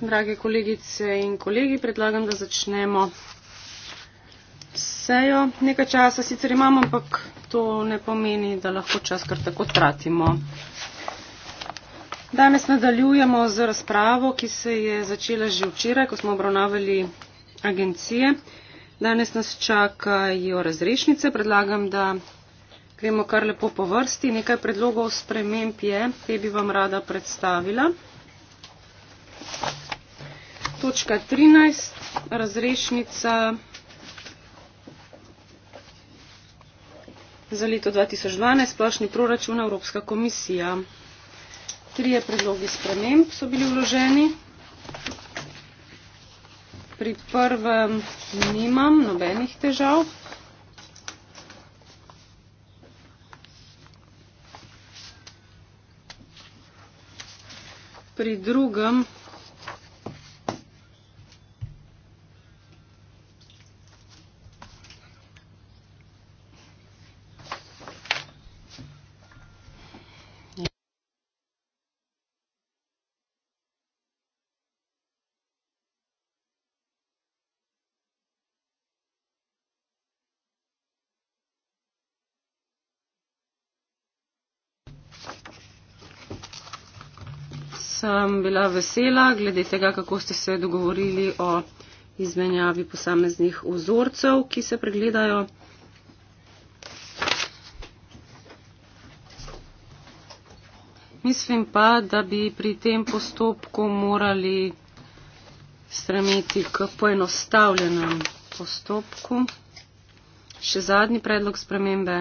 drage kolegice in kolegi predlagam da začnemo sejo nekaj časa sicer imamo ampak to ne pomeni da lahko čas kar tako tratimo danes nadaljujemo z razpravo ki se je začela že včeraj ko smo obravnavali agencije danes nas čakajo razrešnice predlagam da Gremo kar lepo po vrsti. Nekaj predlogov sprememb je, ki bi vam rada predstavila. Točka 13, razrešnica za leto 2012, splošni proračun Evropska komisija. Trije predlogi sprememb so bili vloženi. Pri prvem nimam nobenih težav. pri drugem sem bila vesela glede tega, kako ste se dogovorili o izmenjavi posameznih vzorcev, ki se pregledajo. Mislim pa, da bi pri tem postopku morali stremeti k poenostavljenem postopku. Še zadnji predlog spremembe.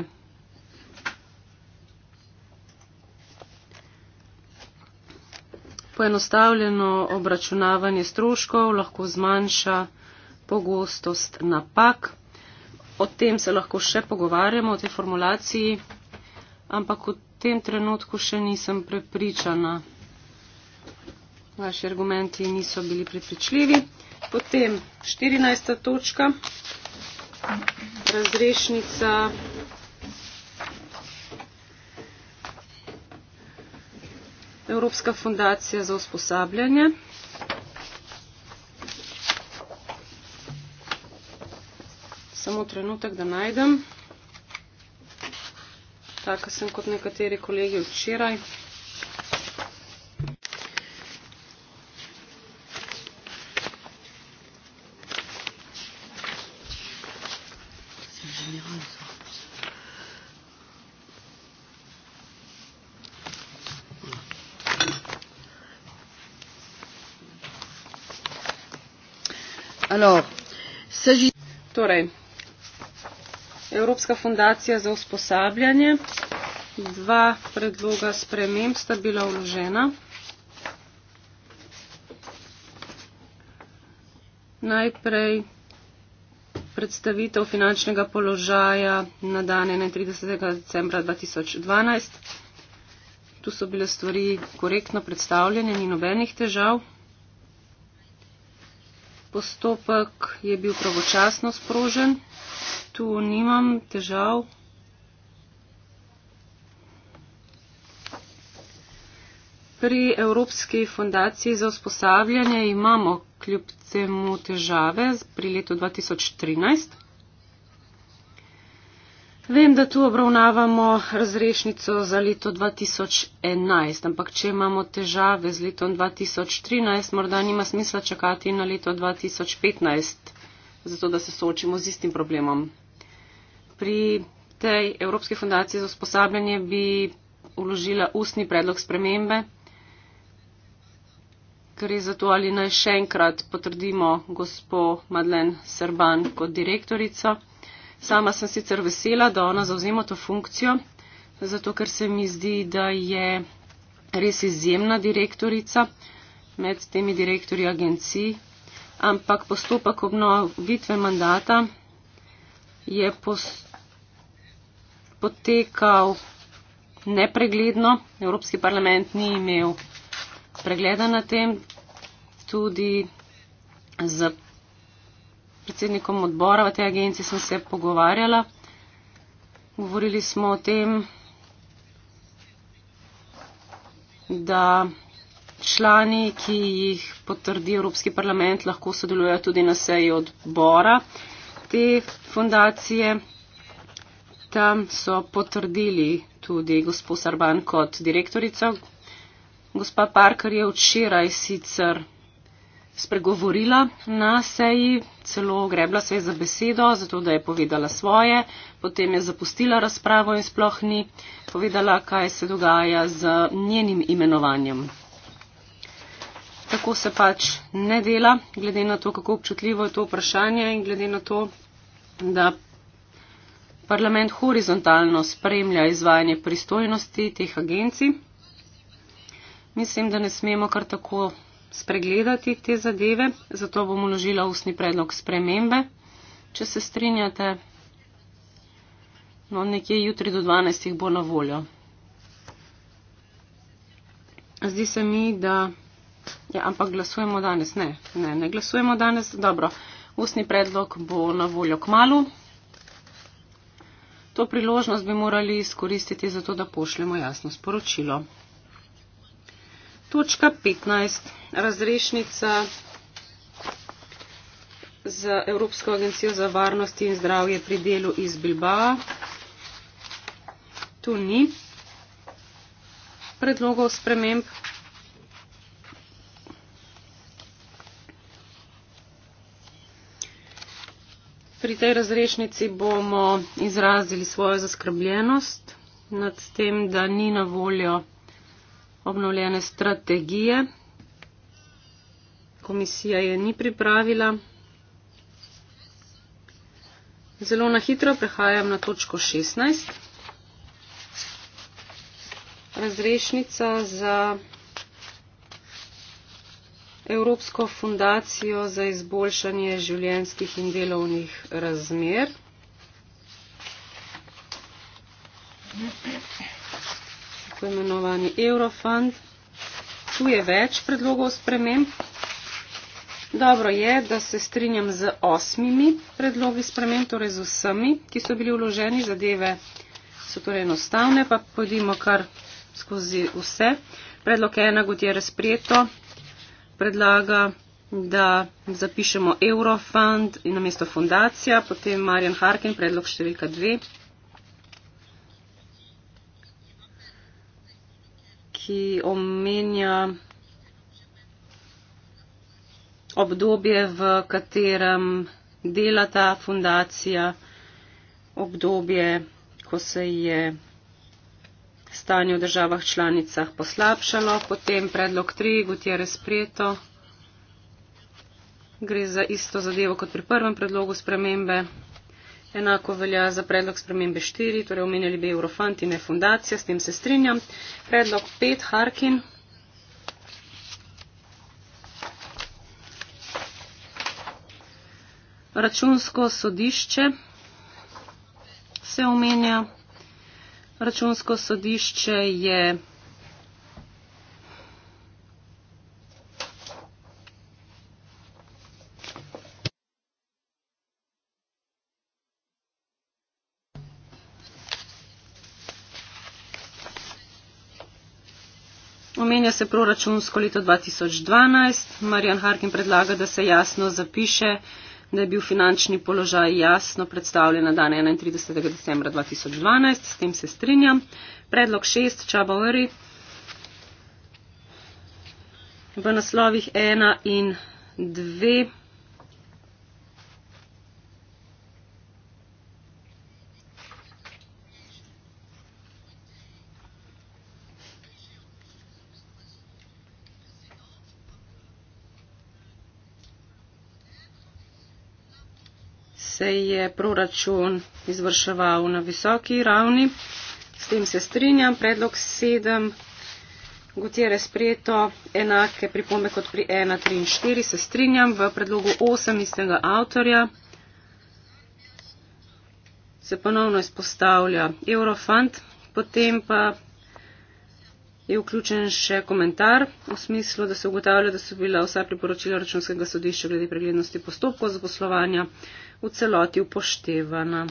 Poenostavljeno obračunavanje stroškov lahko zmanjša pogostost napak. O tem se lahko še pogovarjamo, o tej formulaciji, ampak v tem trenutku še nisem prepričana. Vaši argumenti niso bili prepričljivi. Potem 14. točka, razrešnica Evropska fundacija za usposabljanje. Samo trenutek, da najdem. Taka sem kot nekateri kolegi včeraj. torej Evropska fundacija za usposabljanje, dva predloga sprememb sta bila vložena. Najprej predstavitev finančnega položaja na dan 31. decembra 2012. Tu so bile stvari korektno predstavljene, ni nobenih težav postopek je bil pravočasno sprožen. Tu nimam težav. Pri Evropski fondaciji za usposabljanje imamo kljub temu težave pri letu 2013. Vem, da tu obravnavamo razrešnico za leto 2011, ampak če imamo težave z letom 2013, morda nima smisla čakati na leto 2015, zato da se soočimo z istim problemom. Pri tej Evropski fundaciji za usposabljanje bi uložila ustni predlog spremembe, ker je zato ali naj še enkrat potrdimo gospo Madlen Srban kot direktorico. Sama sem sicer vesela, da ona zauzema to funkcijo, zato ker se mi zdi, da je res izjemna direktorica med temi direktori agencij, ampak postopek obnovitve mandata je potekal nepregledno. Evropski parlament ni imel pregleda na tem, tudi za predsednikom odbora v tej agenciji sem se pogovarjala. Govorili smo o tem, da člani, ki jih potrdi Evropski parlament, lahko sodelujejo tudi na seji odbora te fundacije. Tam so potrdili tudi gospod Sarban kot direktorico. Gospa Parker je včeraj sicer spregovorila na seji, celo grebla se je za besedo, zato da je povedala svoje, potem je zapustila razpravo in sploh ni povedala, kaj se dogaja z njenim imenovanjem. Tako se pač ne dela, glede na to, kako občutljivo je to vprašanje in glede na to, da parlament horizontalno spremlja izvajanje pristojnosti teh agencij. Mislim, da ne smemo kar tako spregledati te zadeve, zato bom uložila ustni predlog spremembe, če se strinjate. No, nekje jutri do 12. bo na voljo. Zdi se mi, da. Ja, ampak glasujemo danes. Ne, ne, ne glasujemo danes. Dobro, ustni predlog bo na voljo kmalu. To priložnost bi morali izkoristiti zato, da pošljemo jasno sporočilo točka 15. Razrešnica za Evropsko agencijo za varnost in zdravje pri delu iz Bilbao. Tu ni predlogov sprememb. Pri tej razrešnici bomo izrazili svojo zaskrbljenost nad tem, da ni na voljo obnovljene strategije. Komisija je ni pripravila. Zelo na hitro prehajam na točko 16. Razrešnica za Evropsko fundacijo za izboljšanje življenskih in delovnih razmer tako imenovani eurofond. Tu je več predlogov sprememb. Dobro je, da se strinjam z osmimi predlogi sprememb, torej z vsemi, ki so bili vloženi. Zadeve so torej enostavne, pa pojdimo kar skozi vse. Predlog ena, kot je razprijeto, predlaga, da zapišemo eurofond in namesto fundacija, potem Marjan Harkin, predlog številka dve. ki omenja obdobje, v katerem dela ta fundacija, obdobje, ko se je stanje v državah članicah poslabšalo, potem predlog 3, Gutierrez Prieto, gre za isto zadevo kot pri prvem predlogu spremembe. Enako velja za predlog spremembe 4, torej omenjali bi Eurofant in Fundacija, s tem se strinjam. Predlog 5, Harkin. Računsko sodišče se omenja. Računsko sodišče je. se proračunsko leto 2012. Marjan Harkin predlaga, da se jasno zapiše, da je bil finančni položaj jasno predstavljen na dan 31. decembra 2012. S tem se strinjam. Predlog 6. Čabauri. V naslovih 1 in 2. se je proračun izvrševal na visoki ravni. S tem se strinjam. Predlog 7. Gutierrez sprejeto enake pripombe kot pri 1, 3 in 4. Se strinjam v predlogu 8 istega avtorja. Se ponovno izpostavlja Eurofund, potem pa je vključen še komentar v smislu, da se ugotavlja, da so bila vsa priporočila računskega sodišča glede preglednosti postopkov zaposlovanja v celoti upoštevana.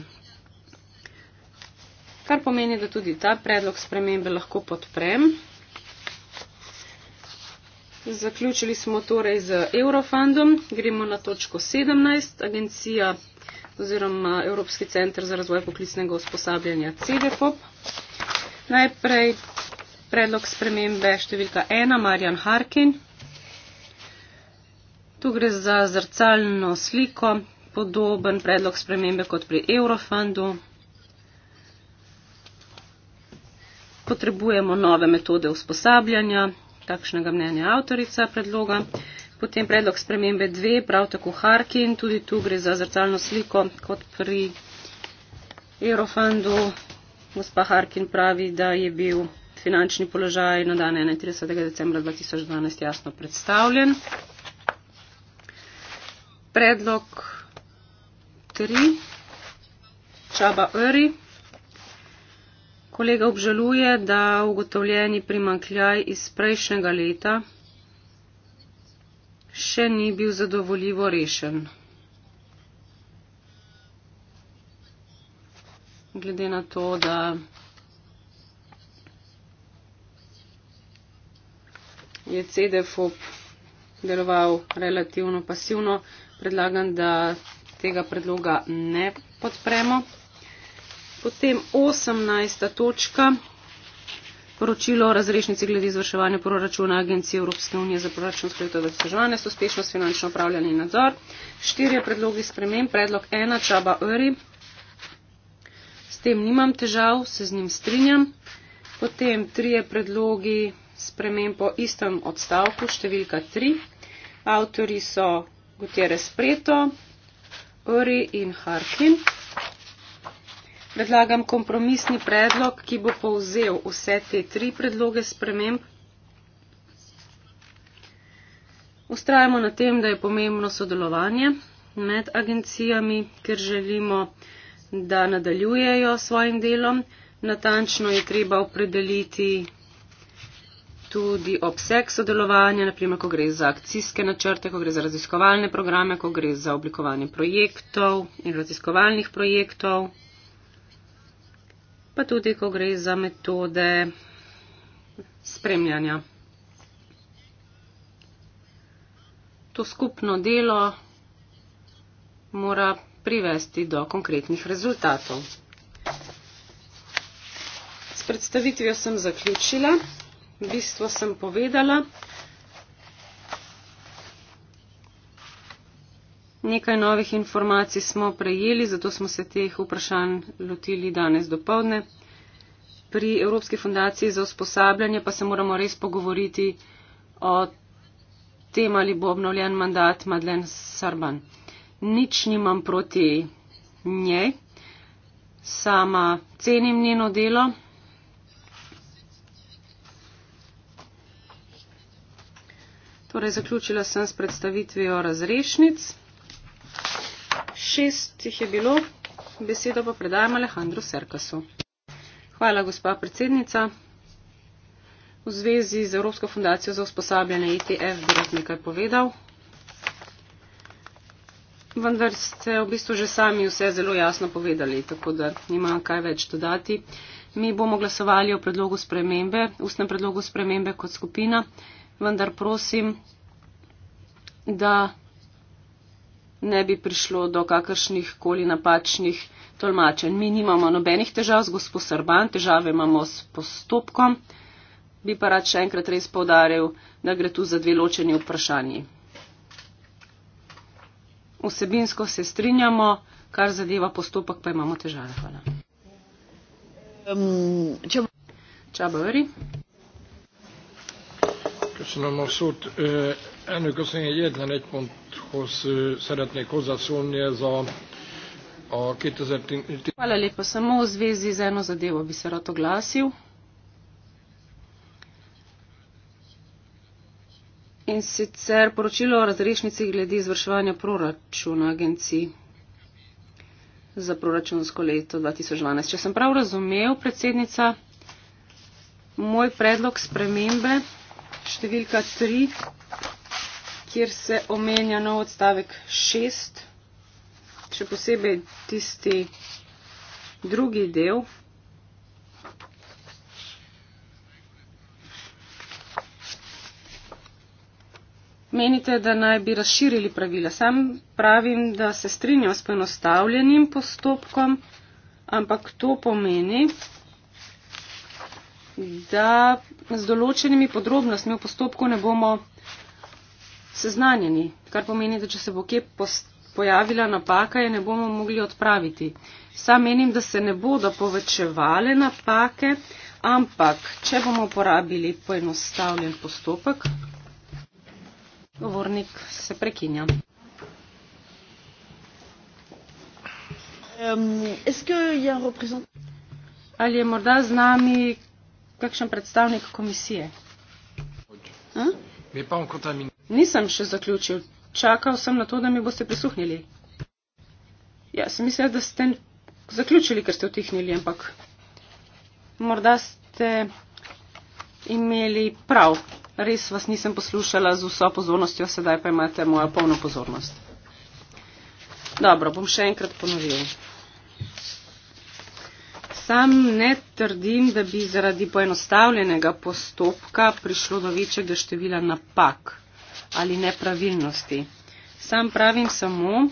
Kar pomeni, da tudi ta predlog spremembe lahko podprem. Zaključili smo torej z Eurofundom, gremo na točko 17, agencija oziroma Evropski centr za razvoj poklicnega usposabljanja CDFOP. Najprej predlog spremembe številka 1, Marjan Harkin. Tu gre za zrcalno sliko, podoben predlog spremembe kot pri Eurofundu. Potrebujemo nove metode usposabljanja, takšnega mnenja avtorica predloga. Potem predlog spremembe 2, prav tako Harkin, tudi tu gre za zrcalno sliko kot pri Eurofundu. Gospa Harkin pravi, da je bil finančni položaj na dan 31. decembra 2012 jasno predstavljen. Predlog tri. Čaba Öri. Kolega obžaluje, da ugotovljeni primankljaj iz prejšnjega leta še ni bil zadovoljivo rešen. Glede na to, da je CDFOP deloval relativno pasivno, predlagam, da tega predloga ne podpremo. Potem 18. točka. Poročilo o razrešnici glede izvrševanja proračuna Agencije Evropske unije za proračun skrito za vzdrževanje, uspešnost finančno upravljanje in nadzor. Štirje predlogi sprememb. Predlog 1. Čaba Öri. S tem nimam težav, se z njim strinjam. Potem trije predlogi sprememb po istem odstavku, številka 3. Avtori so Gutierrez Preto, Uri in Harkin. Predlagam kompromisni predlog, ki bo povzel vse te tri predloge sprememb. Ustrajamo na tem, da je pomembno sodelovanje med agencijami, ker želimo, da nadaljujejo svojim delom. Natančno je treba opredeliti tudi obseg sodelovanja, naprimer, ko gre za akcijske načrte, ko gre za raziskovalne programe, ko gre za oblikovanje projektov in raziskovalnih projektov, pa tudi, ko gre za metode spremljanja. To skupno delo mora privesti do konkretnih rezultatov. S predstavitvijo sem zaključila bistvo sem povedala. Nekaj novih informacij smo prejeli, zato smo se teh vprašanj lotili danes do povdne. Pri Evropski fundaciji za usposabljanje pa se moramo res pogovoriti o tem, ali bo obnovljen mandat Madlen Sarban. Nič nimam proti njej. Sama cenim njeno delo. Torej, zaključila sem s predstavitvijo razrešnic. Šest jih je bilo, besedo pa predajam Alejandru Serkasu. Hvala, gospa predsednica. V zvezi z Evropsko fundacijo za usposabljanje ITF e bi rad nekaj povedal. Vendar ste v bistvu že sami vse zelo jasno povedali, tako da nimam kaj več dodati. Mi bomo glasovali o predlogu spremembe, ustnem predlogu spremembe kot skupina vendar prosim, da ne bi prišlo do kakršnih koli napačnih tolmačenj. Mi nimamo nobenih težav z gospod Srban, težave imamo s postopkom. Bi pa rad še enkrat res povdaril, da gre tu za dve ločeni vprašanji. Vsebinsko se strinjamo, kar zadeva postopek, pa imamo težave. Hvala. Um, če... Čabori. Köszönöm a szót. Elnök asszony, egy egyetlen egy ponthoz szeretnék hozzászólni ez a a 2010... Hvala lepa samo v zvezi z eno zadevo bi se rad oglasil. In sicer poročilo o razrešnici glede izvrševanja proračuna agenciji za proračunsko leto 2012. Če sem prav razumel, predsednica, moj predlog spremembe številka 3, kjer se omenja nov odstavek 6, še posebej tisti drugi del. Menite, da naj bi razširili pravila. Sam pravim, da se strinjam s poenostavljenim postopkom, ampak to pomeni, da z določenimi podrobnostmi v postopku ne bomo seznanjeni, kar pomeni, da če se bo kje pojavila napaka, je ne bomo mogli odpraviti. Sam menim, da se ne bodo povečevale napake, ampak če bomo uporabili poenostavljen postopek, govornik se prekinja. Um, ali je morda z nami Kakšen predstavnik komisije? Hm? Nisem še zaključil. Čakal sem na to, da mi boste prisluhnili. Ja, sem mislila, da ste zaključili, ker ste utihnili, ampak morda ste imeli prav. Res vas nisem poslušala z vso pozornostjo, sedaj pa imate mojo polno pozornost. Dobro, bom še enkrat ponovila sam ne trdim, da bi zaradi poenostavljenega postopka prišlo do večjega števila napak ali nepravilnosti. Sam pravim samo,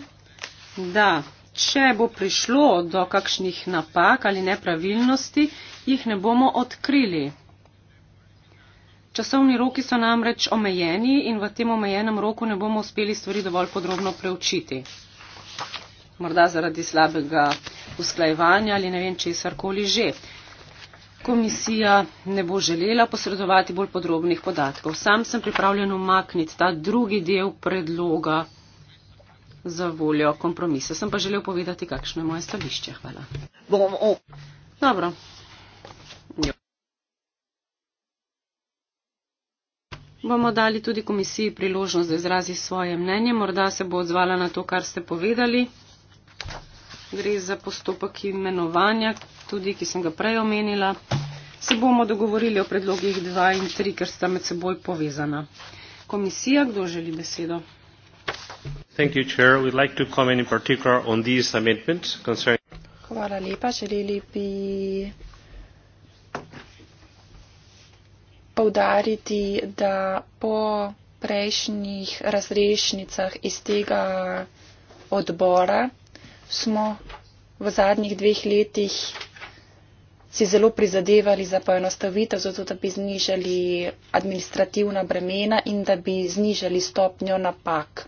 da če bo prišlo do kakšnih napak ali nepravilnosti, jih ne bomo odkrili. Časovni roki so namreč omejeni in v tem omejenem roku ne bomo uspeli stvari dovolj podrobno preučiti. Morda zaradi slabega usklajevanja ali ne vem česar koli že. Komisija ne bo želela posredovati bolj podrobnih podatkov. Sam sem pripravljen umakniti ta drugi del predloga za voljo kompromisa. Sem pa želel povedati, kakšno je moje stališče. Hvala. Dobro. Bomo dali tudi komisiji priložnost, da izrazi svoje mnenje. Morda se bo odzvala na to, kar ste povedali gre za postopek imenovanja, tudi ki sem ga prej omenila. Se bomo dogovorili o predlogih 2 in 3, ker sta med seboj povezana. Komisija, kdo želi besedo? You, like Hvala lepa. Želeli bi povdariti, da po prejšnjih razrešnicah iz tega odbora smo v zadnjih dveh letih si zelo prizadevali za poenostavitev, zato da bi znižali administrativna bremena in da bi znižali stopnjo napak.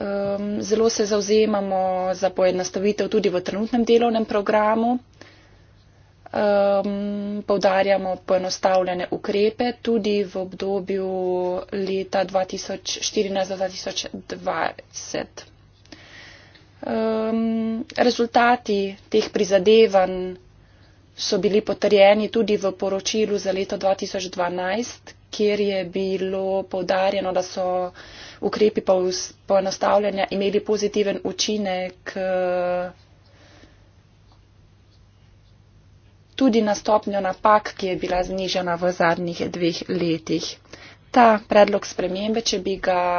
Ehm, zelo se zauzemamo za poenostavitev tudi v trenutnem delovnem programu. Um, ehm, povdarjamo poenostavljene ukrepe tudi v obdobju leta 2014-2020 um, rezultati teh prizadevanj so bili potrjeni tudi v poročilu za leto 2012, kjer je bilo povdarjeno, da so ukrepi poenostavljanja imeli pozitiven učinek eh, tudi na stopnjo napak, ki je bila znižena v zadnjih dveh letih. Ta predlog spremembe, če bi ga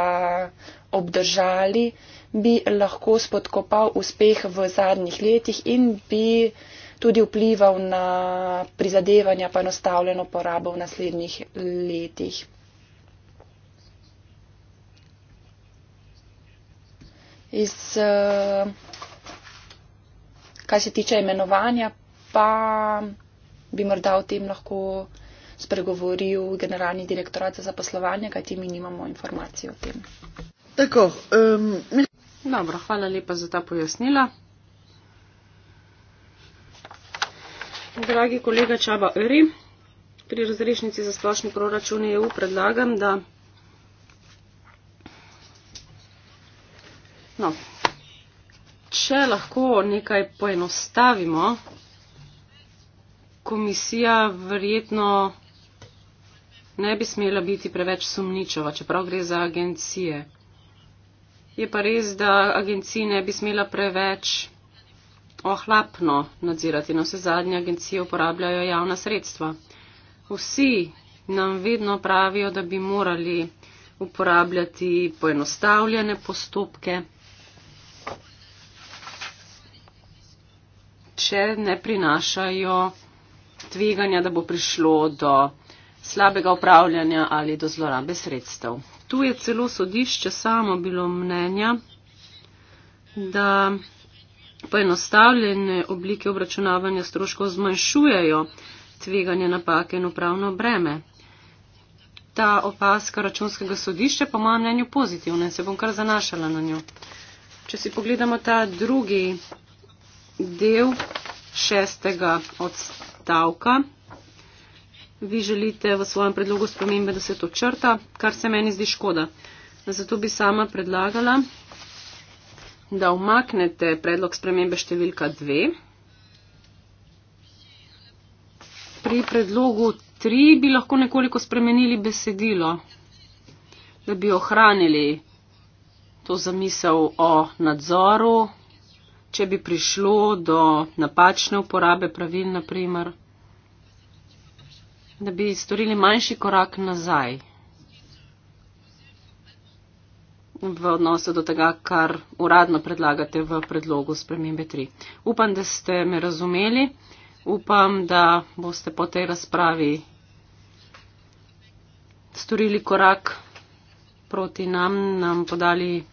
obdržali, bi lahko spodkopal uspeh v zadnjih letih in bi tudi vplival na prizadevanja pa enostavljeno porabo v naslednjih letih. Iz, eh, kaj se tiče imenovanja, pa bi morda o tem lahko spregovoril generalni direktorat za zaposlovanje, kajti mi nimamo informacije o tem. Tako, um, Dobro, hvala lepa za ta pojasnila. Dragi kolega Čaba Eri, pri razrešnici za splošni proračun EU predlagam, da. No, če lahko nekaj poenostavimo, komisija verjetno ne bi smela biti preveč sumničava, čeprav gre za agencije. Je pa res, da agencija ne bi smela preveč ohlapno nadzirati. Na vse zadnje agencije uporabljajo javna sredstva. Vsi nam vedno pravijo, da bi morali uporabljati poenostavljene postopke, če ne prinašajo tveganja, da bo prišlo do slabega upravljanja ali do zlorabe sredstev. Tu je celo sodišče samo bilo mnenja, da poenostavljene oblike obračunavanja stroškov zmanjšujejo tveganje napake in upravno breme. Ta opaska računskega sodišča po mojem mnenju pozitivna in se bom kar zanašala na njo. Če si pogledamo ta drugi del šestega odstavka, vi želite v svojem predlogu spremembe, da se to črta, kar se meni zdi škoda. Zato bi sama predlagala, da omaknete predlog spremembe številka 2. Pri predlogu 3 bi lahko nekoliko spremenili besedilo, da bi ohranili to zamisel o nadzoru, če bi prišlo do napačne uporabe pravil, naprimer da bi storili manjši korak nazaj v odnosu do tega, kar uradno predlagate v predlogu spremembe 3. Upam, da ste me razumeli. Upam, da boste po tej razpravi storili korak proti nam, nam podali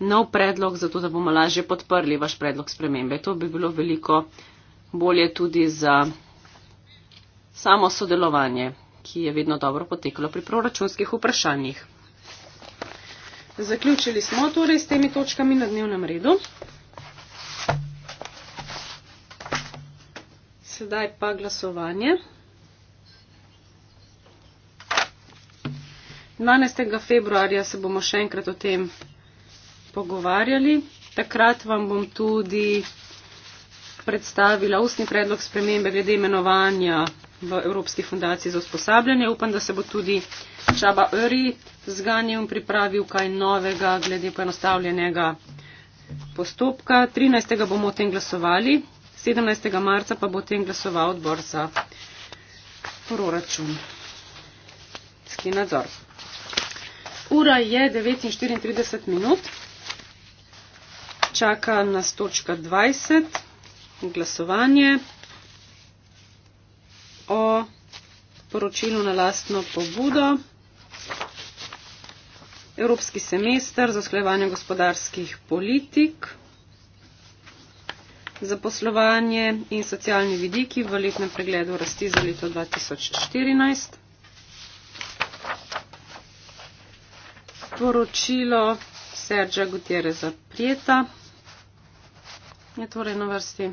nov predlog, zato da bomo lažje podprli vaš predlog spremembe. To bi bilo veliko bolje tudi za samo sodelovanje, ki je vedno dobro poteklo pri proračunskih vprašanjih. Zaključili smo torej s temi točkami na dnevnem redu. Sedaj pa glasovanje. 12. februarja se bomo še enkrat o tem pogovarjali. Takrat vam bom tudi predstavila ustni predlog spremembe glede imenovanja v Evropski fundaciji za usposabljanje. Upam, da se bo tudi Čaba Öri z Ganjem pripravil kaj novega glede poenostavljenega postopka. 13. bomo o tem glasovali, 17. marca pa bo o tem glasoval odbor za proračun. Ski nadzor. Ura je 39 minut, čaka nas točka 20, glasovanje o poročilu na lastno pobudo. Evropski semester za sklevanje gospodarskih politik, zaposlovanje in socialni vidiki v letnem pregledu rasti za leto 2014. Poročilo Serža Gutiereza Prijeta je torej na vrsti.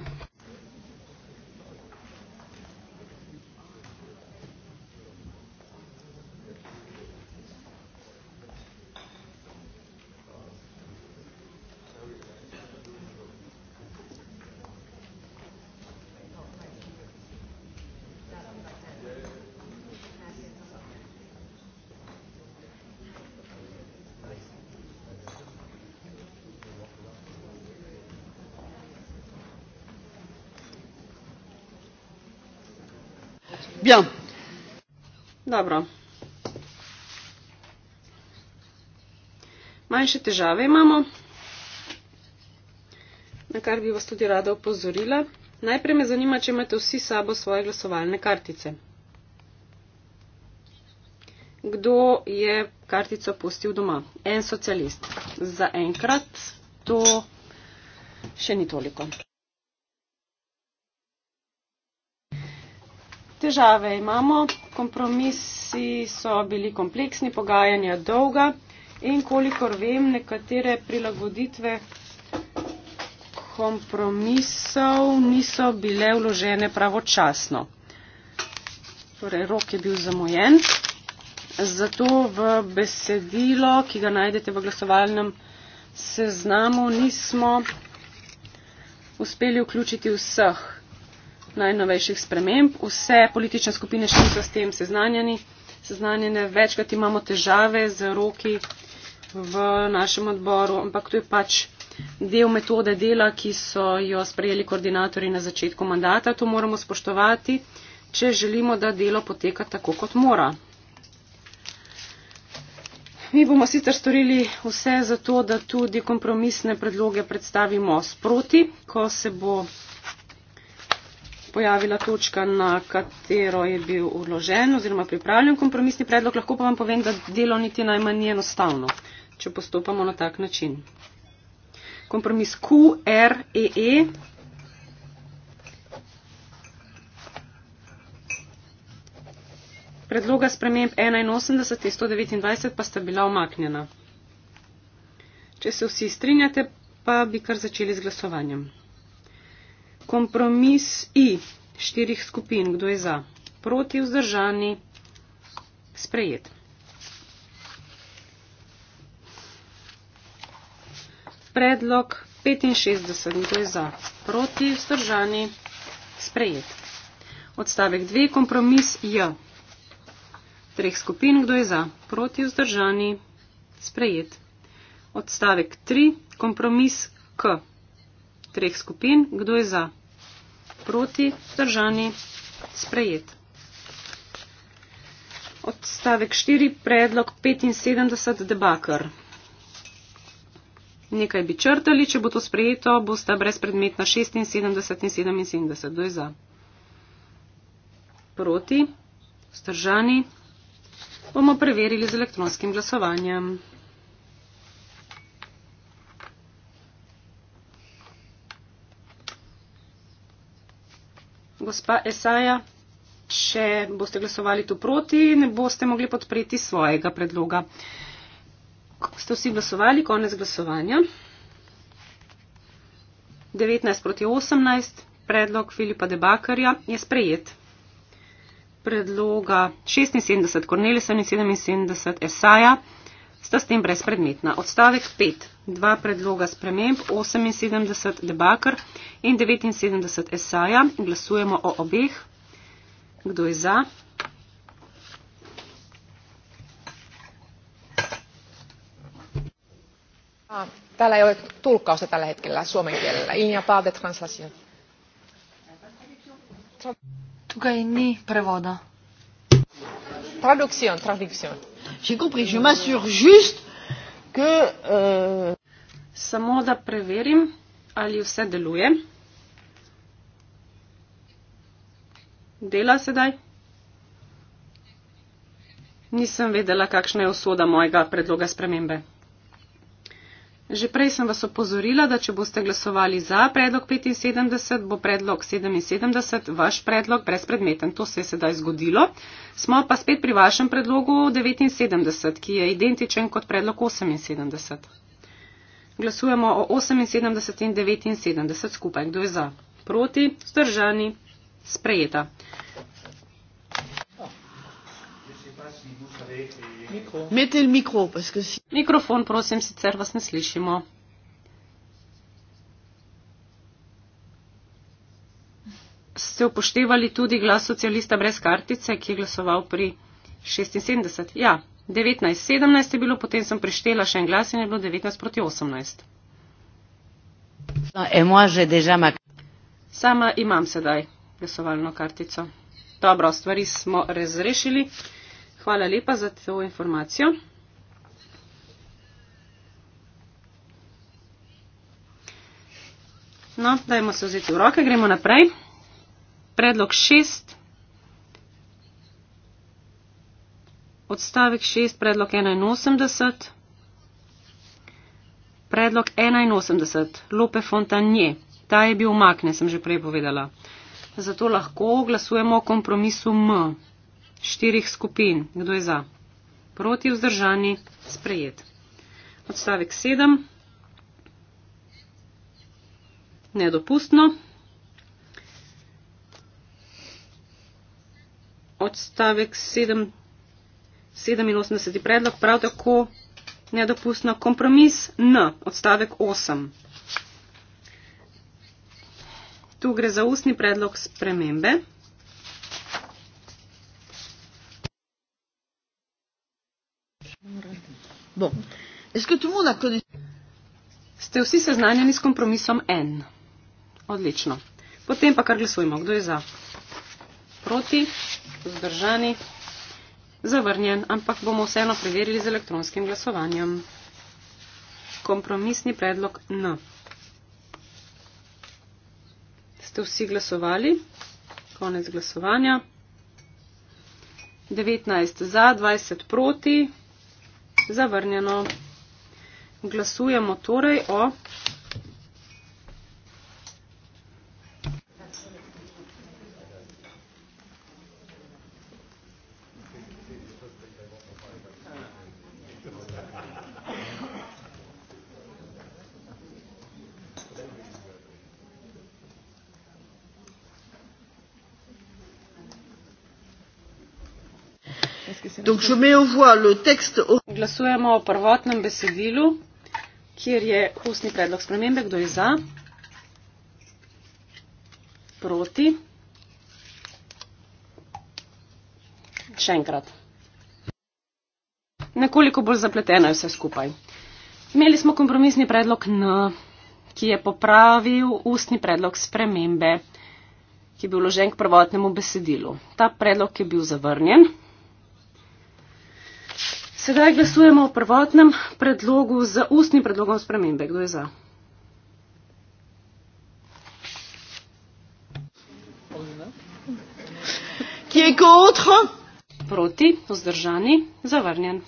Bien. Dobro. Manjše težave imamo, na kar bi vas tudi rada opozorila. Najprej me zanima, če imate vsi sabo svoje glasovalne kartice. Kdo je kartico pustil doma? En socialist. Za enkrat to še ni toliko. težave imamo, kompromisi so bili kompleksni, pogajanja dolga in kolikor vem, nekatere prilagoditve kompromisov niso bile vložene pravočasno. Torej, rok je bil zamojen, zato v besedilo, ki ga najdete v glasovalnem seznamu, nismo uspeli vključiti vseh najnovejših sprememb. Vse politične skupine še niso s tem seznanjeni. seznanjene. Večkrat imamo težave z roki v našem odboru, ampak to je pač del metode dela, ki so jo sprejeli koordinatori na začetku mandata. To moramo spoštovati, če želimo, da delo poteka tako, kot mora. Mi bomo sicer storili vse za to, da tudi kompromisne predloge predstavimo sproti, ko se bo pojavila točka, na katero je bil uložen oziroma pripravljen kompromisni predlog, lahko pa vam povem, da delo niti najmanj ni enostavno, če postopamo na tak način. Kompromis QREE e. predloga sprememb 81 in 129 pa sta bila omaknjena. Če se vsi strinjate, pa bi kar začeli z glasovanjem. Kompromis I štirih skupin, kdo je za, proti vzdržani, sprejet. Predlog 65, kdo je za, proti vzdržani, sprejet. Odstavek 2, kompromis J. Treh skupin, kdo je za, proti vzdržani, sprejet. Odstavek 3, kompromis K treh skupin. Kdo je za? Proti, držani, sprejet. Odstavek 4, predlog 75, debakar. Nekaj bi črtali, če bo to sprejeto, bo sta brezpredmetna 76 in 77. Kdo je za? Proti, vzdržani. Bomo preverili z elektronskim glasovanjem. gospa Esaja, če boste glasovali tu proti, ne boste mogli podpreti svojega predloga. Ste vsi glasovali, konec glasovanja. 19 proti 18, predlog Filipa Debakarja je sprejet. Predloga 76, Kornelisa in 77, Esaja sta s tem brezpredmetna. Odstavek 5. Dva predloga sprememb, 78 debakr in 79 esaja. Glasujemo o obeh. Kdo je za? Ah, täällä ei ole tulkkausta tällä hetkellä suomen kielellä. Il n'y a pas de translation. Tukai ni prevoda. Traduction, traduction. J'ai compris, je m'assure juste que. Euh, Samo da preverim, ali vse deluje. Dela sedaj. Nisem vedela, kakšna je usoda mojega predloga spremembe. Že prej sem vas opozorila, da če boste glasovali za predlog 75, bo predlog 77 vaš predlog brezpredmeten. To se je sedaj zgodilo. Smo pa spet pri vašem predlogu 79, ki je identičen kot predlog 78. Glasujemo o 78 in 79 skupaj. Kdo je za? Proti? Zdržani? Sprejeta. Metelj mikro, pa skozi. Mikrofon, prosim, sicer vas ne slišimo. Ste upoštevali tudi glas socialista brez kartice, ki je glasoval pri 76? Ja, 19, 17 je bilo, potem sem preštela še en glas in je bilo 19 proti 18. Sama imam sedaj glasovalno kartico. Dobro, stvari smo razrešili. Hvala lepa za to informacijo. No, dajmo se vzeti v roke, gremo naprej. Predlog šest. Odstavek šest, predlog 81. Predlog 81. Lope Fontanje. Ta je bil umaknen, sem že prej povedala. Zato lahko glasujemo o kompromisu M štirih skupin. Kdo je za? Proti vzdržani, sprejet. Odstavek sedem. Nedopustno. Odstavek 7, 87. predlog prav tako nedopustno. Kompromis N. Odstavek 8. Tu gre za ustni predlog spremembe. Bon. Est-ce que tout le monde a connu... Ste vsi seznanjeni s kompromisom N? Odlično. Potem pa kar glasujmo. Kdo je za? Proti, vzdržani, zavrnjen, ampak bomo vseeno preverili z elektronskim glasovanjem. Kompromisni predlog N. Ste vsi glasovali? Konec glasovanja. 19 za, 20 proti zavrnjeno. Glasujemo torej o. Donc je mets au voix le texte glasujemo o prvotnem besedilu, kjer je ustni predlog spremembe, kdo je za, proti, še enkrat. Nekoliko bolj zapleteno je vse skupaj. Imeli smo kompromisni predlog N, ki je popravil ustni predlog spremembe, ki je bil vložen k prvotnemu besedilu. Ta predlog je bil zavrnjen. Sedaj glasujemo o prvotnem predlogu z ustnim predlogom spremembe. Kdo je za? Kje je kotro? Proti, vzdržani, zavrnjen.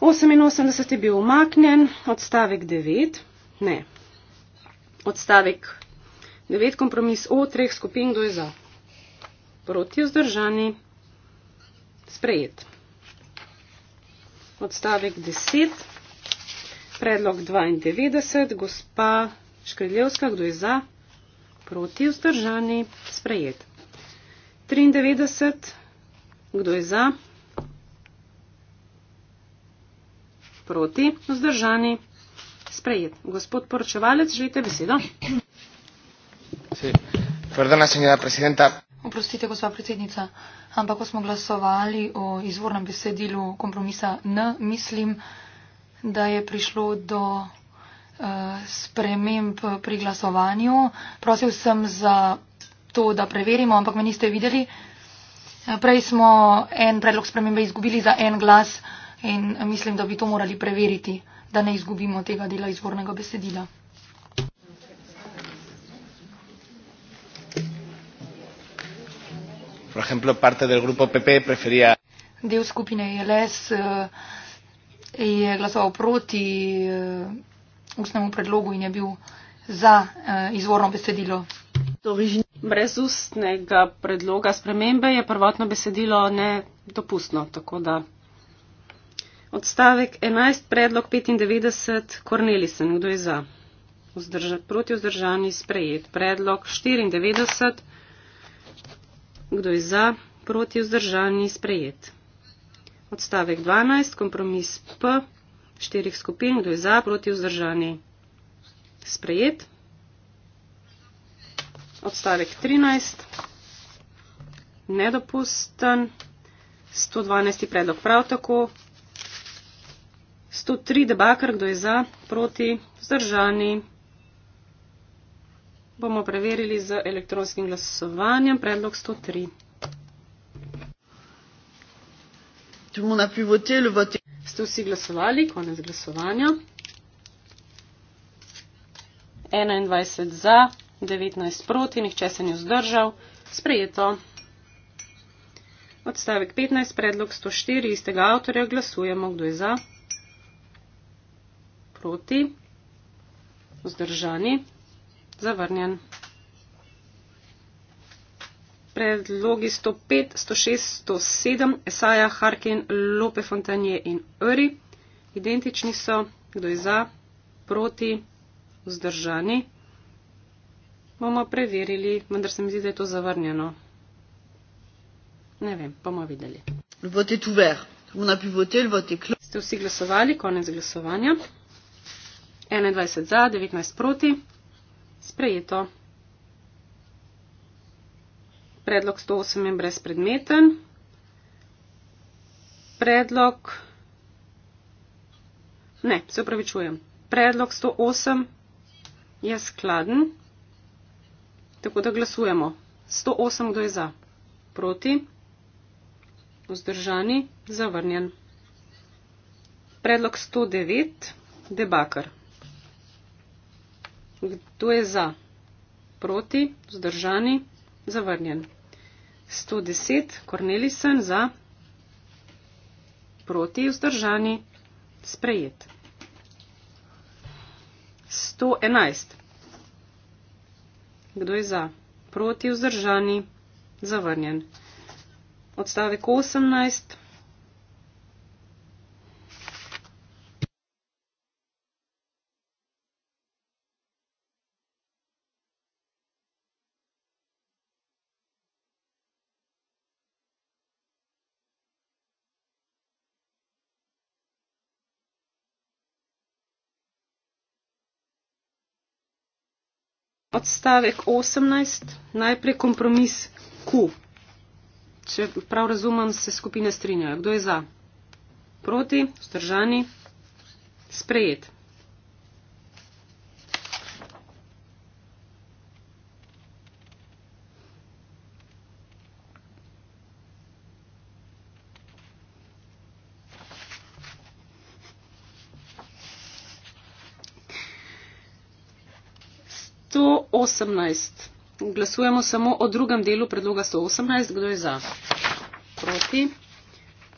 88 je bil umaknjen, odstavek 9, ne. Odstavek 9, kompromis o treh skupin, kdo je za? Proti, vzdržani sprejet. Odstavek 10, predlog 92, gospa Škriljevska, kdo je za, proti vzdržani, sprejet. 93, kdo je za, proti vzdržani, sprejet. Gospod poročevalec, želite besedo? Sí. Perdona, señora presidenta. Oprostite, gospa predsednica, ampak ko smo glasovali o izvornem besedilu kompromisa N, mislim, da je prišlo do uh, sprememb pri glasovanju. Prosil sem za to, da preverimo, ampak me niste videli. Eh, prej smo en predlog spremembe izgubili za en glas in mislim, da bi to morali preveriti, da ne izgubimo tega dela izvornega besedila. por ejemplo, parte del grupo PP prefería. Del skupine ILS uh, eh, je glasoval proti uh, ustnemu predlogu in je bil za uh, izvorno besedilo. Brez ustnega predloga spremembe je prvotno besedilo nedopustno. Odstavek 11, predlog 95, Kornelisen, kdo je za? Vzdrža, proti vzdržani sprejet. Predlog 94, Kdo je za, proti vzdržani, sprejet. Odstavek 12, kompromis P, štirih skupin, kdo je za, proti vzdržani, sprejet. Odstavek 13, nedopusten. 112. predlog prav tako. 103. debakar, kdo je za, proti, vzdržani bomo preverili z elektronskim glasovanjem. Predlog 103. Ste vsi glasovali, konec glasovanja. 21 za, 19 proti, nihče se ni vzdržal. Sprejeto. Odstavek 15, predlog 104 istega avtorja. Glasujemo, kdo je za. Proti. Vzdržani. Zavrnjen. Predlogi 105, 106, 107, Esaja, Harkin, Lope, Fontanje in Öri. Identični so, kdo je za, proti, vzdržani. Bomo preverili, vendar se mi zdi, da je to zavrnjeno. Ne vem, bomo videli. Ste vsi glasovali, konec glasovanja. 21 za, 19 proti sprejeto. Predlog 108 je brezpredmeten. Predlog. Ne, se upravičujem. Predlog 108 je skladen, tako da glasujemo. 108, kdo je za? Proti? Vzdržani? Zavrnjen. Predlog 109, debakar. Kdo je za? Proti, vzdržani, zavrnjen. 110, Kornelisen za, proti, vzdržani, sprejet. 111, kdo je za? Proti, vzdržani, zavrnjen. Odstavek 18, odstavek 18, najprej kompromis Q. Če prav razumem, se skupine strinjajo. Kdo je za? Proti, vzdržani, sprejet. 118. Glasujemo samo o drugem delu predloga 118. Kdo je za? Proti?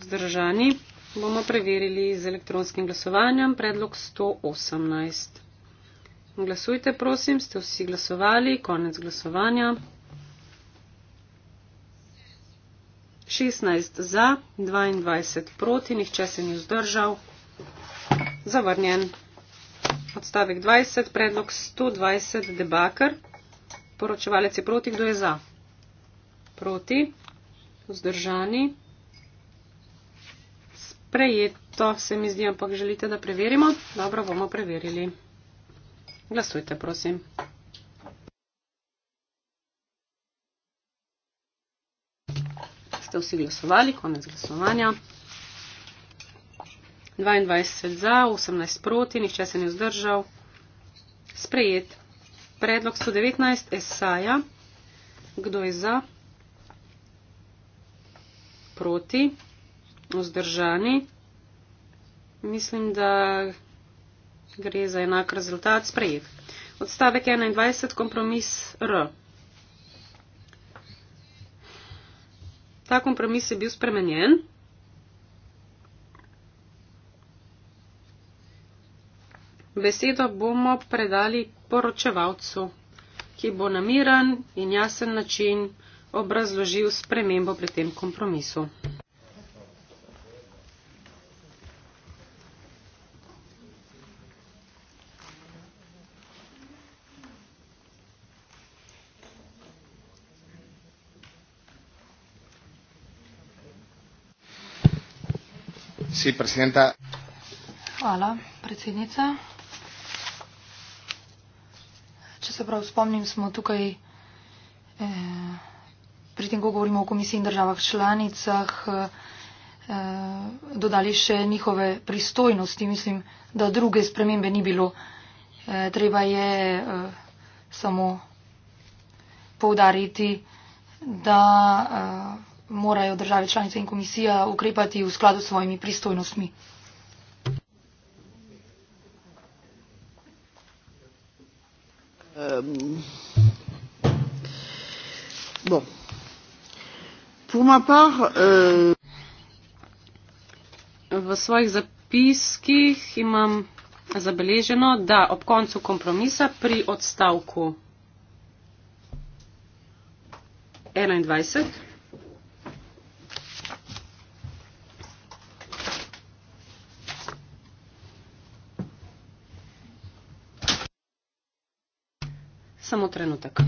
Zdržani? Bomo preverili z elektronskim glasovanjem predlog 118. Glasujte, prosim, ste vsi glasovali, konec glasovanja. 16 za, 22 proti, nihče se ni vzdržal. Zavrnjen odstavek 20, predlog 120, debaker. Poročevalec je proti, kdo je za? Proti, vzdržani. Sprejeto se mi zdi, ampak želite, da preverimo? Dobro, bomo preverili. Glasujte, prosim. Ste vsi glasovali, konec glasovanja. 22 za, 18 proti, nihče se ni vzdržal. Sprejet. Predlog 119 esaja. Kdo je za? Proti. Vzdržani. Mislim, da gre za enak rezultat. Sprejet. Odstavek 21, kompromis R. Ta kompromis je bil spremenjen. besedo bomo predali poročevalcu, ki bo na miran in jasen način obrazložil spremembo pri tem kompromisu. Sí, Hvala, predsednica. se prav spomnim, smo tukaj, eh, pri tem, ko govorimo o komisiji in državah članicah, eh, dodali še njihove pristojnosti. Mislim, da druge spremembe ni bilo. Eh, treba je eh, samo povdariti, da eh, morajo države članice in komisija ukrepati v skladu s svojimi pristojnostmi. Euh, bon. Pour ma part, euh, v svojih zapiskih imam zabeleženo, da ob koncu kompromisa pri odstavku 21. samo trenutek.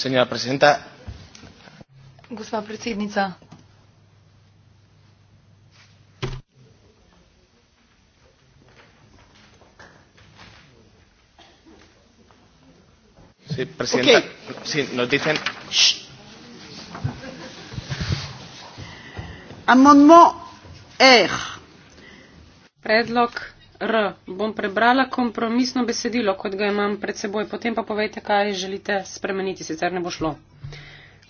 Señora presidenta. Gospa predsednica, Presidenta, okay. sí, nos dicen... Amendement R. Predlog R. Bom prebrala kompromisno besedilo, kot ga imam pred seboj. Potem pa povejte, kaj želite spremeniti, sicer ne bo šlo.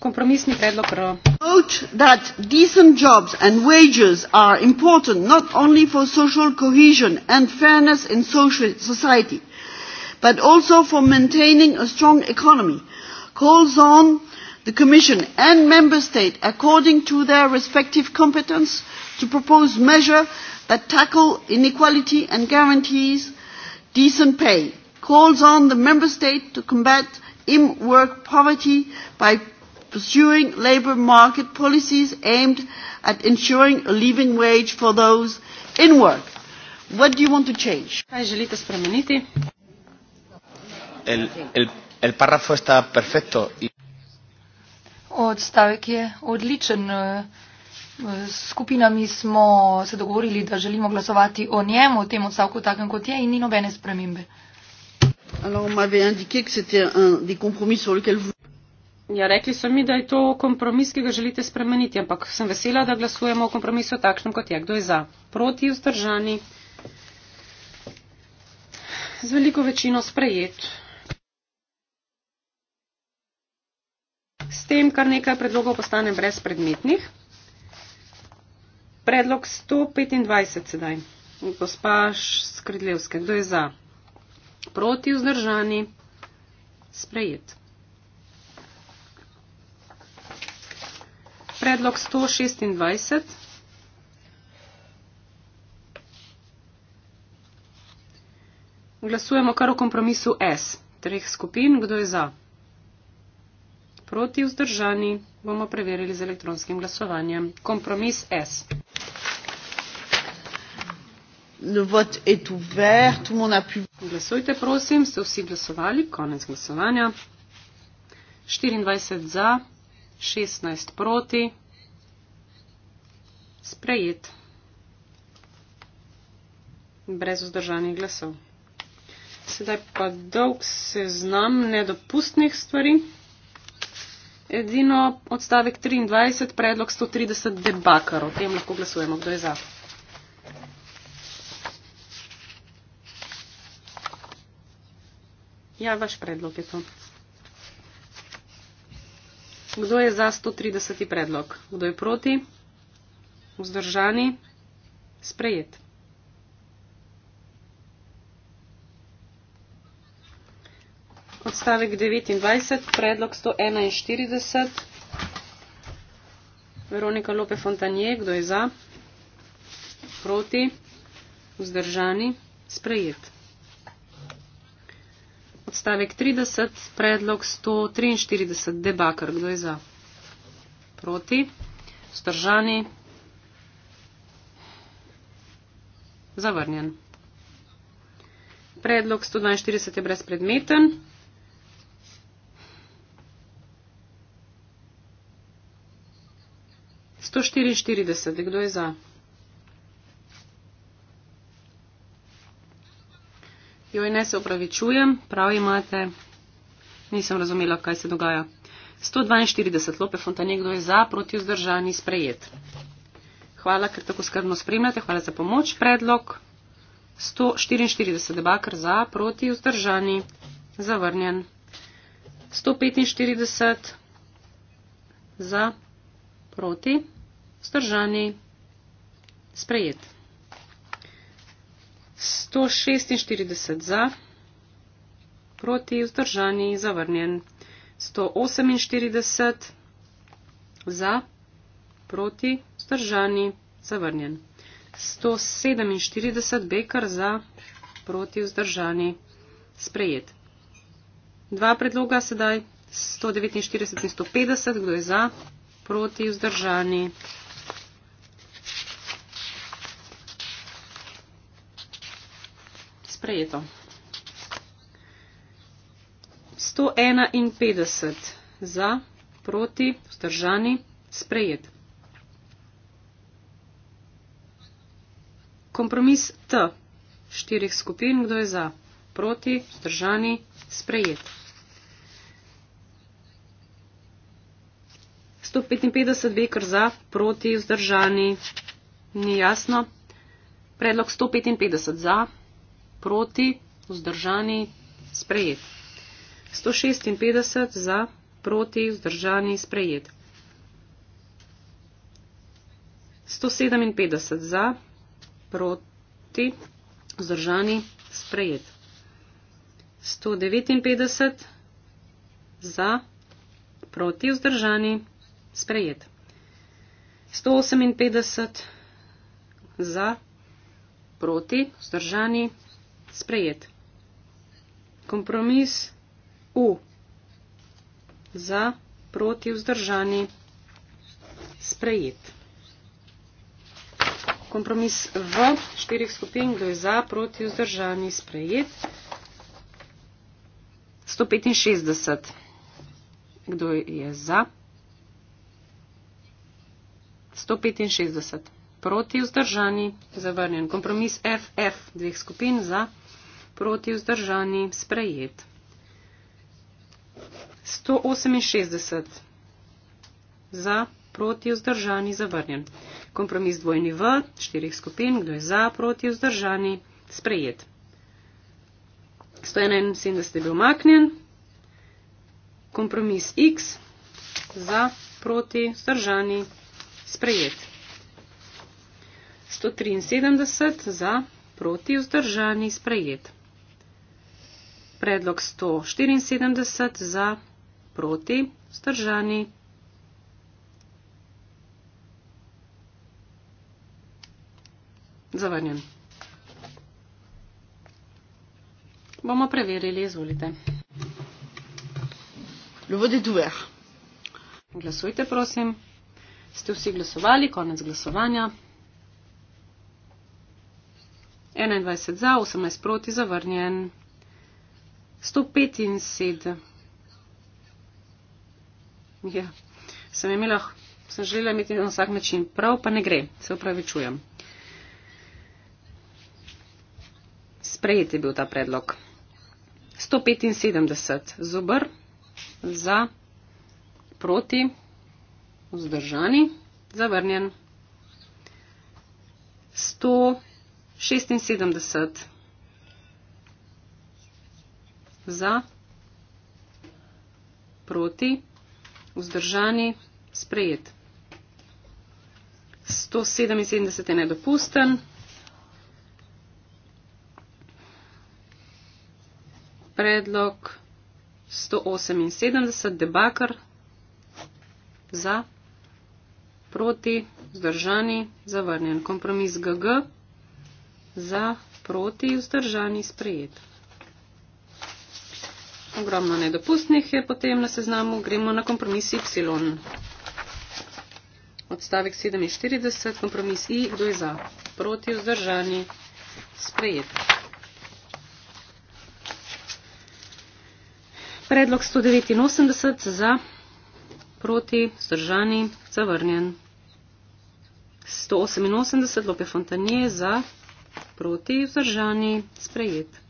Kompromisni predlog R. Note that decent jobs and wages are important not only for social cohesion and fairness in social society, but also for maintaining a strong economy calls on the commission and member states according to their respective competence to propose measures that tackle inequality and guarantees decent pay calls on the member states to combat in work poverty by pursuing labour market policies aimed at ensuring a living wage for those in work. What do you want to change? el, el, el párrafo está perfecto. Y... Odstavek je odličen. Skupinami smo se dogovorili, da želimo glasovati o njem, o tem odstavku takem, kot je, in ni nobene spremembe. Ja, rekli so mi, da je to kompromis, ki ga želite spremeniti, ampak sem vesela, da glasujemo o kompromisu takšnem, kot je. Kdo je za? Proti vzdržani. Z veliko večino sprejet. s tem kar nekaj predlogov postane brezpredmetnih. Predlog 125 sedaj. Gospaš Skridljevske, kdo je za? Proti vzdržani? Sprejet. Predlog 126. Glasujemo kar o kompromisu S. Treh skupin, kdo je za? proti vzdržani bomo preverili z elektronskim glasovanjem. Kompromis S. Le vote est ouvert, tout le monde a pu... Glasujte, prosim, ste vsi glasovali, konec glasovanja. 24 za, 16 proti. Sprejet. Brez vzdržanih glasov. Sedaj pa dolg seznam nedopustnih stvari. Edino odstavek 23, predlog 130 debakar. O tem lahko glasujemo, kdo je za. Ja, vaš predlog je to. Kdo je za 130. predlog? Kdo je proti? Vzdržani? Sprejet. odstavek 29, predlog 141. Veronika Lope Fontanje, kdo je za? Proti? Vzdržani? Sprejet. Odstavek 30, predlog 143, debakar, kdo je za? Proti? Vzdržani? Zavrnjen. Predlog 142 je brezpredmeten. 144, kdo je za? 144, kdo je za? Joj, ne se upravičujem, prav imate, nisem razumela, kaj se dogaja. 142, Lope Fontane, kdo je za, proti vzdržani, sprejet. Hvala, ker tako skrbno spremljate, hvala za pomoč, predlog. 144, debakr za, proti vzdržani, zavrnjen. 145, za, proti. Vzdržani. Sprejet. 146 za. Proti. Vzdržani. Zavrnjen. 148 za. Proti. Vzdržani. Zavrnjen. 147 bekar za. Proti. Vzdržani. Sprejet. Dva predloga sedaj. 149 in 150. Kdo je za? Proti. Vzdržani. Sprejet. sprejeto. 151 za, proti, vzdržani, sprejet. Kompromis T štirih skupin, kdo je za, proti, vzdržani, sprejet. 155 vekr za, proti, vzdržani, ni jasno. Predlog 155 za, proti, vzdržani, sprejet. 156 za, proti, vzdržani, sprejet. 157 za, proti, vzdržani, sprejet. 159 za, proti, vzdržani, sprejet. 158 za, proti, vzdržani, sprejet. Kompromis U. Za, proti, vzdržani, sprejet. Kompromis V štirih skupin, kdo je za, proti, vzdržani, sprejet. 165. Kdo je za? 165. Proti, vzdržani, zavrnjen. Kompromis FF dveh skupin za proti vzdržani sprejet. 168 za, proti vzdržani zavrnjen. Kompromis dvojni v, štirih skupin, kdo je za, proti vzdržani sprejet. 171 je bil maknjen. Kompromis x, za, proti vzdržani sprejet. 173 za, proti vzdržani sprejet predlog 174 za proti vzdržani. Zavrnjen. Bomo preverili, izvolite. Glasujte, prosim. Ste vsi glasovali, konec glasovanja. 21 za, 18 proti, zavrnjen. 175. Ja, sem imela, sem želela imeti na vsak način. Prav pa ne gre, se upravičujem. Sprejet je bil ta predlog. 175. Zobr za proti vzdržani, zavrnjen. 176 za, proti, vzdržani, sprejet. 177 je nedopusten. Predlog 178, debakar, za, proti, vzdržani, zavrnjen. Kompromis GG, za, proti, vzdržani, sprejet ogromno nedopustnih je potem na seznamu, gremo na kompromis Y. Odstavek 47, kompromis I, kdo je za? Proti vzdržani, sprejet. Predlog 189 za, proti, vzdržani, zavrnjen. 188 Lope Fontanje za, proti, vzdržani, sprejet.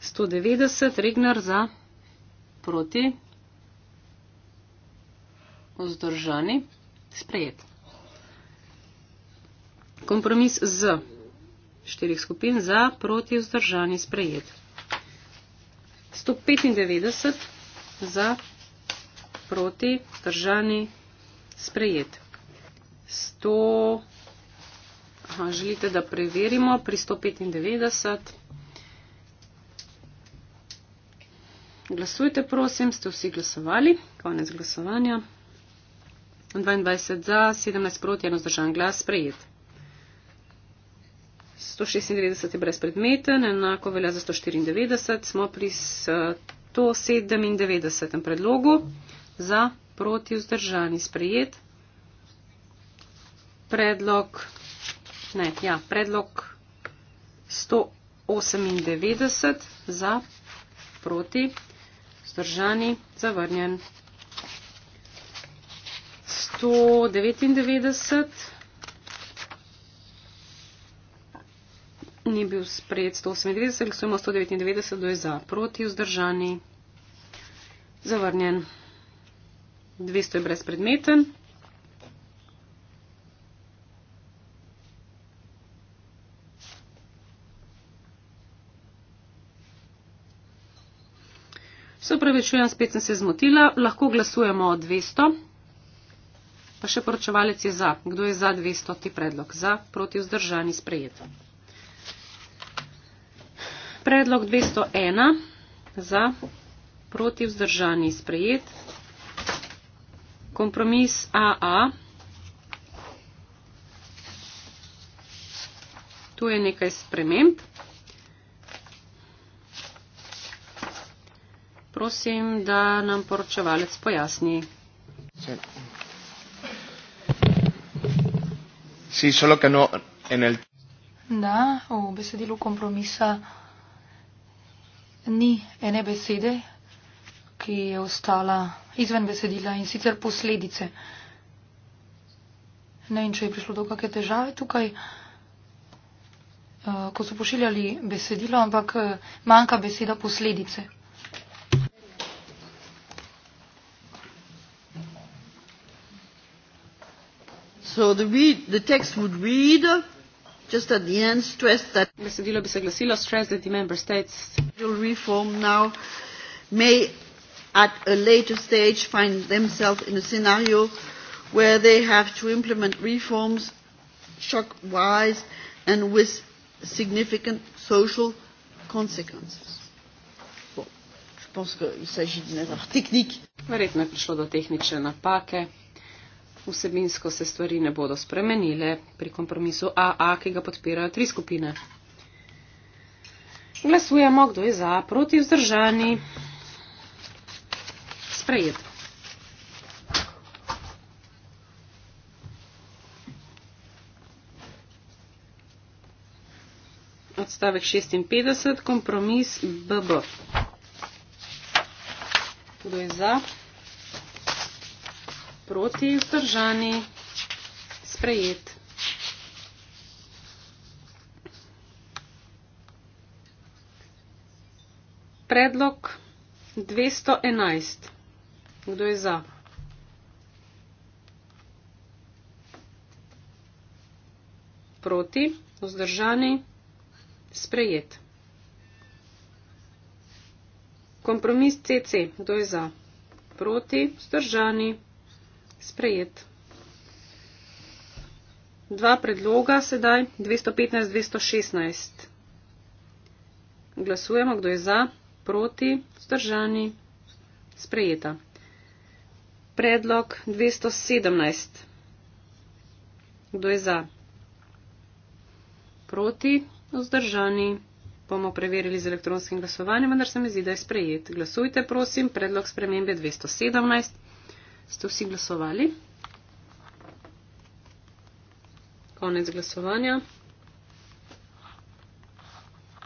190, Regnar za proti vzdržani sprejet. Kompromis z štirih skupin za proti vzdržani sprejet. 195 za proti vzdržani sprejet. 100. Aha, želite, da preverimo pri 195. Glasujte, prosim, ste vsi glasovali. Konec glasovanja. 22 za, 17 proti, eno zdržan glas, sprejet. 196 je brezpredmeten, enako velja za 194, smo pri 197 predlogu za proti vzdržani sprejet. Predlog, ne, ja, predlog 198 za proti vzdržani, zavrnjen. 199 ni bil spred 198, glasujemo 199, kdo je za, proti vzdržani, zavrnjen. 200 je brezpredmeten. opravičujem, spet sem se zmotila, lahko glasujemo o 200. Pa še poročevalec je za. Kdo je za 200 ti predlog? Za, proti, vzdržani, sprejet. Predlog 201. Za, proti, vzdržani, sprejet. Kompromis AA. Tu je nekaj sprememb. prosim, da nam poročevalec pojasni. Sí, solo que no en el... Da, v besedilu kompromisa ni ene besede, ki je ostala izven besedila in sicer posledice. Ne vem, če je prišlo do kakšne težave tukaj, eh, ko so pošiljali besedilo, ampak eh, manjka beseda posledice. So the, read, the text would read, just at the end, stress that stress that the member states reform now may at a later stage find themselves in a scenario where they have to implement reforms shock wise and with significant social consequences. Je pense qu'il s'agit d'une erreur technique vsebinsko se stvari ne bodo spremenile pri kompromisu AA, ki ga podpirajo tri skupine. Glasujemo, kdo je za, proti vzdržani. Sprejet. Odstavek 56, kompromis BB. Kdo je za? proti, vzdržani, sprejet. Predlog 211. Kdo je za? Proti, vzdržani, sprejet. Kompromis CC. Kdo je za? Proti, vzdržani, sprejet sprejet. Dva predloga sedaj, 215-216. Glasujemo, kdo je za, proti, vzdržani, sprejeta. Predlog 217. Kdo je za, proti, vzdržani, bomo preverili z elektronskim glasovanjem, vendar se mi zdi, da je sprejet. Glasujte, prosim, predlog spremembe 217. Ste vsi glasovali? Konec glasovanja.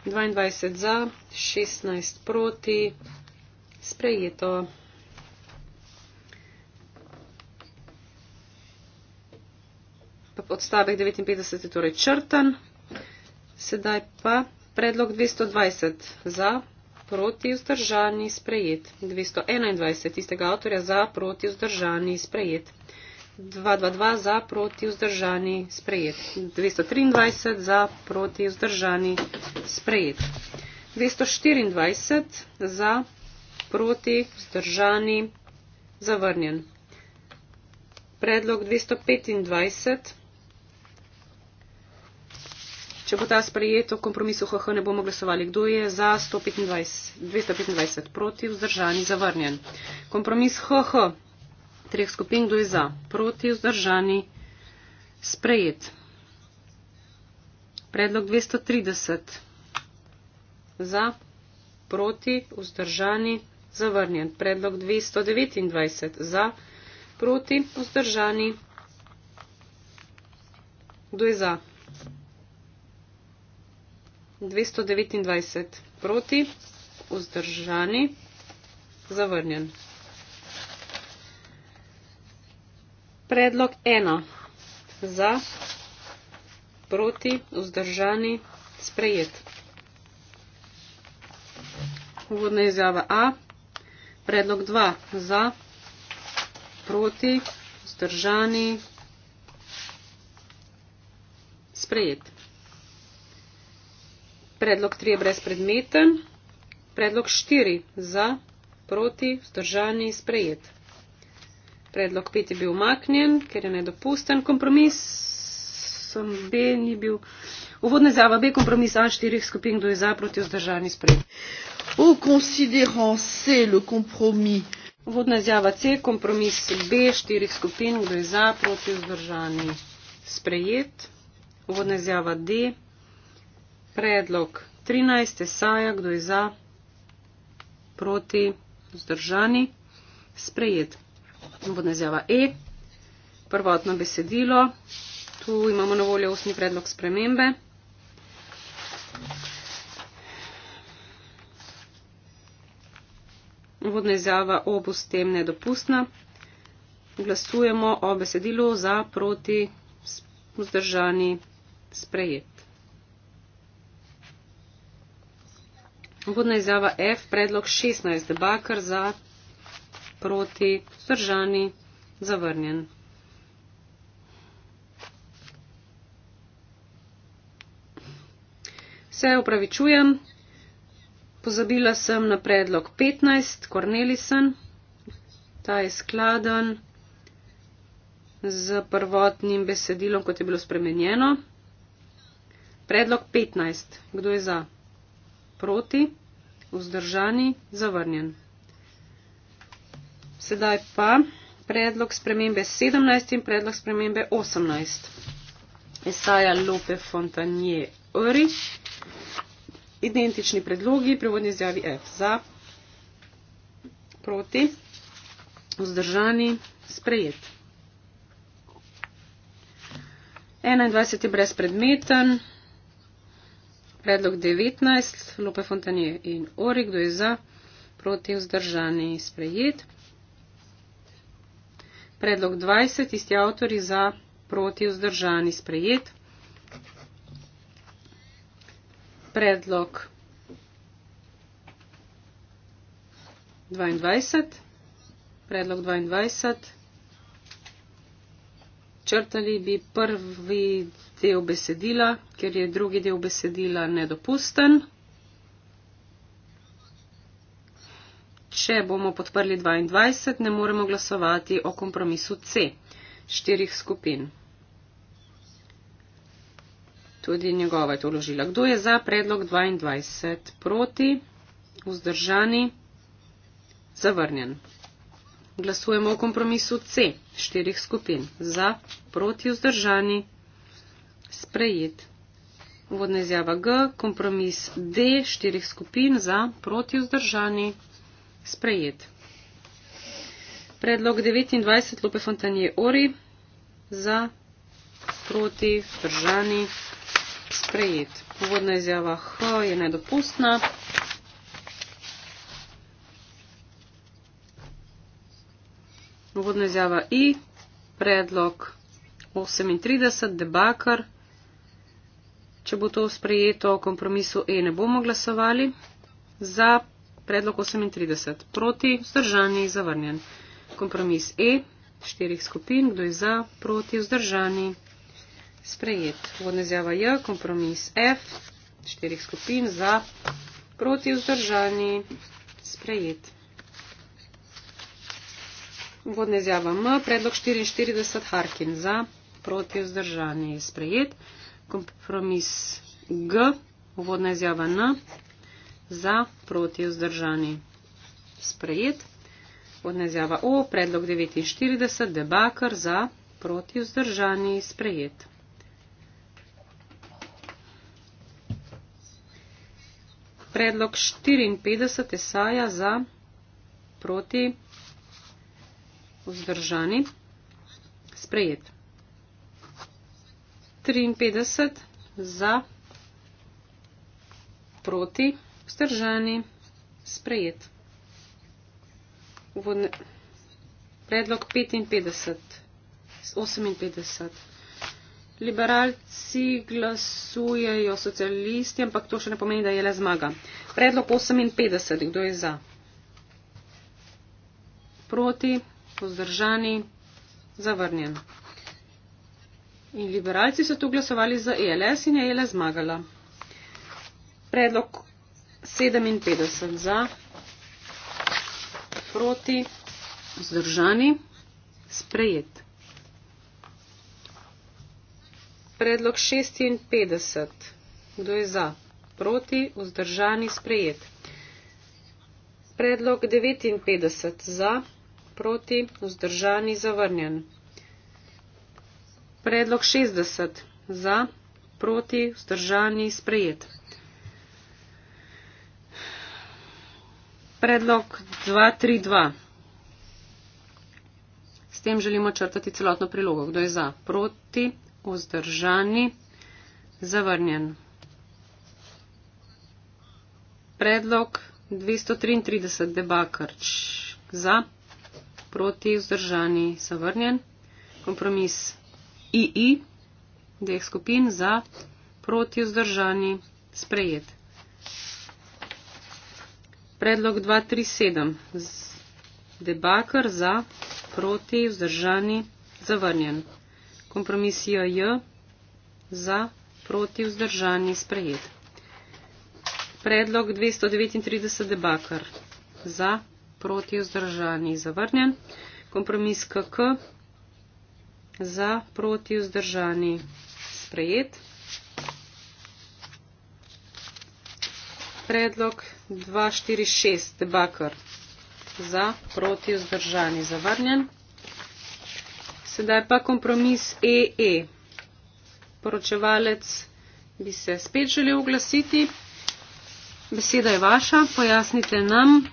22 za, 16 proti, sprejeto. Odstavek 59 je torej črtan. Sedaj pa predlog 220 za, proti vzdržani sprejet. 221 istega avtorja za proti vzdržani sprejet. 222 za proti vzdržani sprejet. 223 za proti vzdržani sprejet. 224 za proti vzdržani zavrnjen. Predlog 225. Če bo ta sprejet v kompromisu HH, ne bomo glasovali. Kdo je za 125, 225 proti, vzdržani, zavrnjen? Kompromis HH, treh skupin, kdo je za, proti, vzdržani, sprejet. Predlog 230 za, proti, vzdržani, zavrnjen. Predlog 229 za, proti, vzdržani, kdo je za. 229 proti, vzdržani, zavrnjen. Predlog 1. Za, proti, vzdržani, sprejet. Uvodna izjava A. Predlog 2. Za, proti, vzdržani, sprejet. Predlog 3 je brezpredmeten. Predlog 4 za, proti, vzdržani, sprejet. Predlog 5 je bil umaknjen, ker je nedopusten kompromis. B ni bil. Uvodna izjava B kompromis A štirih skupin, kdo je za, proti, vzdržani, sprejet. V considerant C le compromis. Uvodna izjava C kompromis B štirih skupin, kdo je za, proti, vzdržani, sprejet. Uvodna izjava D. Predlog 13. Saja, kdo je za, proti, vzdržani, sprejet. Vodna izjava E, prvotno besedilo, tu imamo na voljo ustni predlog spremembe. Vodna izjava ob ustem nedopustna. Glasujemo o besedilu za, proti, vzdržani, sprejet. Vhodna izjava F, predlog 16, debakar za, proti, vzdržani, zavrnjen. Se upravičujem, pozabila sem na predlog 15, Cornelisen, ta je skladen z prvotnim besedilom, kot je bilo spremenjeno. Predlog 15. Kdo je za? proti, vzdržani, zavrnjen. Sedaj pa predlog spremembe 17 in predlog spremembe 18. Esaja Lope Fontanje Ori. Identični predlogi, prevodni izjavi F za, proti, vzdržani, sprejet. 21 je brezpredmeten, Predlog 19, Lope Fontanije in Ori, kdo je za, proti vzdržani sprejet. Predlog 20, isti avtori za, proti vzdržani sprejet. Predlog 22, predlog 22 črtali bi prvi del besedila, ker je drugi del besedila nedopusten. Če bomo podprli 22, ne moremo glasovati o kompromisu C štirih skupin. Tudi njegova je to uložila. Kdo je za predlog 22? Proti, vzdržani, zavrnjen. Glasujemo o kompromisu C štirih skupin. Za, proti, vzdržani, sprejet. Vodna izjava G, kompromis D štirih skupin. Za, proti, vzdržani, sprejet. Predlog 29 Lope Fontanije Ori. Za, proti, vzdržani, sprejet. Vodna izjava H je nedopustna. Uvodna izjava I, predlog 38, debakar. Če bo to sprejeto o kompromisu E, ne bomo glasovali za predlog 38. Proti, vzdržani, zavrnjen. Kompromis E, štirih skupin, kdo je za, proti, vzdržani, sprejet. Uvodna izjava J, kompromis F, štirih skupin, za, proti, vzdržani, sprejet. Vodne izjava M, predlog 44 Harkin za, proti vzdržanje je sprejet. Kompromis G, vodna izjava N, za, proti vzdržanje sprejet. Vodna izjava O, predlog 49, debakar za, proti vzdržanje sprejet. Predlog 54 Esaja za, proti vzdržanje sprejet vzdržani. Sprejet. 53 za, proti, vzdržani, sprejet. Uvodne, predlog 55, 58. Liberalci glasujejo socialisti, ampak to še ne pomeni, da je le zmaga. Predlog 58, kdo je za? Proti, vzdržani, zavrnjen. In liberalci so tu glasovali za ELS in je ELS zmagala. Predlog 57 za, proti, vzdržani, sprejet. Predlog 56. Kdo je za? Proti, vzdržani, sprejet. Predlog 59. Za proti, vzdržani, zavrnjen. Predlog 60. Za, proti, vzdržani, sprejet. Predlog 232. S tem želimo črtati celotno prilogo. Kdo je za, proti, vzdržani, zavrnjen. Predlog 233. Debakrč. Za, proti, vzdržani, zavrnjen. Kompromis II, dveh skupin za, proti, vzdržani, sprejet. Predlog 237, debakar za, proti, vzdržani, zavrnjen. Kompromis JJ za, proti, vzdržani, sprejet. Predlog 239, debakar za, proti, vzdržani, zavrnjen proti vzdržani zavrnjen. Kompromis KK za proti vzdržani sprejet. Predlog 246 debakar za proti vzdržani zavrnjen. Sedaj pa kompromis EE. E. Poročevalec bi se spet želel oglasiti. Beseda je vaša, pojasnite nam,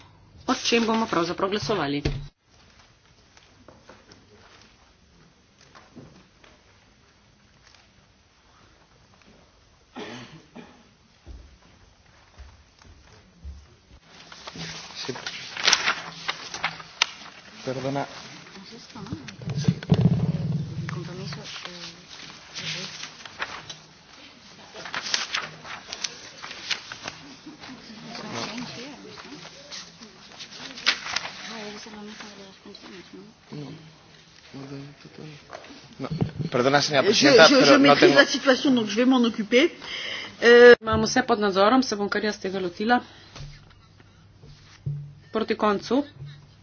o čem bomo pravzaprav glasovali. Perdona. Eh, imamo vse pod nadzorom, se bom kar jaz tega lotila. Proti koncu,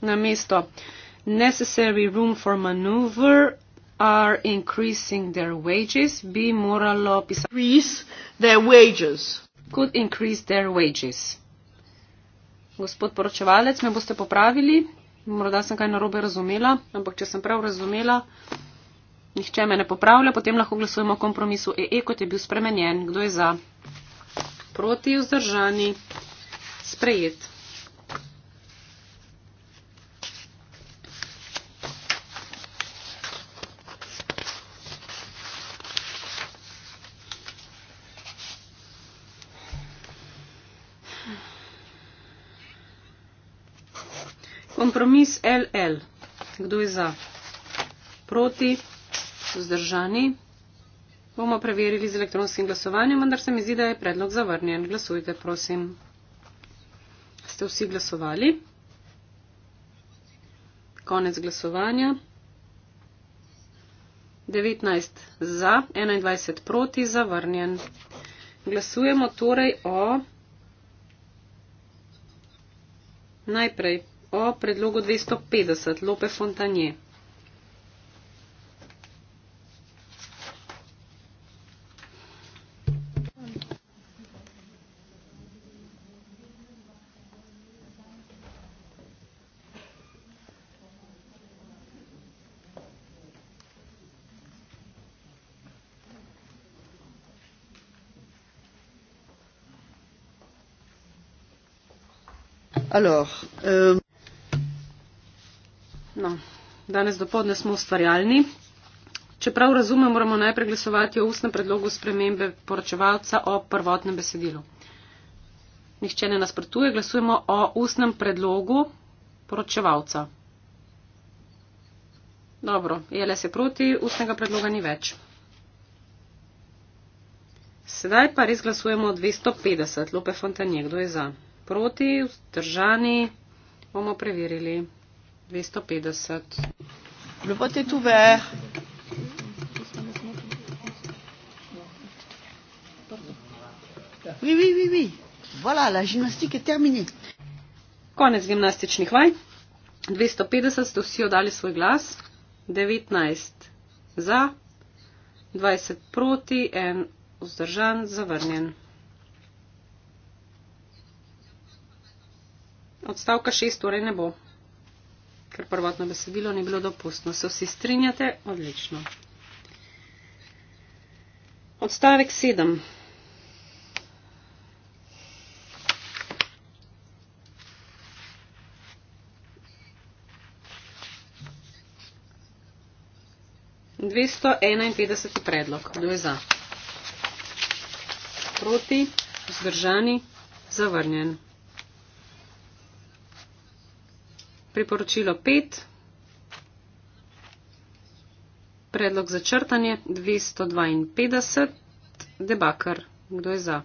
na mesto necessary room for maneuver are increasing their wages, bi moralo pisati. Could increase their wages. Gospod poročevalec, me boste popravili, morda sem kaj narobe razumela, ampak če sem prav razumela nihče me ne popravlja, potem lahko glasujemo o kompromisu EE, e, kot je bil spremenjen. Kdo je za? Proti vzdržani. Sprejet. Kompromis LL. Kdo je za? Proti vzdržani. Bomo preverili z elektronskim glasovanjem, vendar se mi zdi, da je predlog zavrnjen. Glasujte, prosim. Ste vsi glasovali? Konec glasovanja. 19 za, 21 proti, zavrnjen. Glasujemo torej o. Najprej o predlogu 250 Lope Fontanje. Alors, euh... no. Danes dopoledne smo ustvarjalni. Če prav razumem, moramo najprej glasovati o ustnem predlogu spremembe poročevalca o prvotnem besedilu. Nihče ne nasprotuje, glasujemo o ustnem predlogu poročevalca. Dobro, je le se proti, ustnega predloga ni več. Sedaj pa res glasujemo o 250. Lope Fontanje, kdo je za? proti, vzdržani, bomo preverili 250. Lepo te tu ve. Oui, oui, oui, oui. Voilà, la gymnastique est terminée. Konec gimnastičnih vaj. 250 ste vsi oddali svoj glas. 19 za, 20 proti, 1 vzdržan, zavrnjen. Odstavka 6 torej ne bo, ker prvotno besedilo ni bilo dopustno. Se vsi strinjate? Odlično. Odstavek 7. Dvesto enainpetdeset predlog. Kdo je za? Proti, vzdržani, zavrnjen. priporočilo 5, predlog za črtanje 252, debakar, kdo je za?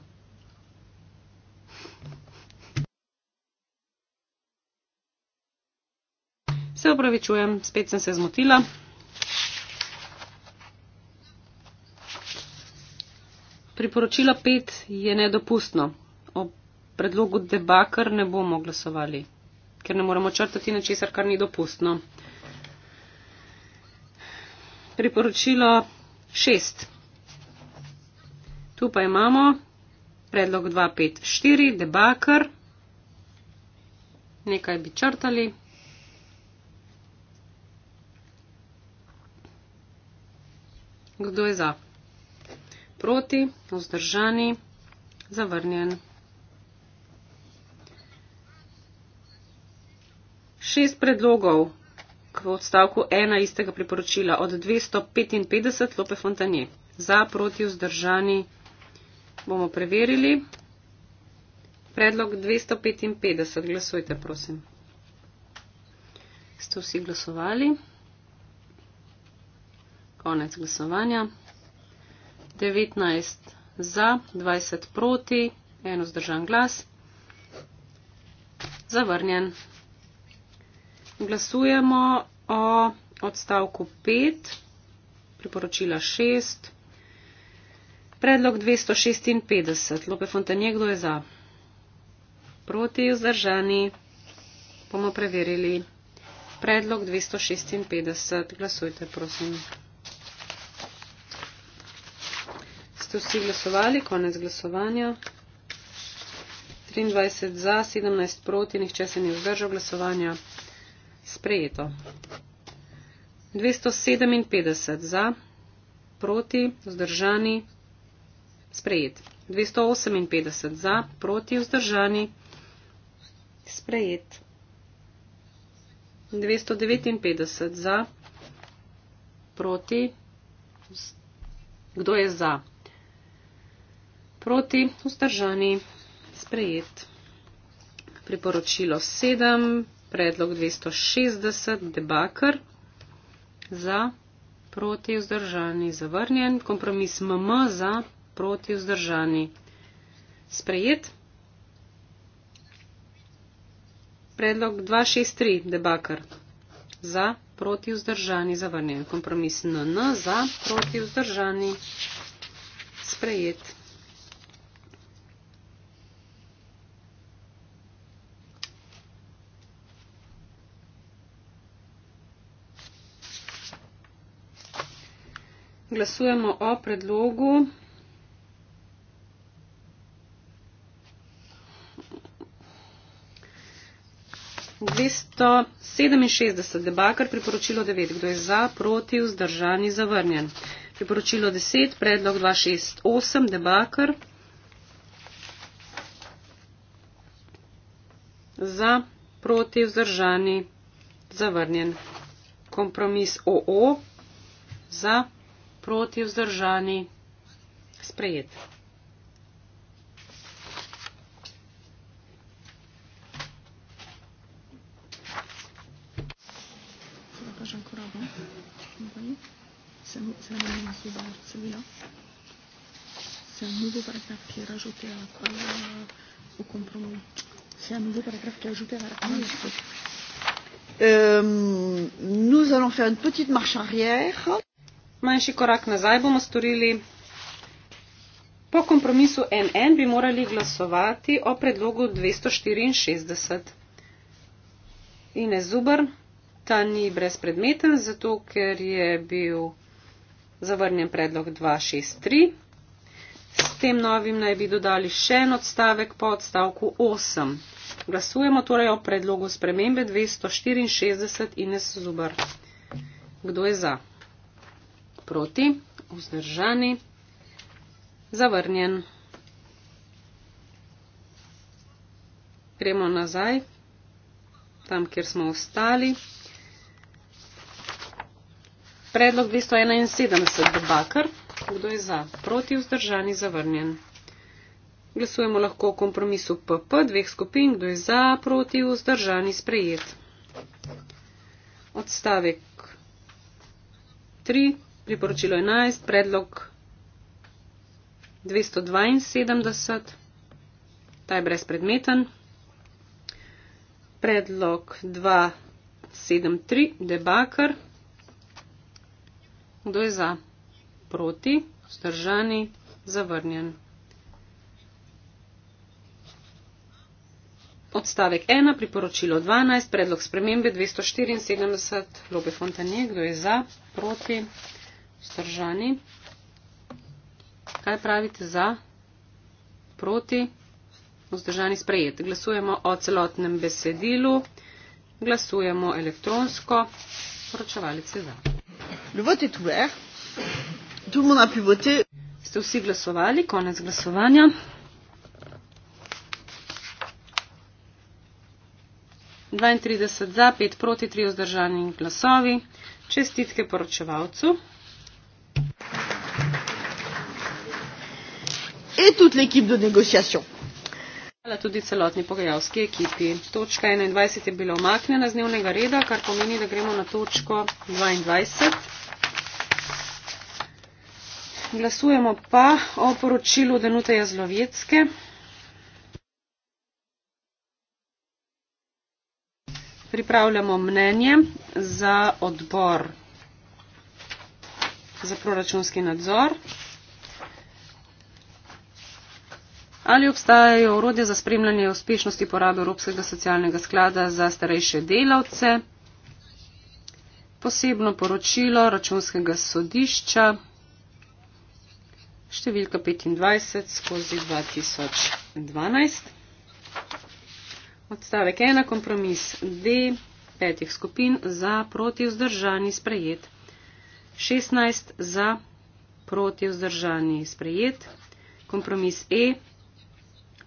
Se opravičujem, spet sem se zmotila. Priporočilo 5 je nedopustno. O predlogu debakar ne bomo glasovali ker ne moramo črtati nečesar, kar ni dopustno. Priporočilo šest. Tu pa imamo predlog 254, debaker. Nekaj bi črtali. Kdo je za? Proti, vzdržani, zavrnjen. šest predlogov k odstavku ena istega priporočila od 255 Lope Fontanje. Za proti vzdržani bomo preverili. Predlog 255. Glasujte, prosim. Ste vsi glasovali? Konec glasovanja. 19 za, 20 proti, eno zdržan glas. Zavrnjen glasujemo o odstavku 5, priporočila 6, predlog 256. Lope Fontanje, kdo je za? Proti vzdržani bomo preverili. Predlog 256. Glasujte, prosim. Ste vsi glasovali? Konec glasovanja. 23 za, 17 proti, nihče se ni vzdržal glasovanja sprejeto. 257 za, proti, vzdržani, sprejet. 258 za, proti, vzdržani, sprejet. 259 za, proti, kdo je za, proti, vzdržani, sprejet. Priporočilo 7 predlog 260, debakr za, proti vzdržani, zavrnjen, kompromis MM za, proti vzdržani, sprejet. Predlog 263, debakr za, proti vzdržani, zavrnjen, kompromis NN za, proti vzdržani, sprejet. glasujemo o predlogu dvesto sedeminšestdeset debakar priporočilo devet kdo je za proti vzdržani zavrnjen priporočilo deset predlog dva šest osem debakar za proti vzdržani zavrnjen kompromis oo za proti vzdržani, sprejet. Euh, nous allons faire une petite marche arrière manjši korak nazaj bomo storili. Po kompromisu NN bi morali glasovati o predlogu 264. Ine Zubr, ta ni brezpredmeten, zato ker je bil zavrnjen predlog 263. S tem novim naj bi dodali še en odstavek po odstavku 8. Glasujemo torej o predlogu spremembe 264 Ines Zubr. Kdo je za? proti, vzdržani, zavrnjen. Gremo nazaj, tam, kjer smo ostali. Predlog 271, debakar, kdo je za, proti, vzdržani, zavrnjen. Glasujemo lahko o kompromisu PP dveh skupin, kdo je za, proti, vzdržani, sprejet. Odstavek 3 priporočilo 11, predlog 272, ta je brezpredmeten, predlog 273, debakar, kdo je za, proti, vzdržani, zavrnjen. Odstavek 1, priporočilo 12, predlog spremembe 274, Lobe Fontanje, kdo je za, proti, vzdržani vzdržani. Kaj pravite za? Proti? Vzdržani sprejet. Glasujemo o celotnem besedilu. Glasujemo elektronsko. Poročevalice za. Ste vsi glasovali? Konec glasovanja. dvaintrideset za pet proti tri vzdržani glasovi čestitke poročevalcu et toute l'équipe de négociation. Hvala tudi celotni pogajalski ekipi. Točka 21 je bila omaknjena z dnevnega reda, kar pomeni, da gremo na točko 22. Glasujemo pa o poročilu Denute Jazlovecke. Pripravljamo mnenje za odbor za proračunski nadzor. Ali obstajajo urodje za spremljanje uspešnosti porabe Evropskega socialnega sklada za starejše delavce? Posebno poročilo računskega sodišča številka 25 skozi 2012. Odstavek 1. Kompromis D. Petih skupin za proti vzdržani sprejet. 16 za proti vzdržani sprejet. Kompromis E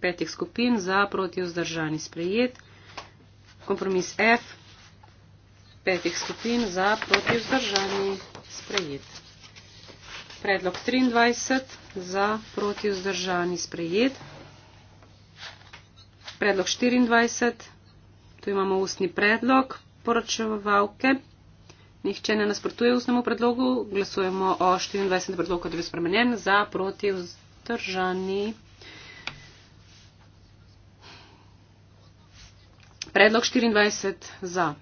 petih skupin za proti vzdržani sprejet. Kompromis F petih skupin za proti vzdržani sprejet. Predlog 23 za proti vzdržani sprejet. Predlog 24, tu imamo ustni predlog poročevalke. Nihče ne nasprotuje ustnemu predlogu, glasujemo o 24. predlogu, da je spremenjen za proti vzdržani sprejet. Predlog 24 za.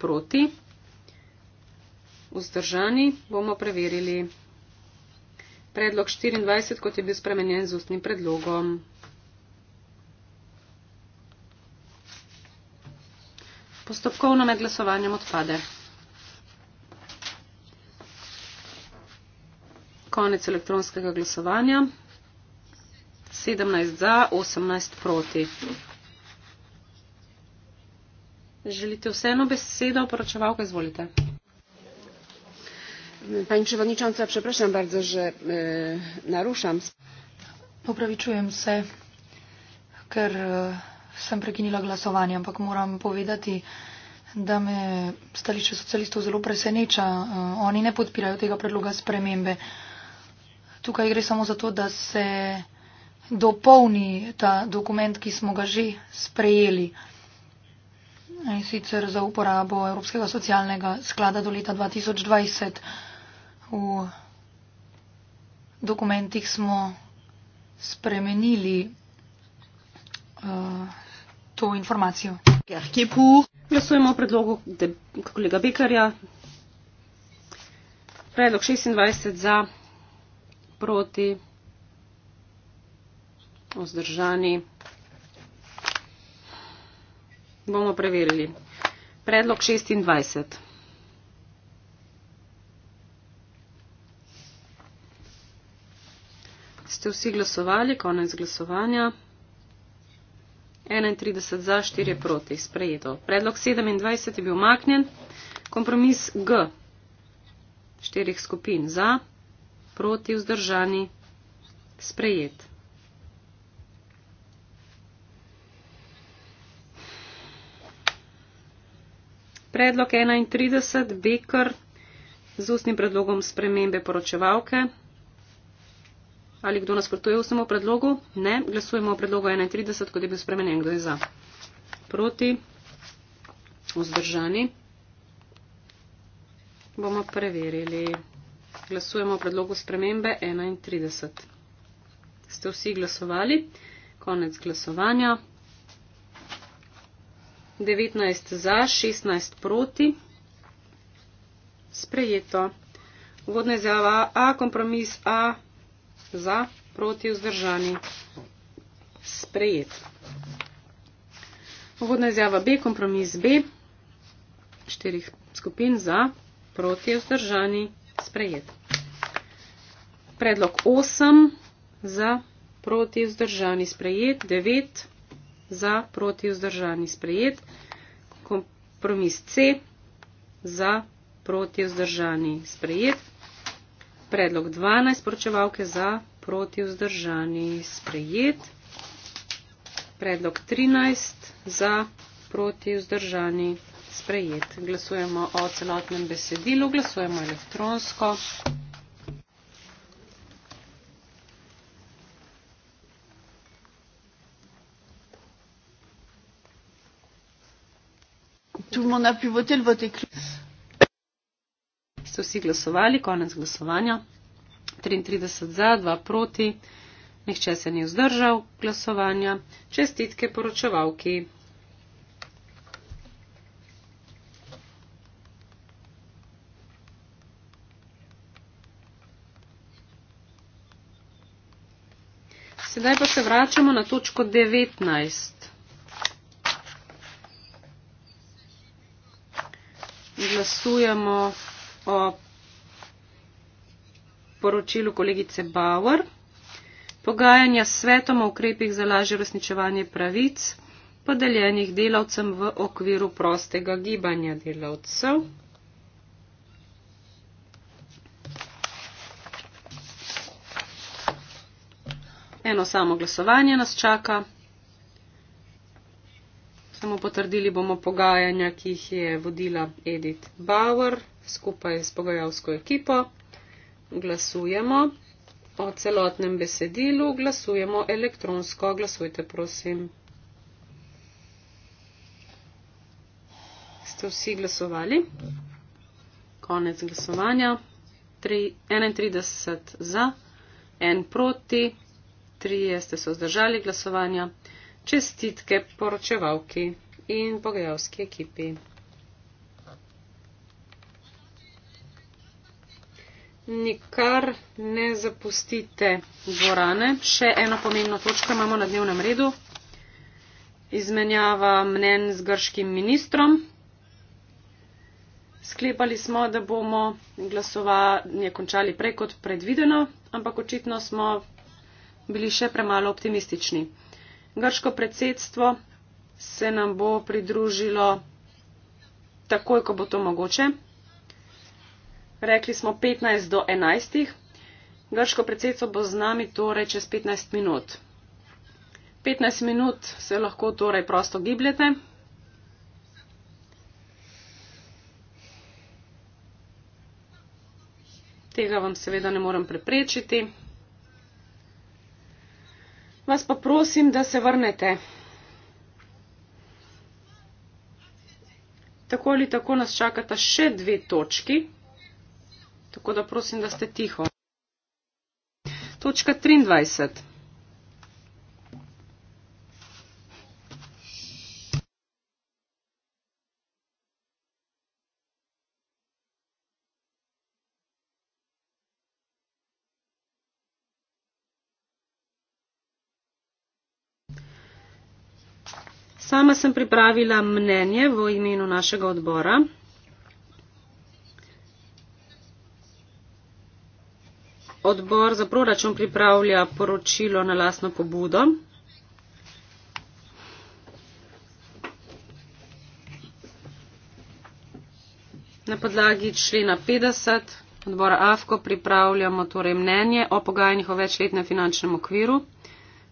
Proti. Vzdržani bomo preverili. Predlog 24, kot je bil spremenjen z ustnim predlogom. Postopkovno med glasovanjem odpade. Konec elektronskega glasovanja. 17 za, 18 proti. Želite vseeno besedo, poročevalka, izvolite. Pani Przewodnicząca, przepraszam bardzo, że e, naruszam. Poprawiczyłem się, ker e, sam prekinila głosowanie, ampak moram powiedzieć, da me stališče socialistov zelo preseneča. E, oni ne podpirajo tega predloga spremembe. Tukaj gre samo za to, da se dopolni ta dokument, ki smo ga že sprejeli. In sicer za uporabo Evropskega socialnega sklada do leta 2020. V dokumentih smo spremenili uh, to informacijo. Glasujemo o predlogu kolega Bekarja. Predlog 26 za proti. Vzdržani. Bomo preverili. Predlog 26. Ste vsi glasovali, konec glasovanja. 31 za, 4 proti, sprejeto. Predlog 27 je bil maknjen. Kompromis G. Štirih skupin za, proti vzdržani, sprejet. Predlog 31, Bekr, z ustnim predlogom spremembe poročevalke. Ali kdo nasprotuje ustnemu predlogu? Ne. Glasujemo o predlogu 31, kot je bil spremenjen. Kdo je za? Proti? Ozdržani? Bomo preverili. Glasujemo o predlogu spremembe 31. Ste vsi glasovali? Konec glasovanja. 19 za, 16 proti. Sprejeto. Vodna izjava A, kompromis A, za, proti, vzdržani. Sprejet. Vodna izjava B, kompromis B, štirih skupin za, proti, vzdržani. Sprejet. Predlog 8 za, proti, vzdržani. Sprejet. 9 za, proti vzdržani sprejet. Kompromis C za, proti vzdržani sprejet. Predlog 12 poročevalke za, proti vzdržani sprejet. Predlog 13 za, proti vzdržani sprejet. Glasujemo o celotnem besedilu, glasujemo elektronsko. recimo ne bi votili v te klice. Ste vsi glasovali, konec glasovanja. 33 za, 2 proti. Nihče se ni vzdržal glasovanja. Čestitke poročevalki. Sedaj pa se vračamo na točko 19. glasujemo o poročilu kolegice Bauer. Pogajanja s svetom o ukrepih za lažje resničevanje pravic podeljenih delavcem v okviru prostega gibanja delavcev. Eno samo glasovanje nas čaka samo potrdili bomo pogajanja, ki jih je vodila Edith Bauer skupaj s pogajalsko ekipo. Glasujemo o celotnem besedilu, glasujemo elektronsko, glasujte prosim. Ste vsi glasovali? Konec glasovanja. 3, 31 za, 1 proti, 3 ste se vzdržali glasovanja čestitke poročevalki in pogajalski ekipi. Nikar ne zapustite dvorane. Še eno pomembno točko imamo na dnevnem redu. Izmenjava mnen z grškim ministrom. Sklepali smo, da bomo glasovanje končali prej kot predvideno, ampak očitno smo bili še premalo optimistični. Grško predsedstvo se nam bo pridružilo takoj, ko bo to mogoče. Rekli smo 15 do 11. Grško predsedstvo bo z nami torej čez 15 minut. 15 minut se lahko torej prosto gibljete. Tega vam seveda ne morem preprečiti vas pa prosim, da se vrnete. Tako ali tako nas čakata še dve točki, tako da prosim, da ste tiho. Točka 23. Sama sem pripravila mnenje v imenu našega odbora. Odbor za proračun pripravlja poročilo na lasno pobudo. Na podlagi člena 50 odbora AFKO pripravljamo torej mnenje o pogajanjih o večletnem finančnem okviru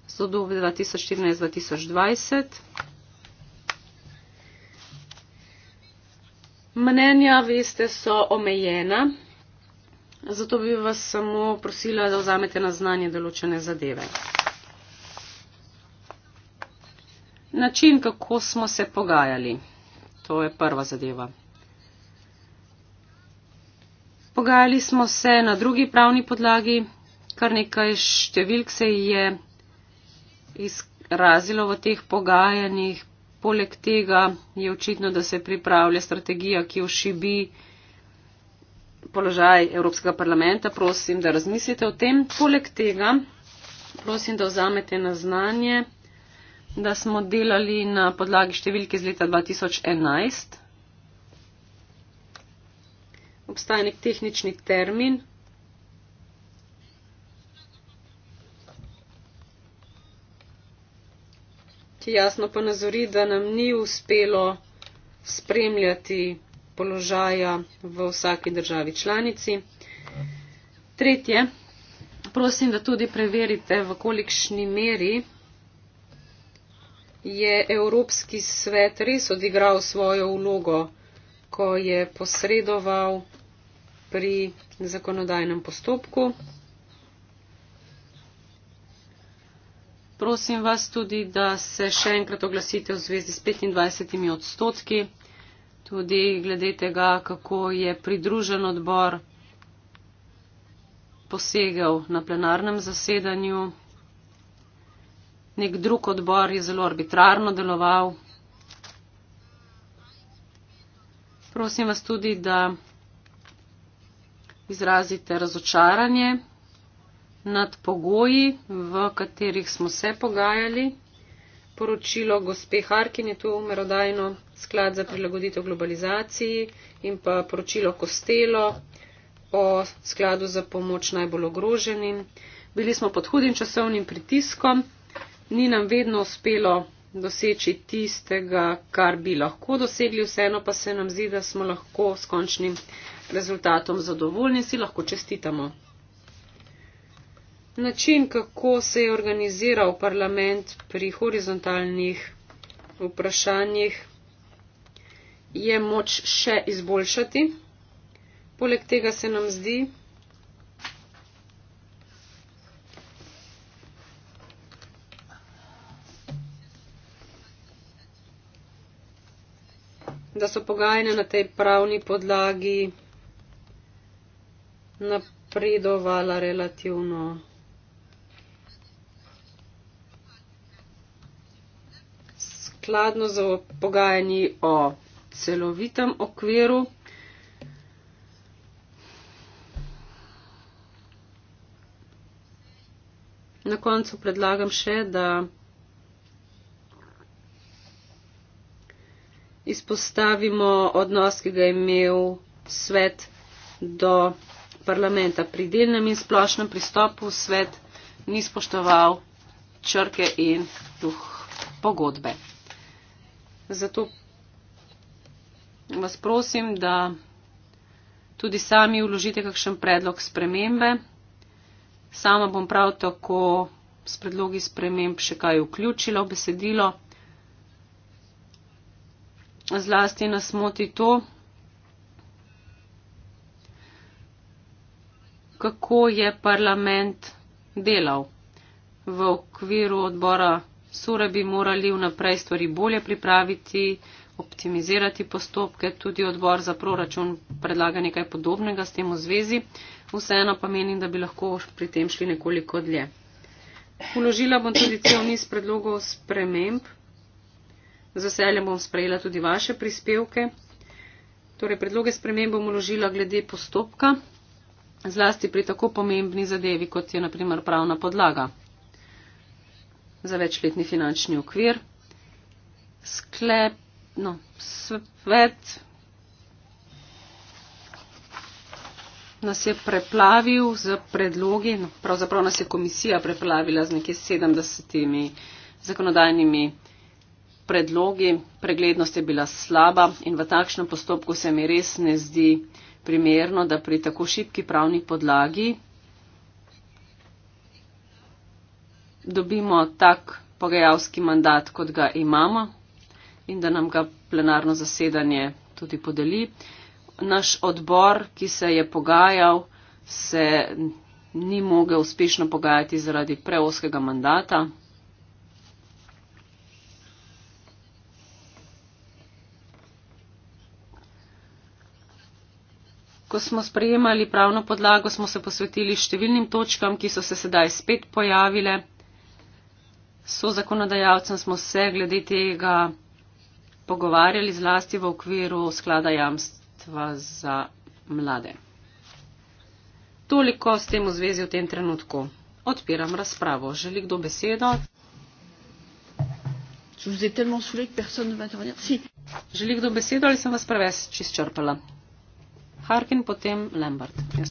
za dobe 2014-2020. Mnenja, veste, so omejena, zato bi vas samo prosila, da vzamete na znanje določene zadeve. Način, kako smo se pogajali, to je prva zadeva. Pogajali smo se na drugi pravni podlagi, kar nekaj številk se je izkazalo. Razilo v teh pogajanjih Poleg tega je očitno, da se pripravlja strategija, ki ošibi položaj Evropskega parlamenta. Prosim, da razmislite o tem. Poleg tega, prosim, da vzamete na znanje, da smo delali na podlagi številke iz leta 2011. Obstaja nek tehnični termin, ki jasno pa nazori, da nam ni uspelo spremljati položaja v vsaki državi članici. Tretje, prosim, da tudi preverite, v kolikšni meri je Evropski svet res odigral svojo vlogo, ko je posredoval pri zakonodajnem postopku. prosim vas tudi, da se še enkrat oglasite v zvezdi s 25 odstotki, tudi glede tega, kako je pridružen odbor posegel na plenarnem zasedanju. Nek drug odbor je zelo arbitrarno deloval. Prosim vas tudi, da izrazite razočaranje nad pogoji, v katerih smo se pogajali. Poročilo gospe Harkin je tu merodajno sklad za prilagoditev globalizaciji in pa poročilo Kostelo o skladu za pomoč najbolj ogroženim. Bili smo pod hudim časovnim pritiskom, ni nam vedno uspelo doseči tistega, kar bi lahko dosegli, vseeno pa se nam zdi, da smo lahko s končnim rezultatom zadovoljni, si lahko čestitamo način, kako se je organiziral parlament pri horizontalnih vprašanjih, je moč še izboljšati. Poleg tega se nam zdi, da so pogajanja na tej pravni podlagi napredovala relativno. skladno z pogajanji o celovitem okviru. Na koncu predlagam še, da izpostavimo odnos, ki ga je imel svet do parlamenta. Pri delnem in splošnem pristopu svet ni spoštoval črke in duh pogodbe. Zato vas prosim, da tudi sami uložite kakšen predlog spremembe. Sama bom prav tako s predlogi sprememb še kaj vključila v besedilo. Zlasti nas moti to, kako je parlament delal v okviru odbora sure bi morali vnaprej stvari bolje pripraviti, optimizirati postopke, tudi odbor za proračun predlaga nekaj podobnega s tem v zvezi, vseeno pa menim, da bi lahko pri tem šli nekoliko dlje. Uložila bom tudi cel niz predlogov sprememb, z veseljem bom sprejela tudi vaše prispevke. Torej, predloge sprememb bom uložila glede postopka, zlasti pri tako pomembni zadevi, kot je naprimer pravna podlaga za večletni finančni okvir. Sklep, no, svet nas je preplavil z predlogi, no, pravzaprav nas je komisija preplavila z nekaj 70 zakonodajnimi predlogi. Preglednost je bila slaba in v takšnem postopku se mi res ne zdi primerno, da pri tako šibki pravni podlagi dobimo tak pogajalski mandat, kot ga imamo in da nam ga plenarno zasedanje tudi podeli. Naš odbor, ki se je pogajal, se ni mogel uspešno pogajati zaradi preoskega mandata. Ko smo sprejemali pravno podlago, smo se posvetili številnim točkam, ki so se sedaj spet pojavile so zakonodajalcem, smo se glede tega pogovarjali zlasti v okviru sklada jamstva za mlade. Toliko s tem v zvezi v tem trenutku. Odpiram razpravo. Želi kdo besedo? Želi kdo besedo ali sem vas preves čist črpala? Harkin, potem Lambert. Yes.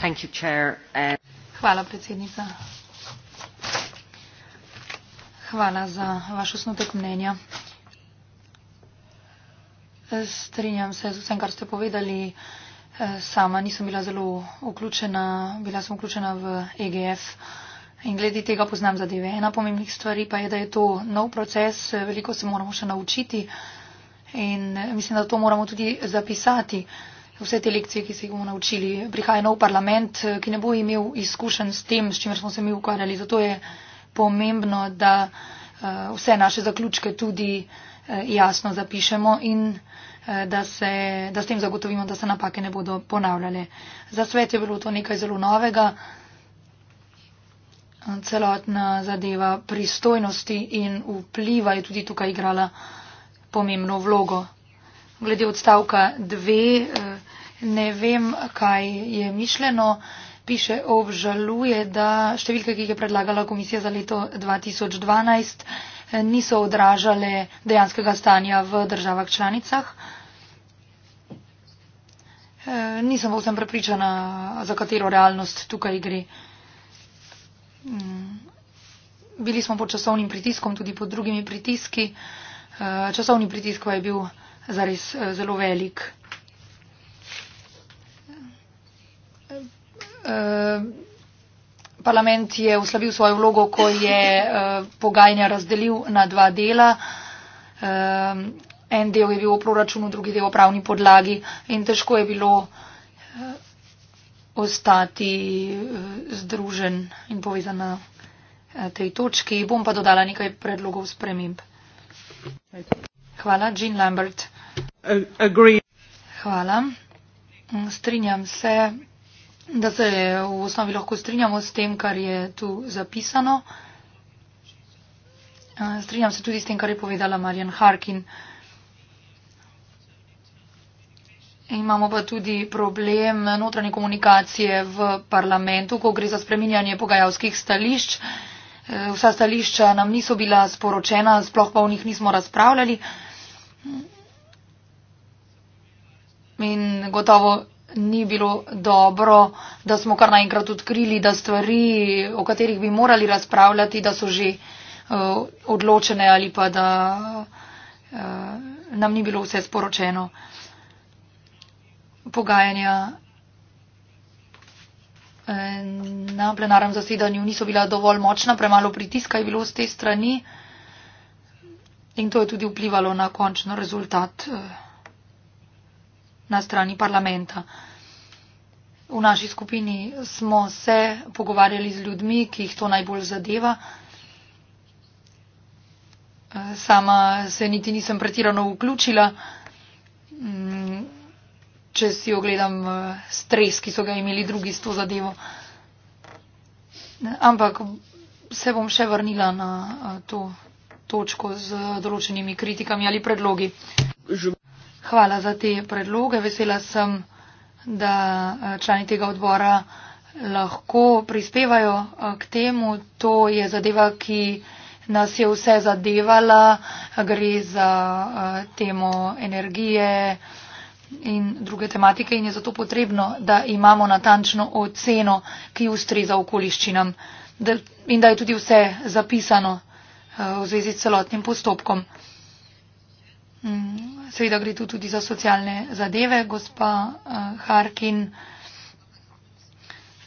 Thank you, chair. Uh... Hvala, predsednica. Hvala za vaš osnotek mnenja. Strinjam se z vsem, kar ste povedali. Sama nisem bila zelo vključena, bila sem vključena v EGF in glede tega poznam zadeve. Ena pomembnih stvari pa je, da je to nov proces, veliko se moramo še naučiti in mislim, da to moramo tudi zapisati, vse te lekcije, ki se jih bomo naučili. Prihaja nov parlament, ki ne bo imel izkušenj s tem, s čimer smo se mi ukvarjali. Zato je pomembno, da eh, vse naše zaključke tudi eh, jasno zapišemo in eh, da, se, da s tem zagotovimo, da se napake ne bodo ponavljale. Za svet je bilo to nekaj zelo novega. Celotna zadeva pristojnosti in vpliva je tudi tukaj igrala pomembno vlogo. Glede odstavka dve, ne vem, kaj je mišljeno piše, obžaluje, da številke, ki jih je predlagala komisija za leto 2012, eh, niso odražale dejanskega stanja v državah članicah. Eh, nisem povsem prepričana, za katero realnost tukaj gre. Mm. Bili smo pod časovnim pritiskom, tudi pod drugimi pritiski. Eh, časovni pritisk pa je bil zares zelo velik. Eh, parlament je uslabil svojo vlogo, ko je eh, pogajanja razdelil na dva dela. Eh, en del je bil v proračunu, drugi del v pravni podlagi in težko je bilo ostati združen in povezan na tej točki. Bom pa dodala nekaj predlogov sprememb. Hvala, Jean Lambert. Agree. Hvala. Strinjam se da se v osnovi lahko strinjamo s tem, kar je tu zapisano. Eh, strinjam se tudi s tem, kar je povedala Marjan Harkin. Imamo pa tudi problem notranje komunikacije v parlamentu, ko gre za spreminjanje pogajalskih stališč. Eh, vsa stališča nam niso bila sporočena, sploh pa o njih nismo razpravljali. In gotovo ni bilo dobro, da smo kar naenkrat odkrili, da stvari, o katerih bi morali razpravljati, da so že uh, odločene ali pa da uh, nam ni bilo vse sporočeno. Pogajanja eh, na plenarnem zasedanju niso bila dovolj močna, premalo pritiska je bilo z te strani in to je tudi vplivalo na končno rezultat. Uh, na strani parlamenta. V naši skupini smo se pogovarjali z ljudmi, ki jih to najbolj zadeva. Sama se niti nisem pretirano vključila, mm, če si ogledam eh, stres, ki so ga imeli drugi s to zadevo. Ampak se bom še vrnila na eh, to točko z določenimi kritikami ali predlogi. Hvala za te predloge. Vesela sem, da eh, člani tega odbora lahko prispevajo eh, k temu. To je zadeva, ki nas je vse zadevala. Gre za eh, temo energije in druge tematike in je zato potrebno, da imamo natančno oceno, ki ustreza okoliščinam in da je tudi vse zapisano v zvezi s celotnim postopkom. Mm. Seveda gre tu tudi za socialne zadeve, gospa eh, Harkin.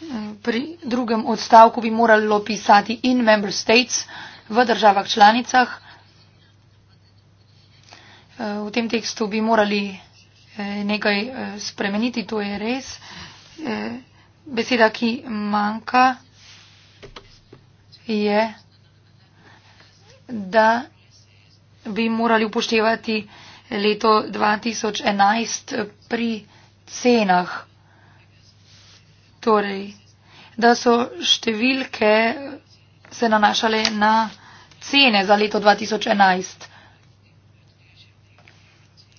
Mm, pri drugem odstavku bi moralo pisati in member states v državah članicah. Eh, v tem tekstu bi morali eh, nekaj spremeniti, to je res. Beseda, ki manjka, je, da bi morali upoštevati leto 2011 pri cenah. Torej, da so številke se nanašale na cene za leto 2011.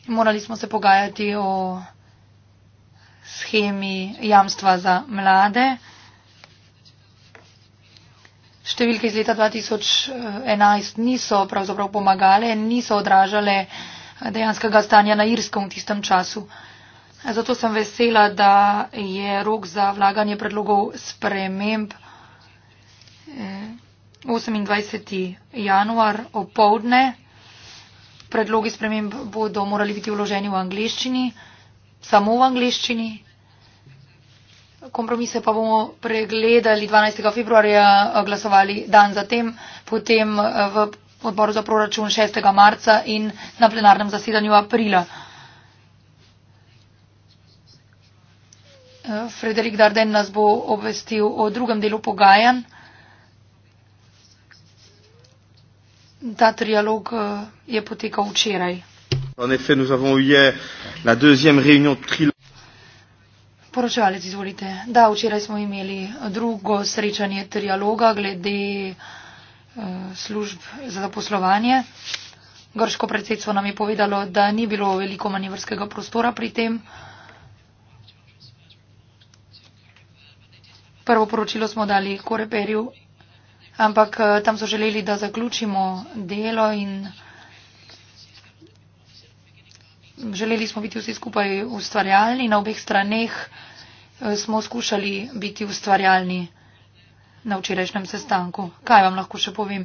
Morali smo se pogajati o schemi jamstva za mlade številke iz leta 2011 niso pravzaprav pomagale, niso odražale dejanskega stanja na Irskem v tistem času. Zato sem vesela, da je rok za vlaganje predlogov sprememb 28. Eh, januar opovdne. Predlogi sprememb bodo morali biti vloženi v angliščini, samo v angliščini, kompromise pa bomo pregledali 12. februarja, eh, glasovali dan zatem, potem eh, v odboru za proračun 6. marca in na plenarnem zasedanju aprila. Eh, Frederik Darden nas bo obvestil o drugem delu pogajan. Ta trialog je potekal včeraj. En effet, nous avons eu hier la deuxième réunion de trilogue poročevalec, izvolite. Da, včeraj smo imeli drugo srečanje trialoga glede eh, služb za zaposlovanje. Grško predsedstvo nam je povedalo, da ni bilo veliko manevrskega prostora pri tem. Prvo poročilo smo dali Koreperju, ampak eh, tam so želeli, da zaključimo delo in želeli smo biti vsi skupaj ustvarjalni na obeh straneh. Eh, smo skušali biti ustvarjalni na včerajšnjem sestanku. Kaj vam lahko še povem?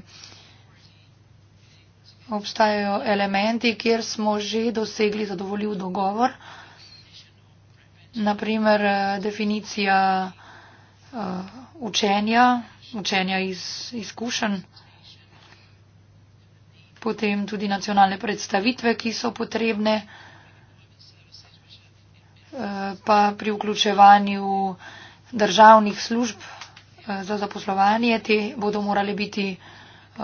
Obstajajo elementi, kjer smo že dosegli zadovoljiv dogovor. Naprimer, eh, definicija uh, učenja, učenja iz izkušenj, potem tudi nacionalne predstavitve, ki so potrebne. Uh, pa pri vključevanju državnih služb eh, za zaposlovanje te bodo morali biti eh,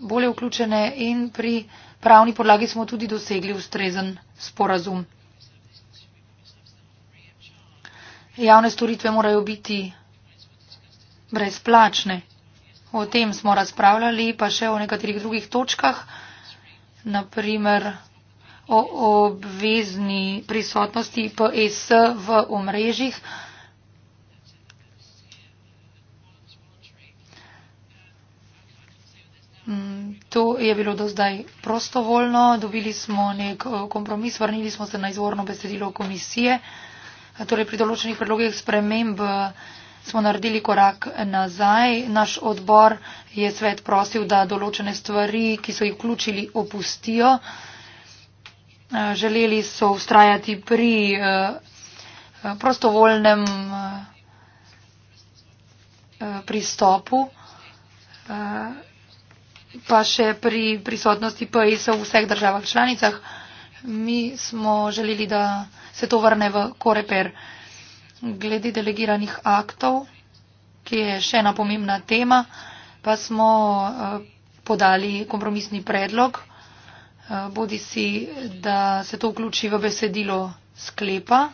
bolje vključene in pri pravni podlagi smo tudi dosegli ustrezen sporazum. Javne storitve morajo biti brezplačne. O tem smo razpravljali, pa še o nekaterih drugih točkah, naprimer o obvezni prisotnosti PS e v omrežjih. Mm, to je bilo do zdaj prostovoljno, dobili smo nek eh, kompromis, vrnili smo se na izvorno besedilo komisije. Torej pri določenih predlogih sprememb eh, smo naredili korak nazaj. Naš odbor je svet prosil, da določene stvari, ki so jih vključili, opustijo. Eh, želeli so ustrajati pri eh, eh, prostovoljnem pristopu, pa še pri prisotnosti PIS-a v vseh državah članicah. Mi smo želeli, da se to vrne v koreper. Glede delegiranih aktov, ki je še ena pomembna tema, pa smo podali kompromisni predlog bodi si, da se to vključi v besedilo sklepa,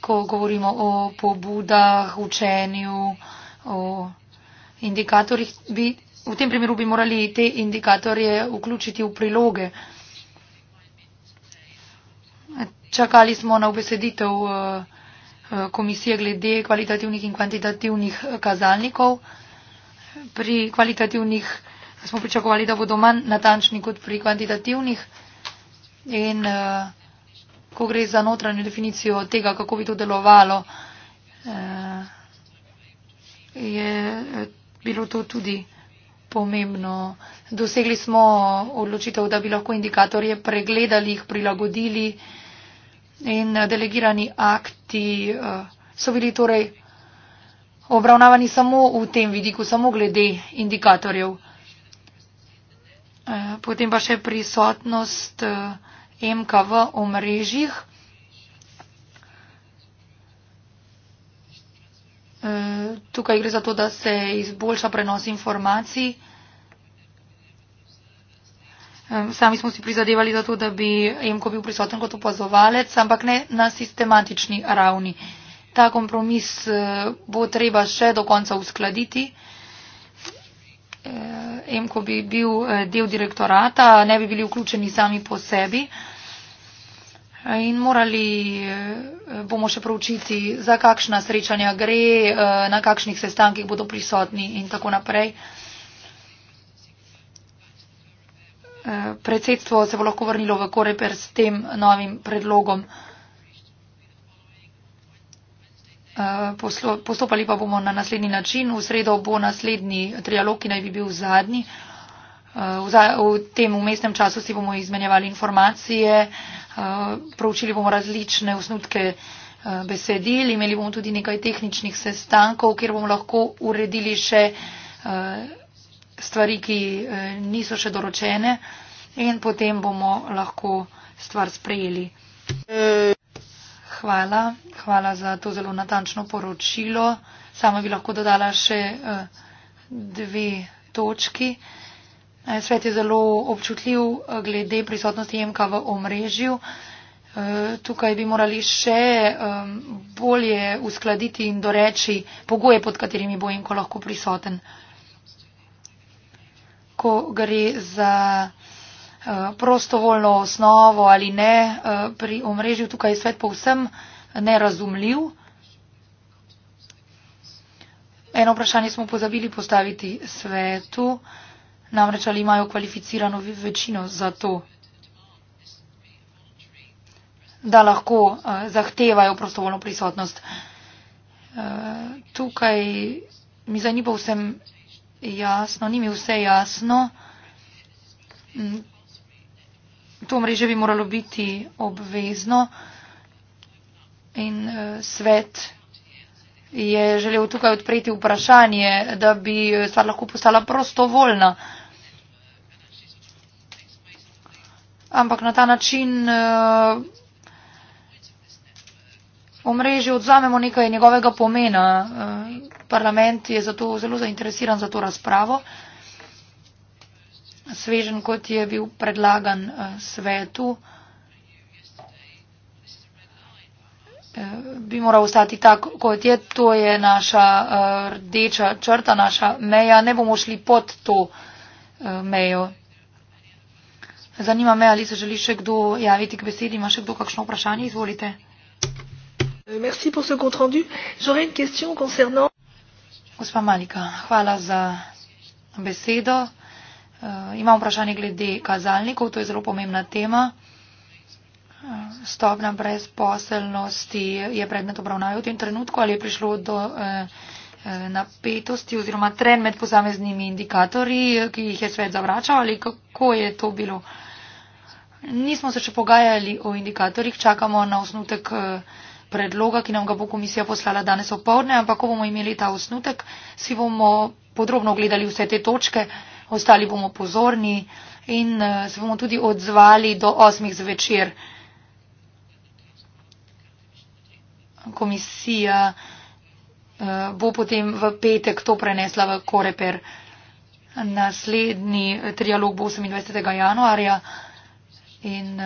ko govorimo o pobudah, učenju, o indikatorjih. Bi, v tem primeru bi morali te indikatorje vključiti v priloge. Čakali smo na obeseditev eh, komisije glede kvalitativnih in kvantitativnih eh, kazalnikov. Pri kvalitativnih smo pričakovali, da bodo manj natančni kot pri kvantitativnih. In eh, ko gre za notranjo definicijo tega, kako bi to delovalo, eh, je eh, bilo to tudi pomembno. Dosegli smo odločitev, da bi lahko indikatorje pregledali, jih prilagodili in delegirani akti so bili torej obravnavani samo v tem vidiku, samo glede indikatorjev. Eh, potem pa še prisotnost eh, MK v omrežjih. Eh, tukaj gre za to, da se izboljša prenos informacij. Sami smo si prizadevali za to, da bi Emko bil prisoten kot opazovalec, ampak ne na sistematični ravni. Ta kompromis bo treba še do konca uskladiti. Eh, Emko bi bil eh, del direktorata, ne bi bili vključeni sami po sebi. Eh, in morali bomo še proučiti, za kakšna srečanja gre, na kakšnih sestankih bodo prisotni in tako naprej. Predsedstvo se bo lahko vrnilo v korepr s tem novim predlogom. Postopali pa bomo na naslednji način. V sredo bo naslednji trialog, ki naj bi bil zadnji. Eh, v tem umestnem času si bomo izmenjevali informacije, eh, proučili bomo različne osnutke eh, besedil, imeli bomo tudi nekaj tehničnih sestankov, kjer bomo lahko uredili še stvari, ki niso še doročene in potem bomo lahko stvar sprejeli. Hvala. Hvala za to zelo natančno poročilo. Sama bi lahko dodala še eh, dve točki. Eh, svet je zelo občutljiv eh, glede prisotnosti MK v omrežju. Tukaj bi morali še bolje uskladiti in doreči pogoje, pod katerimi bo MK lahko prisoten. Ko gre za Eh, prostovoljno osnovo ali ne, eh, pri omrežju tukaj je svet povsem nerazumljiv. Eno vprašanje smo pozabili postaviti svetu, namreč ali imajo kvalificirano večino za to, da lahko eh, zahtevajo prostovoljno prisotnost. Tukaj mi zdaj ni povsem jasno, ni mi vse jasno. Mm, to mreže bi moralo biti obvezno in eh, svet je želel tukaj odpreti vprašanje, da bi eh, stvar lahko postala prostovoljna. Ampak na ta način v eh, mreži odzamemo nekaj njegovega pomena. Parlament je zato zelo zainteresiran za to razpravo svežen, kot je bil predlagan eh, svetu, eh, bi moral ostati tak, kot je. To je naša eh, rdeča črta, naša meja. Ne bomo šli pod to mejo. Zanima me, ali se želi še kdo javiti k besedi, ima še kdo kakšno vprašanje, izvolite. Euh, Gospa Malika, hvala za besedo. Eh, Imam vprašanje glede kazalnikov, to je zelo pomembna tema. Eh, Stopna brezposelnosti je predmet obravnave v tem trenutku ali je prišlo do eh, napetosti oziroma tren med posameznimi indikatorji, ki jih je svet zavračal ali kako je to bilo. Nismo se še pogajali o indikatorjih, čakamo na osnutek predloga, ki nam ga bo komisija poslala danes opovdne, ampak ko bomo imeli ta osnutek, si bomo podrobno gledali vse te točke ostali bomo pozorni in eh, se bomo tudi odzvali do osmih zvečer. Komisija eh, bo potem v petek to prenesla v Koreper. Naslednji eh, trialog bo 28. januarja in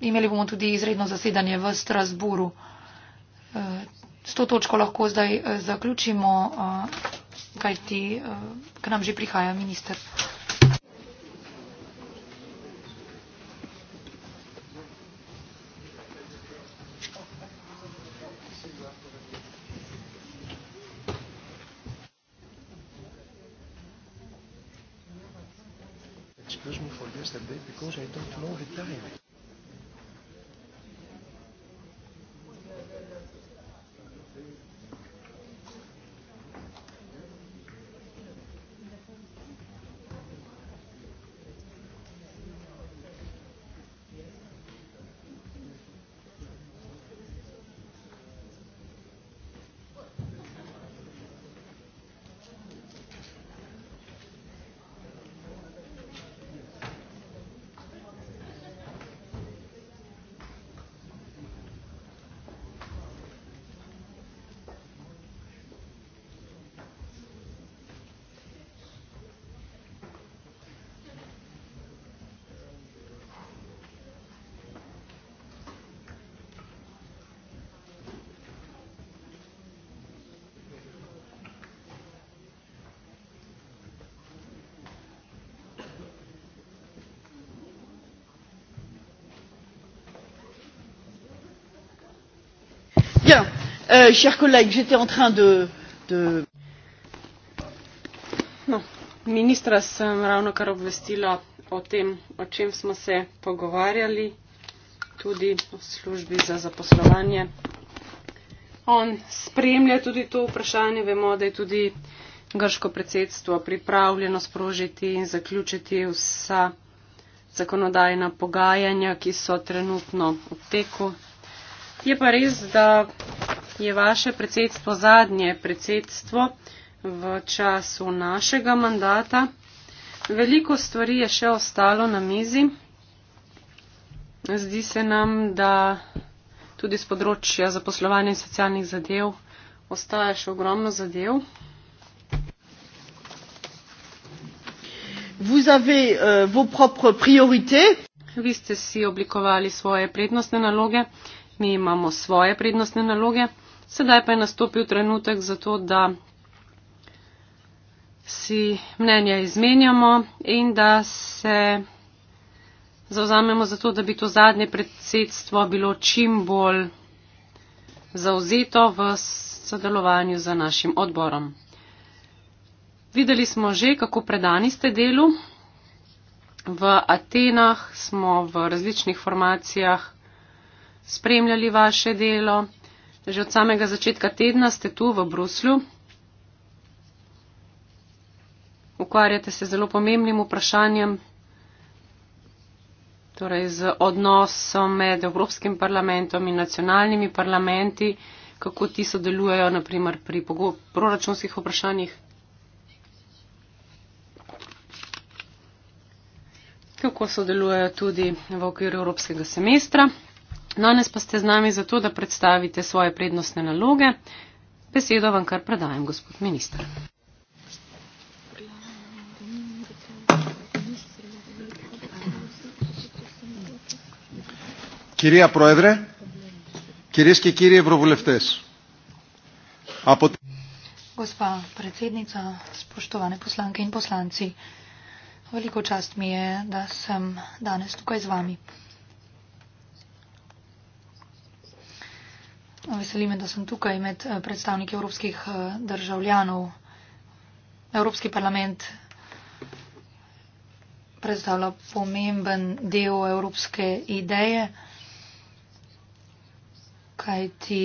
imeli bomo tudi izredno zasedanje v Strasburu. S to točko lahko zdaj zaključimo kajti eh, k nam že prihaja minister. Excuse me for just a bit because I don't know the time. Euh, chers collègues j'étais en train de No, ministra sem ravno kar obvestila o tem, o čem smo se pogovarjali, tudi v službi za zaposlovanje. On spremlja tudi to vprašanje, vemo, da je tudi grško predsedstvo pripravljeno sprožiti in zaključiti vsa zakonodajna pogajanja, ki so trenutno v teku. Je pa res, da je vaše predsedstvo zadnje predsedstvo v času našega mandata. Veliko stvari je še ostalo na mizi. Zdi se nam, da tudi z področja zaposlovanja in socialnih zadev ostaja še ogromno zadev. Vous avez, uh, vos propres priorités. Vi ste si oblikovali svoje prednostne naloge, mi imamo svoje prednostne naloge. Sedaj pa je nastopil trenutek za to, da si mnenja izmenjamo in da se zauzamemo za to, da bi to zadnje predsedstvo bilo čim bolj zauzeto v sodelovanju z našim odborom. Videli smo že, kako predani ste delu. V Atenah smo v različnih formacijah spremljali vaše delo. Že od samega začetka tedna ste tu v Bruslju. Ukvarjate se zelo pomembnim vprašanjem, torej z odnosom med Evropskim parlamentom in nacionalnimi parlamenti, kako ti sodelujejo naprimer pri proračunskih vprašanjih. Kako sodelujejo tudi v okviru evropskega semestra. Danes pa ste z nami zato, da predstavite svoje prednostne naloge. Besedo vam kar predajem, gospod minister. Kirija Proedre, kirijski kirije Vrovolevtes. Pot... Gospa predsednica, spoštovane poslanke in poslanci, veliko čast mi je, da sem danes tukaj z vami. Veseli me, da sem tukaj med eh, predstavniki evropskih eh, državljanov. Evropski parlament predstavlja pomemben del evropske ideje, kaj ti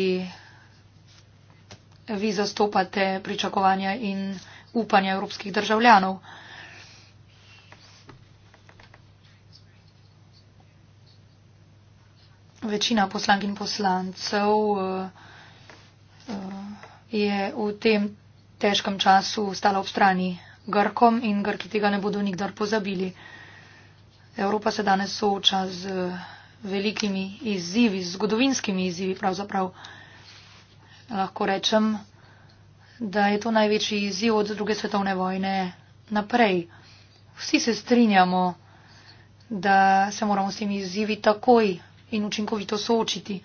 vi zastopate pričakovanja in upanja evropskih državljanov. večina poslank in poslancev eh, eh, je v tem težkem času stala ob strani Grkom in Grki tega ne bodo nikdar pozabili. Evropa se danes sooča z eh, velikimi izzivi, z zgodovinskimi izzivi pravzaprav. Lahko rečem, da je to največji izziv od druge svetovne vojne naprej. Vsi se strinjamo, da se moramo s temi izzivi takoj in učinkovito soočiti.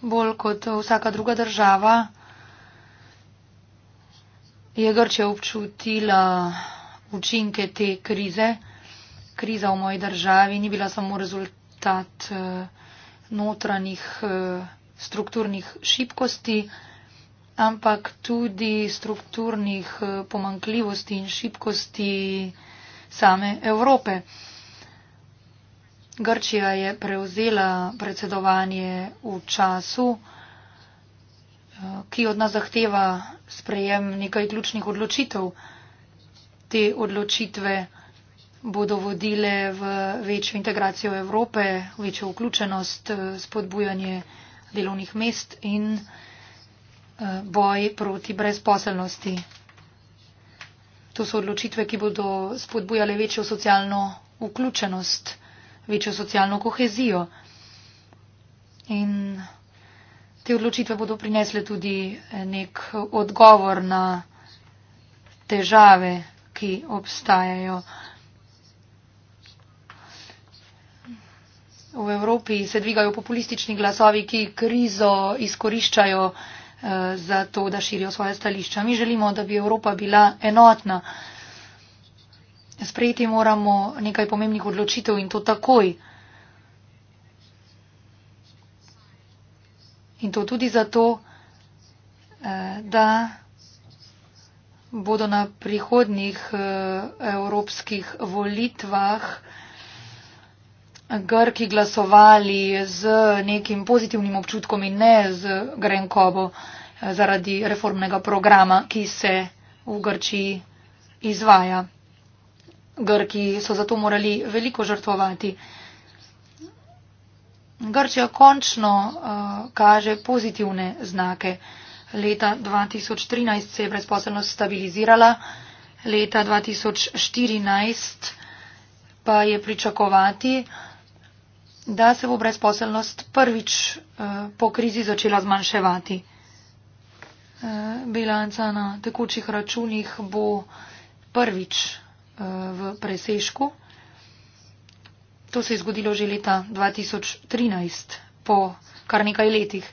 Bolj kot vsaka druga država je Grčija občutila učinke te krize. Kriza v moji državi ni bila samo rezultat eh, notranjih eh, strukturnih šibkosti, ampak tudi strukturnih eh, pomankljivosti in šibkosti same Evrope. Grčija je prevzela predsedovanje v času, eh, ki od nas zahteva sprejem nekaj ključnih odločitev. Te odločitve bodo vodile v večjo integracijo Evrope, večjo vključenost, eh, spodbujanje delovnih mest in eh, boj proti brezposelnosti to so odločitve, ki bodo spodbujale večjo socialno vključenost, večjo socialno kohezijo. In te odločitve bodo prinesle tudi nek odgovor na težave, ki obstajajo. V Evropi se dvigajo populistični glasovi, ki krizo izkoriščajo Eh, za to, da širijo svoje stališča. Mi želimo, da bi Evropa bila enotna. Sprejeti moramo nekaj pomembnih odločitev in to takoj. In to tudi zato, eh, da bodo na prihodnih eh, evropskih volitvah Grki glasovali z nekim pozitivnim občutkom in ne z Grenkovo eh, zaradi reformnega programa, ki se v Grčiji izvaja. Grki so zato morali veliko žrtvovati. Grčija končno uh, kaže pozitivne znake. Leta 2013 se je brezposelnost stabilizirala, leta 2014 pa je pričakovati, da se bo brezposelnost prvič eh, po krizi začela zmanjševati. Eh, bilanca na tekočih računih bo prvič eh, v presežku. To se je zgodilo že leta 2013, po kar nekaj letih.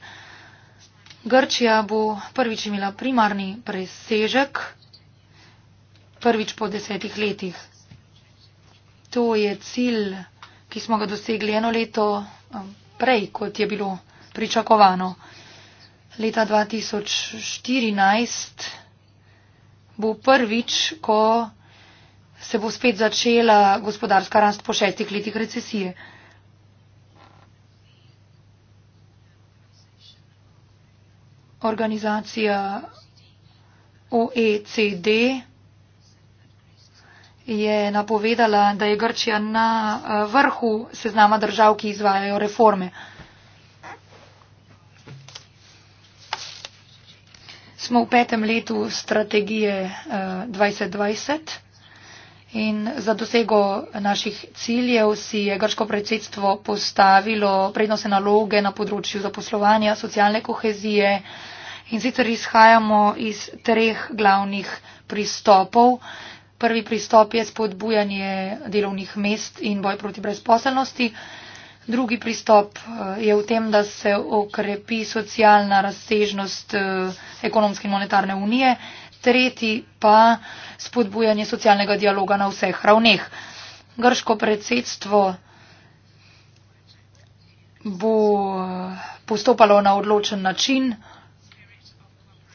Grčija bo prvič imela primarni presežek, prvič po desetih letih. To je cilj ki smo ga dosegli eno leto um, prej, kot je bilo pričakovano. Leta 2014 bo prvič, ko se bo spet začela gospodarska rast po šestih letih recesije. Organizacija OECD je napovedala, da je Grčija na eh, vrhu seznama držav, ki izvajajo reforme. Smo v petem letu strategije 2020 eh, in za dosego naših ciljev si je grško predsedstvo postavilo prednose naloge na področju zaposlovanja, socialne kohezije in sicer izhajamo iz treh glavnih pristopov, Prvi pristop je spodbujanje delovnih mest in boj proti brezposelnosti. Drugi pristop eh, je v tem, da se okrepi socialna razsežnost eh, ekonomske in monetarne unije. Tretji pa spodbujanje socialnega dialoga na vseh ravneh. Grško predsedstvo bo eh, postopalo na odločen način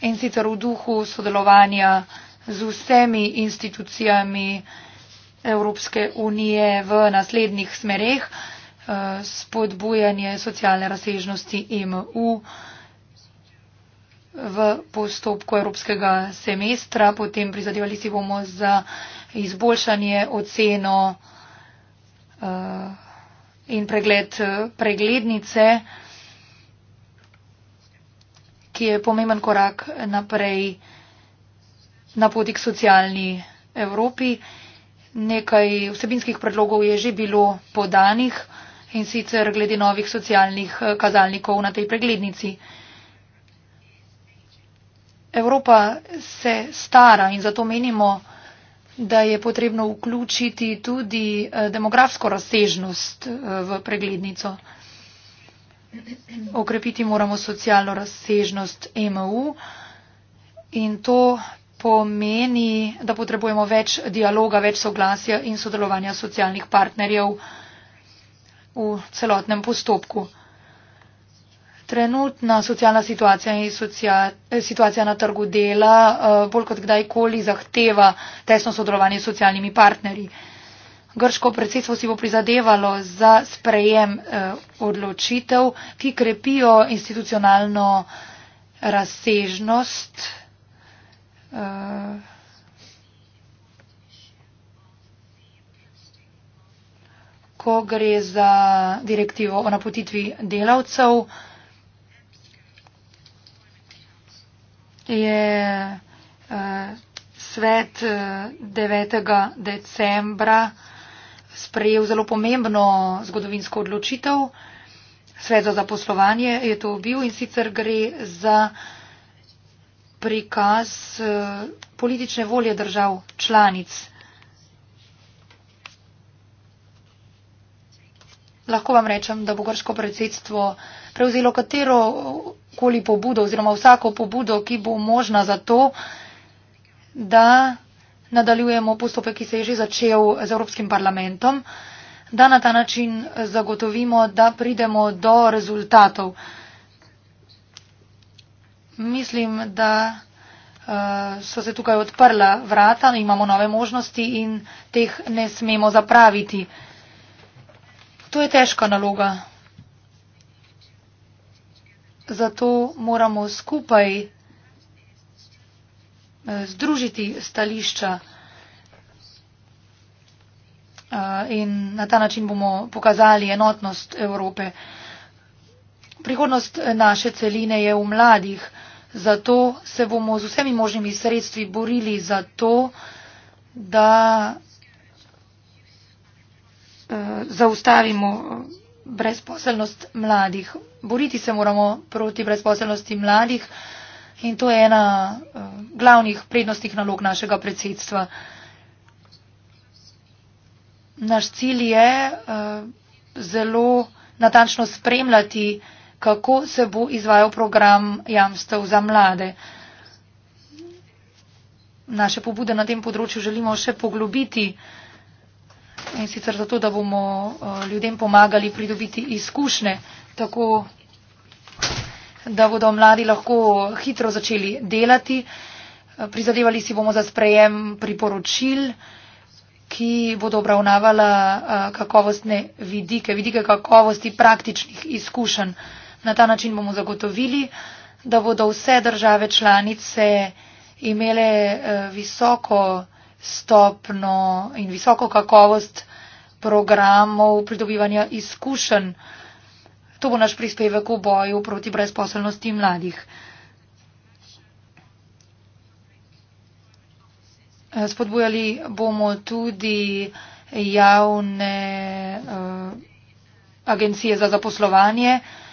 in sicer v duhu sodelovanja z vsemi institucijami Evropske unije v naslednjih smereh, eh, spodbujanje socialne razsežnosti EMU v postopku evropskega semestra, potem prizadevali si bomo za izboljšanje oceno eh, in pregled eh, preglednice, ki je pomemben korak naprej na poti k socialni Evropi. Nekaj vsebinskih predlogov je že bilo podanih in sicer glede novih socialnih eh, kazalnikov na tej preglednici. Evropa se stara in zato menimo, da je potrebno vključiti tudi eh, demografsko razsežnost eh, v preglednico. Okrepiti moramo socialno razsežnost EMU in to pomeni, da potrebujemo več dialoga, več soglasja in sodelovanja socialnih partnerjev v celotnem postopku. Trenutna socialna situacija in socia eh, situacija na trgu dela eh, bolj kot kdajkoli zahteva tesno sodelovanje s socialnimi partnerji. Grško predsedstvo si bo prizadevalo za sprejem eh, odločitev, ki krepijo institucionalno razsežnost Eh, ko gre za direktivo o napotitvi delavcev, je eh, svet 9. Eh, decembra sprejel zelo pomembno zgodovinsko odločitev. Svet za zaposlovanje je to bil in sicer gre za prikaz eh, politične volje držav članic. Lahko vam rečem, da bo grško predsedstvo prevzelo katero koli pobudo oziroma vsako pobudo, ki bo možna za to, da nadaljujemo postopek, ki se je že začel z Evropskim parlamentom, da na ta način zagotovimo, da pridemo do rezultatov mislim, da uh, so se tukaj odprla vrata, no, imamo nove možnosti in teh ne smemo zapraviti. To je težka naloga. Zato moramo skupaj eh, združiti stališča eh, in na ta način bomo pokazali enotnost Evrope. Prihodnost naše celine je v mladih. Zato se bomo z vsemi možnimi sredstvi borili za to, da eh, zaustavimo eh, brezposelnost mladih. Boriti se moramo proti brezposelnosti mladih in to je ena eh, glavnih prednostnih nalog našega predsedstva. Naš cilj je zelo natančno spremljati kako se bo izvajal program jamstev za mlade. Naše pobude na tem področju želimo še poglobiti in sicer zato, da bomo eh, ljudem pomagali pridobiti izkušnje, tako da bodo mladi lahko hitro začeli delati. Eh, prizadevali si bomo za sprejem priporočil, ki bodo obravnavala eh, kakovostne vidike, vidike kakovosti praktičnih izkušenj. Na ta način bomo zagotovili, da bodo vse države članice imele eh, visoko stopno in visoko kakovost programov pridobivanja izkušenj. To bo naš prispevek v boju proti brezposelnosti mladih. Eh, spodbujali bomo tudi javne uh, agencije za zaposlovanje, uh,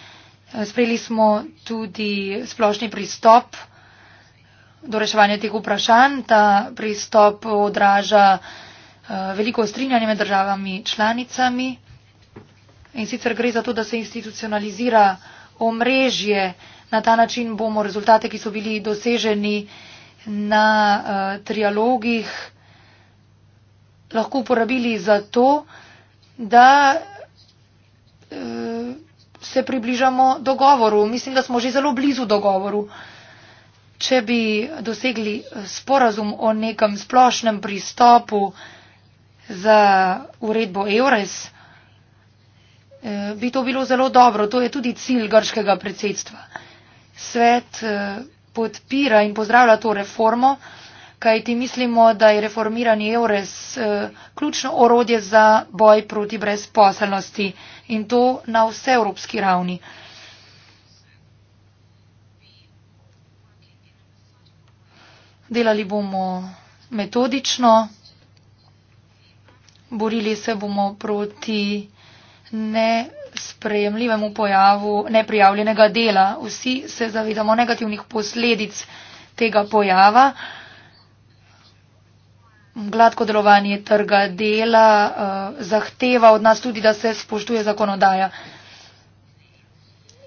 Sprejeli smo tudi splošni pristop do reševanja teh vprašanj. Ta pristop odraža eh, veliko strinjanje med državami članicami. In sicer gre za to, da se institucionalizira omrežje. Na ta način bomo rezultate, ki so bili doseženi na uh, trialogih, lahko uporabili za to, da uh, se približamo dogovoru. Mislim, da smo že zelo blizu dogovoru. Če bi dosegli sporazum o nekem splošnem pristopu za uredbo EURES, eh, bi to bilo zelo dobro. To je tudi cilj grškega predsedstva. Svet eh, podpira in pozdravlja to reformo kajti mislimo, da je reformiranje EURES eh, ključno orodje za boj proti brezposelnosti in to na vse evropski ravni. Delali bomo metodično, borili se bomo proti nesprejemljivemu pojavu neprijavljenega dela. Vsi se zavedamo negativnih posledic tega pojava gladko delovanje trga dela uh, zahteva od nas tudi, da se spoštuje zakonodaja.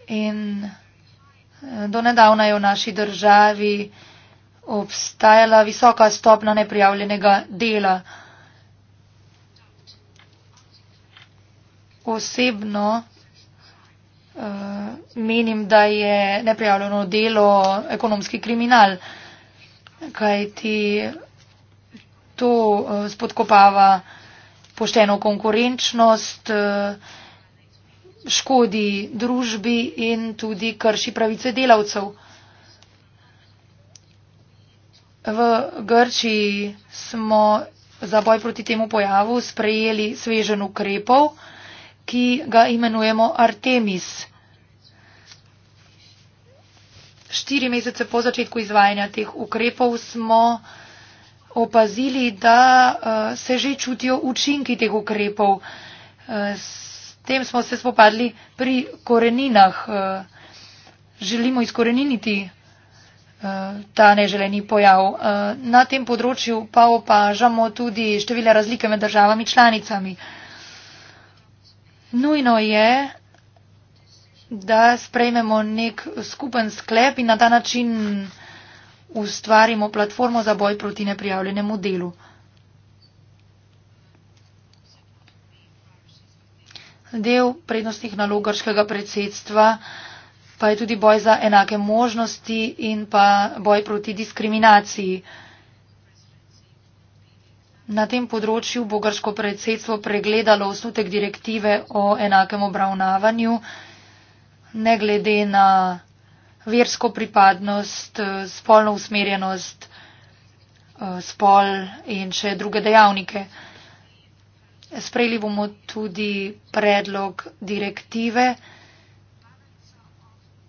In eh, do nedavna je v naši državi obstajala visoka stopna neprijavljenega dela. Osebno uh, menim, da je neprijavljeno delo ekonomski kriminal, kaj ti svetu eh, spodkopava pošteno konkurenčnost, eh, škodi družbi in tudi krši pravice delavcev. V Grčiji smo za boj proti temu pojavu sprejeli svežen ukrepov, ki ga imenujemo Artemis. Štiri mesece po začetku izvajanja teh ukrepov smo opazili, da uh, se že čutijo učinki teh ukrepov. Uh, s tem smo se spopadli pri koreninah. Uh, želimo izkoreniniti uh, ta neželeni pojav. Uh, na tem področju pa opažamo tudi številne razlike med državami članicami. Nujno je, da sprejmemo nek skupen sklep in na ta način ustvarimo platformo za boj proti neprijavljenemu delu. Del prednostnih nalogarskega predsedstva pa je tudi boj za enake možnosti in pa boj proti diskriminaciji. Na tem področju bo grško predsedstvo pregledalo osnutek direktive o enakem obravnavanju, ne glede na versko pripadnost, eh, spolno usmerjenost, eh, spol in še druge dejavnike. Sprejeli bomo tudi predlog direktive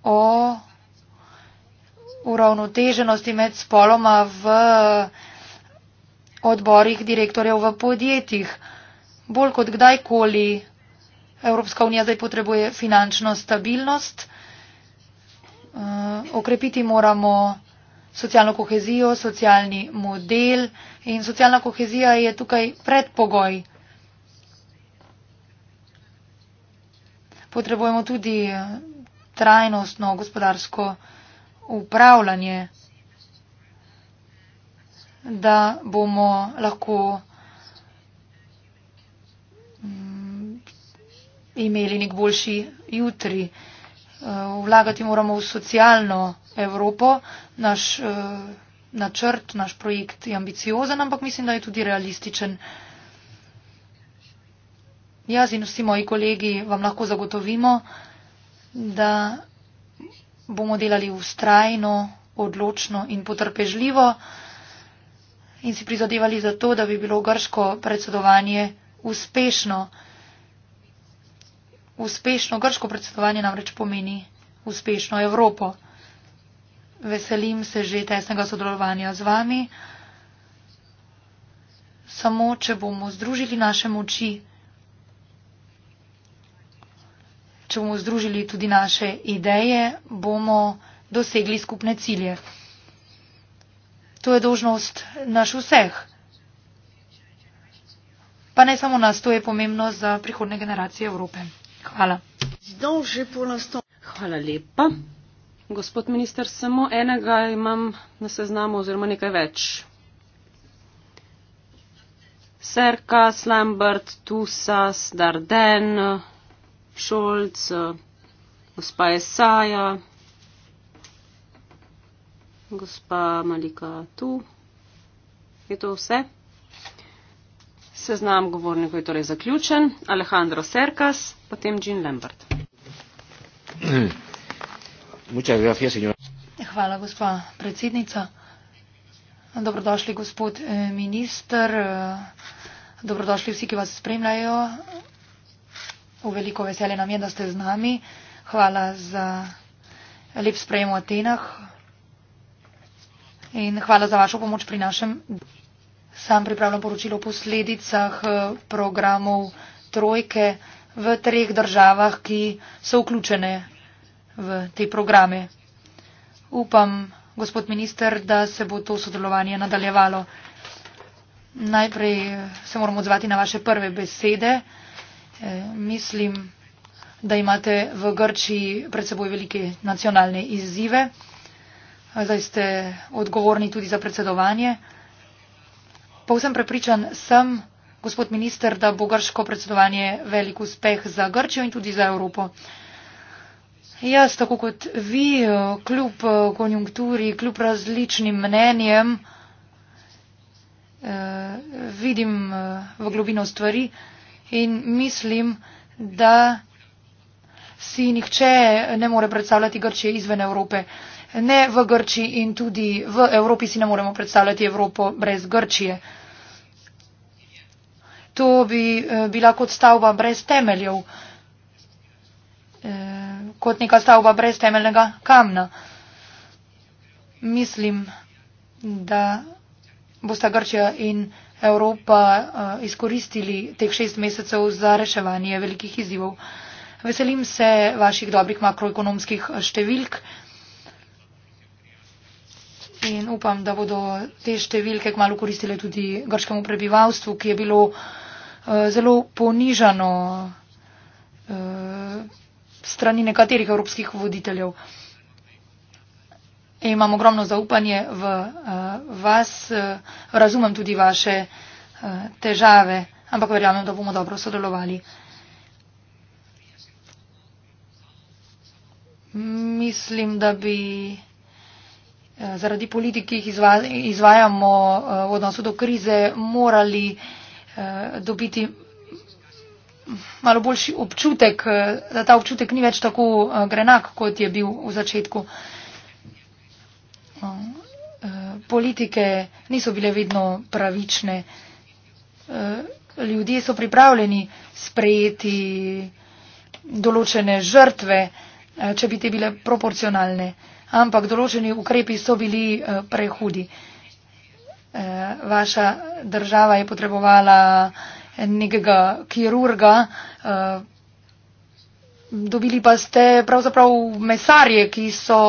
o uravnoteženosti med spoloma v odborih direktorjev v podjetjih. Bolj kot kdajkoli Evropska unija zdaj potrebuje finančno stabilnost. Eh, okrepiti moramo socialno kohezijo, socialni model in socialna kohezija je tukaj predpogoj. Potrebujemo tudi eh, trajnostno gospodarsko upravljanje, da bomo lahko mm, imeli nek boljši jutri. Eh, vlagati moramo v socialno Evropo. Naš eh, načrt, naš projekt je ambiciozen, ampak mislim, da je tudi realističen. Jaz in vsi moji kolegi vam lahko zagotovimo, da bomo delali ustrajno, odločno in potrpežljivo in si prizadevali za to, da bi bilo grško predsedovanje uspešno uspešno grško predsedovanje namreč pomeni uspešno Evropo. Veselim se že tesnega sodelovanja z vami. Samo, če bomo združili naše moči, če bomo združili tudi naše ideje, bomo dosegli skupne cilje. To je dožnost naš vseh. Pa ne samo nas, to je pomembno za prihodne generacije Evrope. Hvala. Zdolž je pol nastop. Hvala lepa. Gospod minister, samo enega imam na seznamu oziroma nekaj več. Serka, Slambert, Tusas, Darden, Šolc, gospa Esaja, gospa Malika tu. Je to vse? Seznam govornikov je torej zaključen. Alejandro Serkas, potem Jean Lambert. Hvala, gospa predsednica. Dobrodošli, gospod eh, minister. Eh, dobrodošli vsi, ki vas spremljajo. V veliko veselje nam je, da ste z nami. Hvala za lep sprejem v Atenah. In hvala za vašo pomoč pri našem. Sam pripravljam poročilo o posledicah eh, programov trojke v treh državah, ki so vključene v te programe. Upam, gospod minister, da se bo to sodelovanje nadaljevalo. Najprej eh, se moramo odzvati na vaše prve besede. E, mislim, da imate v Grčiji pred seboj velike nacionalne izzive. Zdaj ste odgovorni tudi za predsedovanje. E, povsem prepričan sem, gospod minister, da bo grško predsedovanje velik uspeh za Grčijo in tudi za Evropo. Jaz, tako kot vi, kljub konjunkturi, kljub različnim mnenjem, eh, vidim eh, v globino stvari in mislim, da si nihče ne more predstavljati Grčije izven Evrope ne v Grčiji in tudi v Evropi si ne moremo predstavljati Evropo brez Grčije. To bi eh, bila kot stavba brez temeljev, eh, kot neka stavba brez temeljnega kamna. Mislim, da bosta Grčija in Evropa eh, izkoristili teh šest mesecev za reševanje velikih izzivov. Veselim se vaših dobrih makroekonomskih številk in upam, da bodo te številke kmalo koristile tudi grškemu prebivalstvu, ki je bilo eh, zelo ponižano eh, strani nekaterih evropskih voditeljev. Imam ogromno zaupanje v eh, vas, razumem tudi vaše težave, ampak verjamem, da bomo dobro sodelovali. Mislim, da bi. Eh, zaradi politik, ki jih izvajamo eh, v odnosu do krize, morali eh, dobiti malo boljši občutek, da ta občutek ni več tako grenak, kot je bil v začetku. Politike niso bile vedno pravične. Ljudje so pripravljeni sprejeti določene žrtve, če bi te bile proporcionalne ampak določeni ukrepi so bili eh, prehudi. Eh, vaša država je potrebovala nekega kirurga, eh, dobili pa ste pravzaprav mesarje, ki so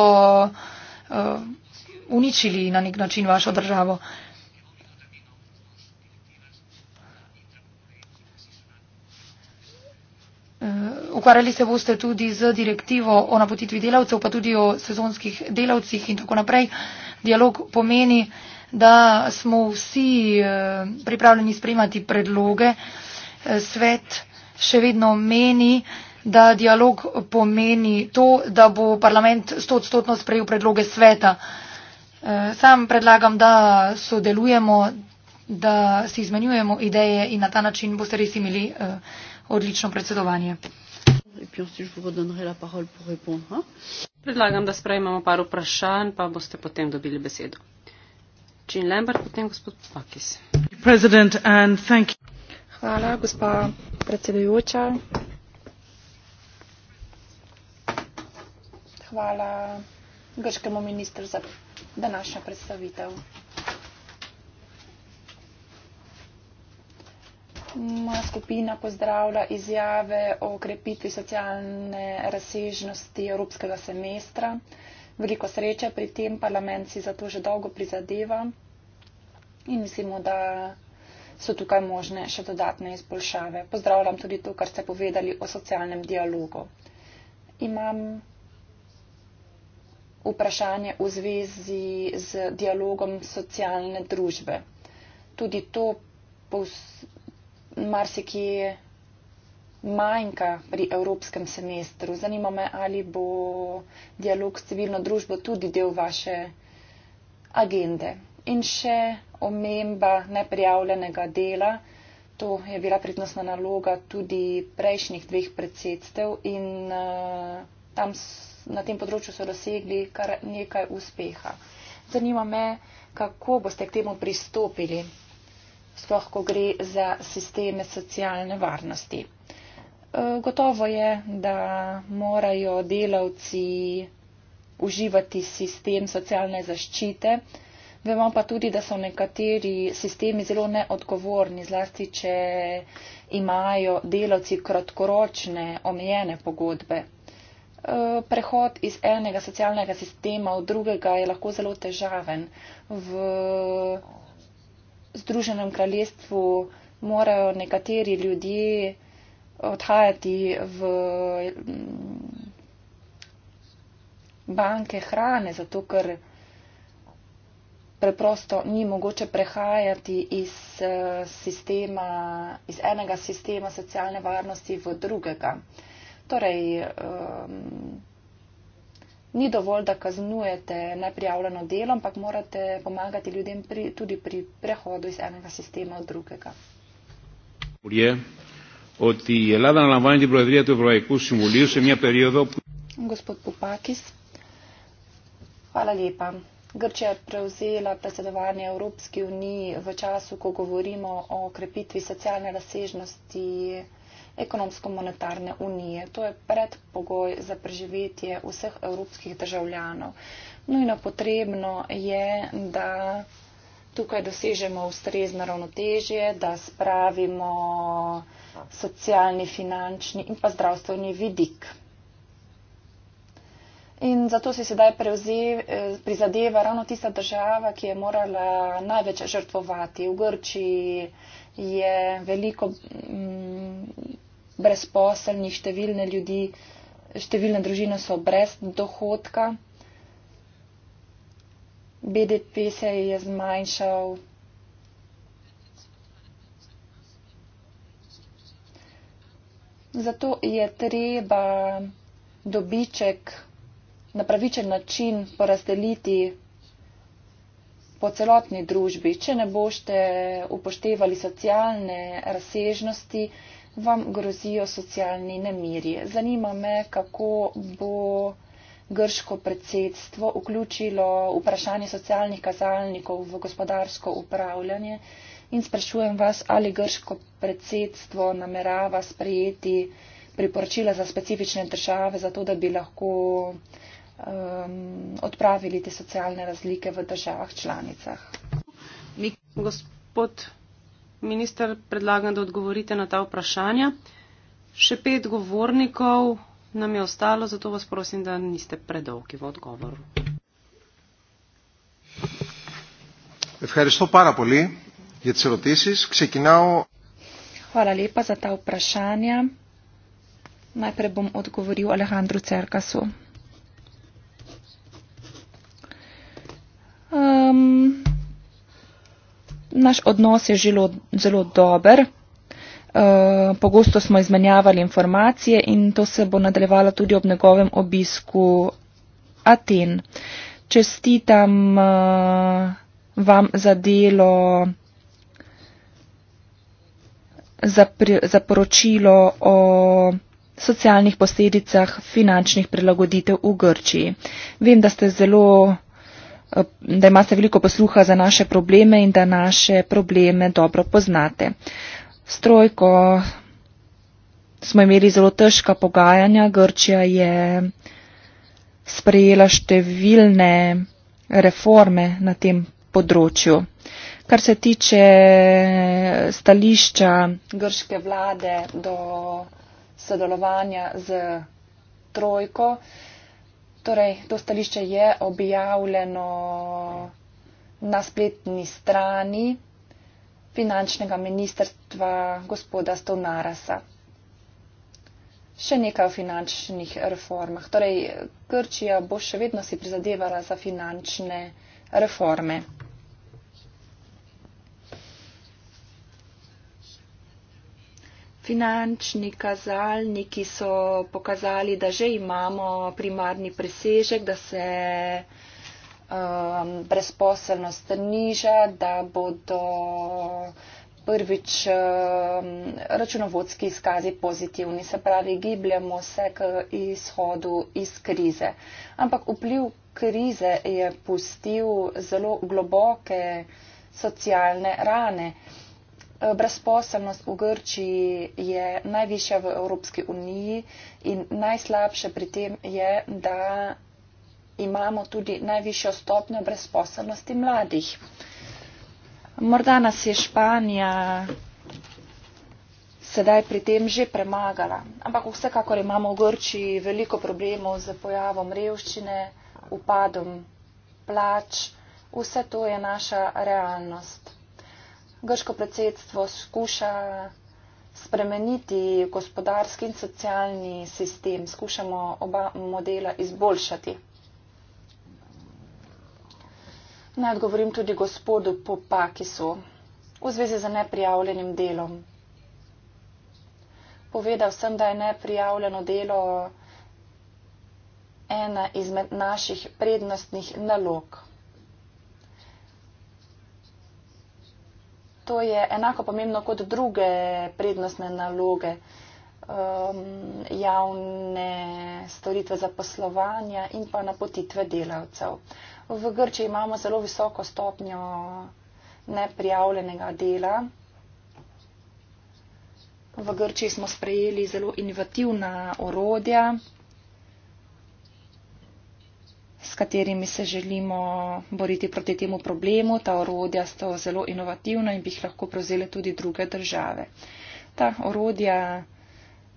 uničili na nek način vašo državo. Eh, ukvarjali se boste tudi z direktivo o napotitvi delavcev, pa tudi o sezonskih delavcih in tako naprej. Dialog pomeni, da smo vsi eh, pripravljeni sprejemati predloge. Eh, svet še vedno meni, da dialog pomeni to, da bo parlament stotstotno sprejel predloge sveta. Sam predlagam, da sodelujemo, da si izmenjujemo ideje in na ta način boste res imeli. Uh, odlično predsedovanje. Predlagam, da sprejmemo par vprašanj, pa boste potem dobili besedo. Jean Lambert, potem gospod Pakis. Hvala, gospa predsedujoča. Hvala grškemu ministru za današnjo predstavitev. skupina pozdravlja izjave o krepitvi socialne razsežnosti evropskega semestra. Veliko sreče pri tem, parlament si za to že dolgo prizadeva in mislimo, da so tukaj možne še dodatne izboljšave. Pozdravljam tudi to, kar ste povedali o socialnem dialogu. Imam vprašanje v zvezi z dialogom socialne družbe. Tudi to marsikaj manjka pri evropskem semestru. Zanima me, ali bo dialog s civilno družbo tudi del vaše agende. In še omemba neprijavljenega dela. To je bila prednostna naloga tudi prejšnjih dveh predsedstev in uh, tam na tem področju so dosegli kar nekaj uspeha. Zanima me, kako boste k temu pristopili sploh, ko gre za sisteme socialne varnosti. E, gotovo je, da morajo delavci uživati sistem socialne zaščite, vemo pa tudi, da so nekateri sistemi zelo neodgovorni, zlasti, če imajo delavci kratkoročne omejene pogodbe. E, prehod iz enega socialnega sistema v drugega je lahko zelo težaven. V Združenem kraljestvu morajo nekateri ljudje odhajati v mm, banke hrane, zato ker preprosto ni mogoče prehajati iz, eh, sistema, iz enega sistema socialne varnosti v drugega. Torej, um, ni dovolj, da kaznujete neprijavljeno delo, ampak morate pomagati ljudem pri, tudi pri prehodu iz enega sistema v drugega. Gospod Pupakis, hvala lepa. Grčija je prevzela predsedovanje Evropski uniji v času, ko govorimo o krepitvi socialne razsežnosti ekonomsko-monetarne unije. To je predpogoj za preživetje vseh evropskih državljanov. Nujno potrebno je, da tukaj dosežemo ustrezno ravnotežje, da spravimo socialni, finančni in pa zdravstveni vidik. In zato si sedaj prevzev, eh, prizadeva ravno tista država, ki je morala največ žrtvovati. V Grčiji je veliko mm, brezposelni, številne ljudi, številne družine so brez dohodka. BDP se je zmanjšal. Zato je treba dobiček na pravičen način porazdeliti po celotni družbi. Če ne boste upoštevali socialne razsežnosti, vam grozijo socialni nemiri. Zanima me, kako bo grško predsedstvo vključilo vprašanje socialnih kazalnikov v gospodarsko upravljanje in sprašujem vas, ali grško predsedstvo namerava sprejeti priporočila za specifične države, zato da bi lahko um, odpravili te socialne razlike v državah članicah. Mi, gospod Minister, predlagam, da odgovorite na ta vprašanja. Še pet govornikov nam je ostalo, zato vas prosim, da niste predolgi v odgovoru. Hvala lepa za ta vprašanja. Najprej bom odgovoril Alejandru Cerkasu. Um, naš odnos je zelo, zelo dober. Eh, pogosto smo izmenjavali informacije in to se bo nadaljevalo tudi ob njegovem obisku Aten. Čestitam eh, vam za delo, za, pri, za poročilo o socialnih posledicah finančnih prilagoditev v Grčiji. Vem, da ste zelo Eh, da imate veliko posluha za naše probleme in da naše probleme dobro poznate. S trojko smo imeli zelo težka pogajanja. Grčija je sprejela številne reforme na tem področju. Kar se tiče stališča grške vlade do sodelovanja z trojko, Torej, to stališče je objavljeno na spletni strani finančnega ministrstva gospoda Stonarasa. Še nekaj o finančnih reformah. Torej, Grčija bo še vedno si prizadevala za finančne reforme. finančni kazalniki so pokazali, da že imamo primarni presežek, da se um, brezposelnost niža, da bodo prvič um, računovodski izkazi pozitivni. Se pravi, gibljamo se k izhodu iz krize. Ampak vpliv krize je pustil zelo globoke socialne rane. Uh, Eh, brezposelnost v Grčiji je najvišja v Evropski uniji in najslabše pri tem je, da imamo tudi najvišjo stopnjo brezposelnosti mladih. Morda nas je Španija sedaj pri tem že premagala, ampak vsekakor imamo v Grčiji veliko problemov z pojavom revščine, upadom plač. Vse to je naša realnost grško predsedstvo skuša spremeniti gospodarski in socialni sistem, skušamo oba modela izboljšati. Naj odgovorim tudi gospodu Popakisu v zvezi z neprijavljenim delom. Povedal sem, da je neprijavljeno delo ena izmed naših prednostnih nalog. to je enako pomembno kot druge prednostne naloge um, javne storitve zaposlovanja in pa napotitve delavcev. V Grčiji imamo zelo visoko stopnjo neprijavljenega dela. V Grčiji smo sprejeli zelo inovativna orodja s katerimi se želimo boriti proti temu problemu. Ta orodja so zelo inovativna in bi jih lahko prevzele tudi druge države. Ta orodja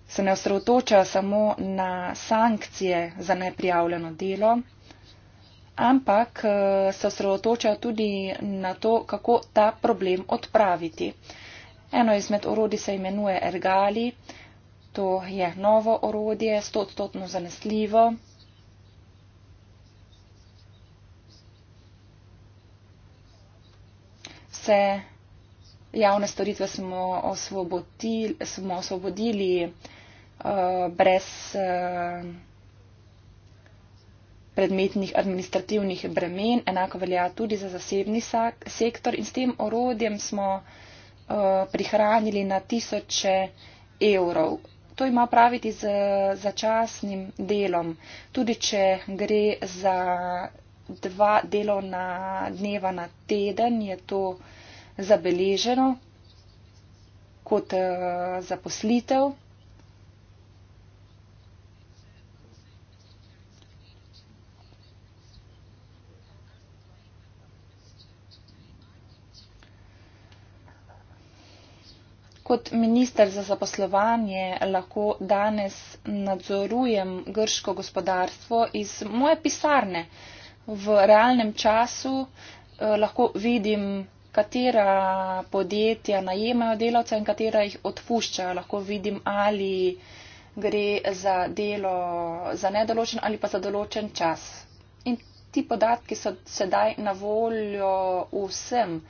se ne osredotočajo samo na sankcije za neprijavljeno delo, ampak eh, se osredotočajo tudi na to, kako ta problem odpraviti. Eno izmed orodij se imenuje Ergali. To je novo orodje, stotstotno zanesljivo. se javne storitve smo osvobodili, smo osvobodili uh, brez uh, predmetnih administrativnih bremen. Enako velja tudi za zasebni sektor in s tem orodjem smo uh, prihranili na tisoče evrov. To ima praviti z začasnim delom, tudi če gre za dva delovna dneva na teden je to zabeleženo kot eh, zaposlitev. Kot minister za zaposlovanje lahko danes nadzorujem grško gospodarstvo iz moje pisarne. Uh, v realnem času eh, lahko vidim, katera podjetja najemajo delavce in katera jih odpuščajo. Lahko vidim, ali gre za delo za nedoločen ali pa za določen čas. In ti podatki so sedaj na voljo vsem.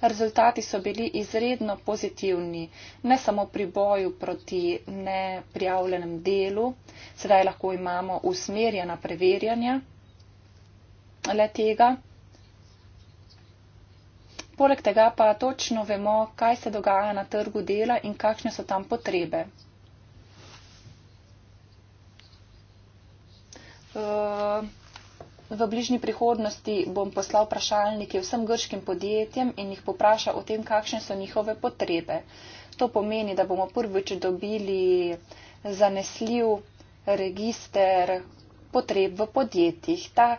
Rezultati so bili izredno pozitivni, ne samo pri boju proti neprijavljenem delu, sedaj lahko imamo usmerjena preverjanja le tega. Poleg tega pa točno vemo, kaj se dogaja na trgu dela in kakšne so tam potrebe. V bližnji prihodnosti bom poslal vprašalnike vsem grškim podjetjem in jih poprašal o tem, kakšne so njihove potrebe. To pomeni, da bomo prvič dobili zanesljiv register potreb v podjetjih. Ta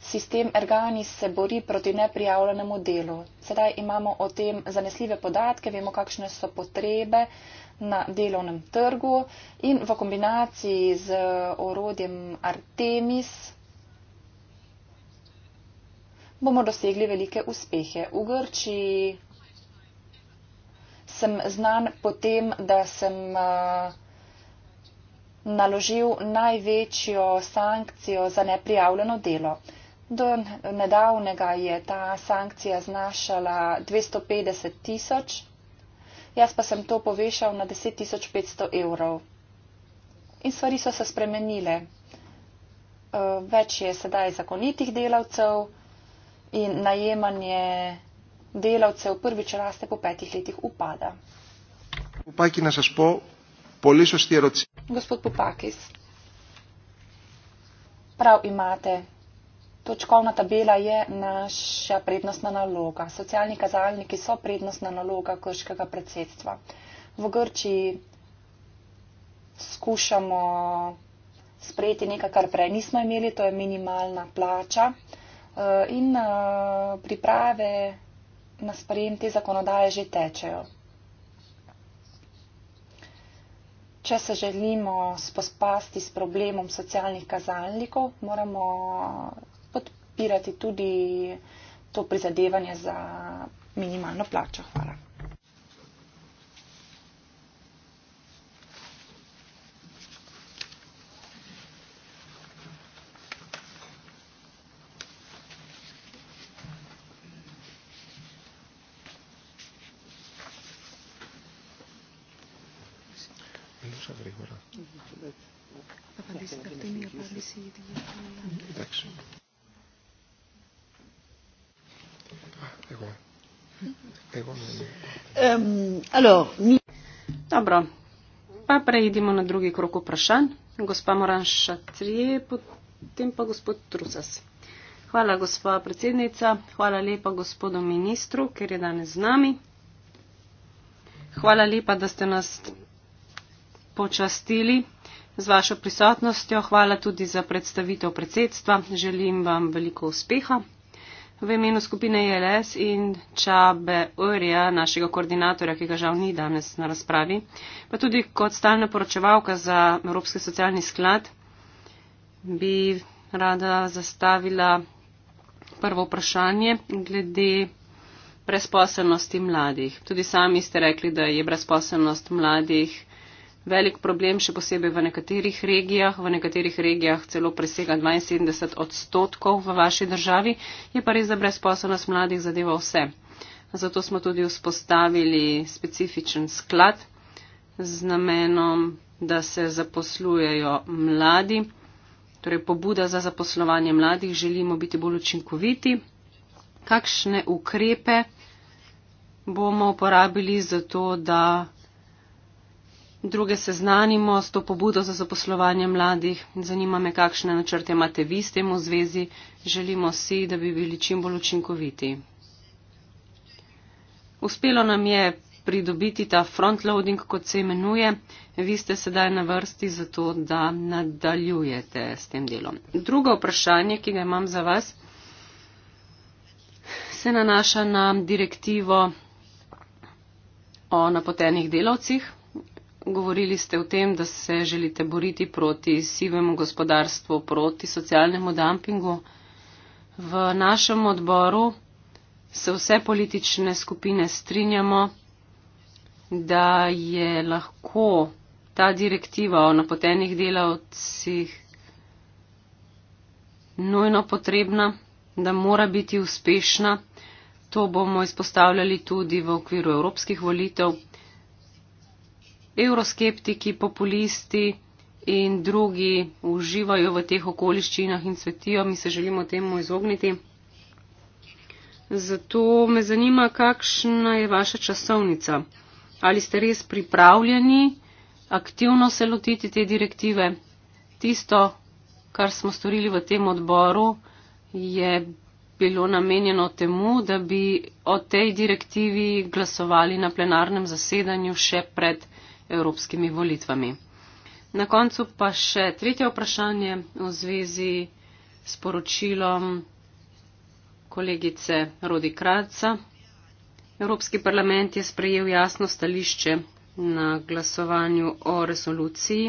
Sistem Ergani se bori proti neprijavljenemu delu. Sedaj imamo o tem zanesljive podatke, vemo, kakšne so potrebe na delovnem trgu in v kombinaciji z orodjem Artemis bomo dosegli velike uspehe. V Grčiji sem znan potem, da sem naložil največjo sankcijo za neprijavljeno delo. Do nedavnega je ta sankcija znašala 250 tisoč, jaz pa sem to povešal na 10 tisoč 500 evrov. In stvari so se spremenile. Eh, več je sedaj zakonitih delavcev in najemanje delavcev prvič raste po petih letih upada. Gospod Popakis, prav imate točkovna tabela je naša prednostna naloga. Socialni kazalniki so prednostna naloga grškega predsedstva. V Grčiji skušamo sprejeti nekaj, kar prej nismo imeli, to je minimalna plača e, in e, priprave na sprejem te zakonodaje že tečejo. Če se želimo spospasti s problemom socialnih kazalnikov, moramo podpirati tudi to prizadevanje za minimalno plačo. Hvala. Gregora. Mm -hmm. Dobro, pa preidimo na drugi krok vprašanj. Gospa Moranša Trije, potem pa gospod Trusas. Hvala, gospa predsednica, hvala lepa gospodu ministru, ker je danes z nami. Hvala lepa, da ste nas počastili z vašo prisotnostjo. Hvala tudi za predstavitev predsedstva. Želim vam veliko uspeha. V imenu skupine ILS e in Čabe Urija, našega koordinatorja, ki ga žal ni danes na razpravi, pa tudi kot stalna poročevalka za Evropski socialni sklad, bi rada zastavila prvo vprašanje glede brezposelnosti mladih. Tudi sami ste rekli, da je brezposelnost mladih velik problem, še posebej v nekaterih regijah. V nekaterih regijah celo presega 72 odstotkov v vaši državi. Je pa res, da brezposobnost mladih zadeva vse. Zato smo tudi vzpostavili specifičen sklad z namenom, da se zaposlujejo mladi. Torej, pobuda za zaposlovanje mladih, želimo biti bolj učinkoviti. Kakšne ukrepe bomo uporabili za to, da druge seznanimo s to pobudo za zaposlovanje mladih. Zanima me, kakšne načrte imate vi s tem v zvezi. Želimo si, da bi bili čim bolj učinkoviti. Uspelo nam je pridobiti ta frontloading, kot se imenuje. Vi ste sedaj na vrsti za to, da nadaljujete s tem delom. Drugo vprašanje, ki ga imam za vas, se nanaša na direktivo o napotenih delavcih. Govorili ste o tem, da se želite boriti proti sivemu gospodarstvu, proti socialnemu dampingu. V našem odboru se vse politične skupine strinjamo, da je lahko ta direktiva o napotenih delavcih nujno potrebna, da mora biti uspešna. To bomo izpostavljali tudi v okviru evropskih volitev, evroskeptiki, populisti in drugi uživajo v teh okoliščinah in cvetijo, mi se želimo temu izogniti. Zato me zanima, kakšna je vaša časovnica. Ali ste res pripravljeni aktivno se lotiti te direktive? Tisto, kar smo storili v tem odboru, je bilo namenjeno temu, da bi o tej direktivi glasovali na plenarnem zasedanju še pred evropskimi volitvami. Na koncu pa še tretje vprašanje v zvezi s poročilom kolegice Rodi Kraca. Evropski parlament je sprejel jasno stališče na glasovanju o resoluciji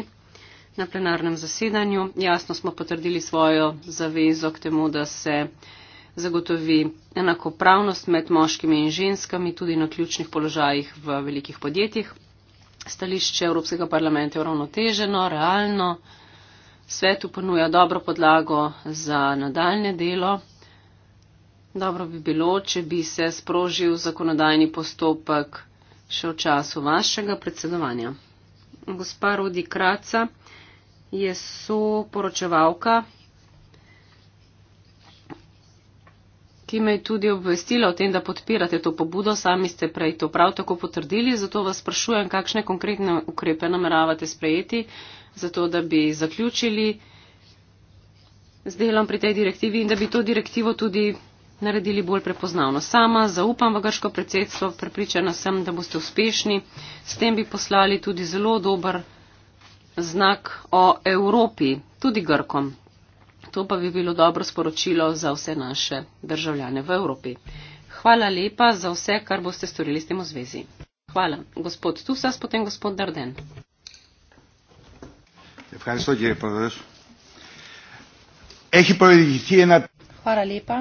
na plenarnem zasedanju. Jasno smo potrdili svojo zavezo k temu, da se zagotovi enakopravnost med moškimi in ženskami tudi na ključnih položajih v velikih podjetjih stališče Evropskega parlamenta je uravnoteženo, realno, svetu ponuja dobro podlago za nadaljne delo. Dobro bi bilo, če bi se sprožil zakonodajni postopek še v času vašega predsedovanja. Gospa Rudi Kraca je soporočevalka me je tudi obvestila o tem, da podpirate to pobudo, sami ste prej to prav tako potrdili, zato vas sprašujem, kakšne konkretne ukrepe nameravate sprejeti, zato da bi zaključili z delom pri tej direktivi in da bi to direktivo tudi naredili bolj prepoznavno. Sama zaupam v grško predsedstvo, prepričana sem, da boste uspešni. S tem bi poslali tudi zelo dober znak o Evropi, tudi Grkom. To pa bi bilo dobro sporočilo za vse naše državljane v Evropi. Hvala lepa za vse, kar boste storili s tem v zvezi. Hvala. Gospod Tusas, potem gospod Darden. Hvala lepa.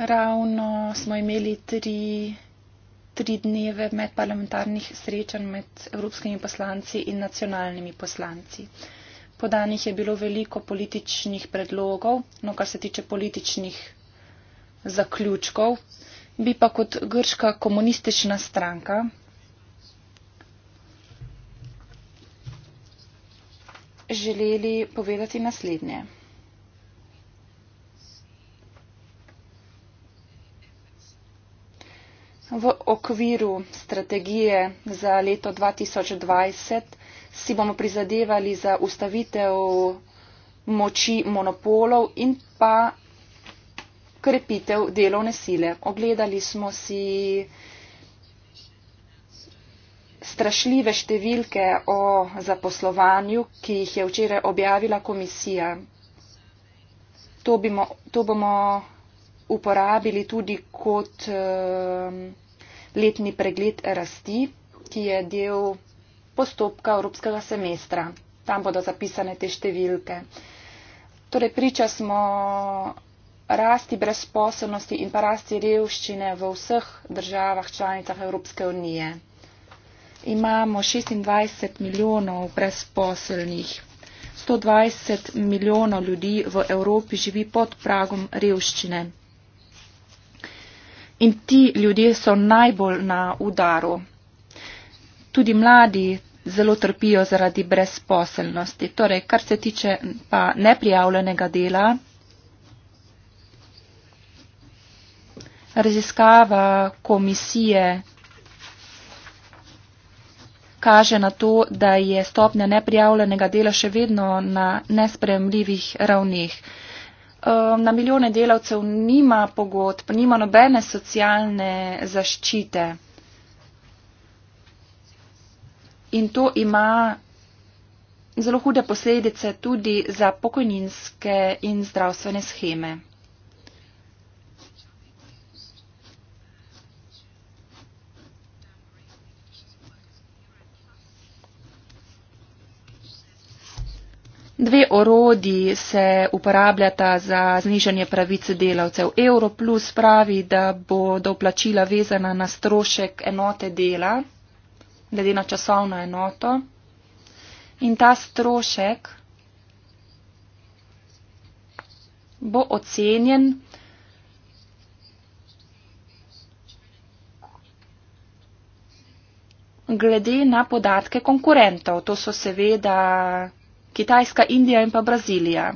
Ravno smo imeli tri tri dneve medparlamentarnih srečanj med evropskimi poslanci in nacionalnimi poslanci. Podanih je bilo veliko političnih predlogov, no kar se tiče političnih zaključkov, bi pa kot grška komunistična stranka želeli povedati naslednje. V okviru strategije za leto 2020 si bomo prizadevali za ustavitev moči monopolov in pa krepitev delovne sile. Ogledali smo si strašljive številke o zaposlovanju, ki jih je včeraj objavila komisija. To, bimo, to bomo uporabili tudi kot ehm, letni pregled rasti, ki je del postopka evropskega semestra. Tam bodo zapisane te številke. Torej, priča smo rasti brezposobnosti in pa rasti revščine v vseh državah članicah Evropske unije. Imamo 26 milijonov brezposobnih. 120 milijonov ljudi v Evropi živi pod pragom revščine. In ti ljudje so najbolj na udaru. Tudi mladi zelo trpijo zaradi brezposelnosti. Torej, kar se tiče pa neprijavljenega dela, raziskava komisije kaže na to, da je stopnja neprijavljenega dela še vedno na nespremljivih ravneh. Um, na milijone delavcev nima pogodb, nima nobene socialne zaščite. In to ima zelo hude posledice tudi za pokojninske in zdravstvene scheme. Dve orodi se uporabljata za znižanje pravic delavcev. Europlus pravi, da bodo plačila vezana na strošek enote dela, glede na časovno enoto. In ta strošek bo ocenjen glede na podatke konkurentov. To so seveda Kitajska, Indija in pa Brazilija.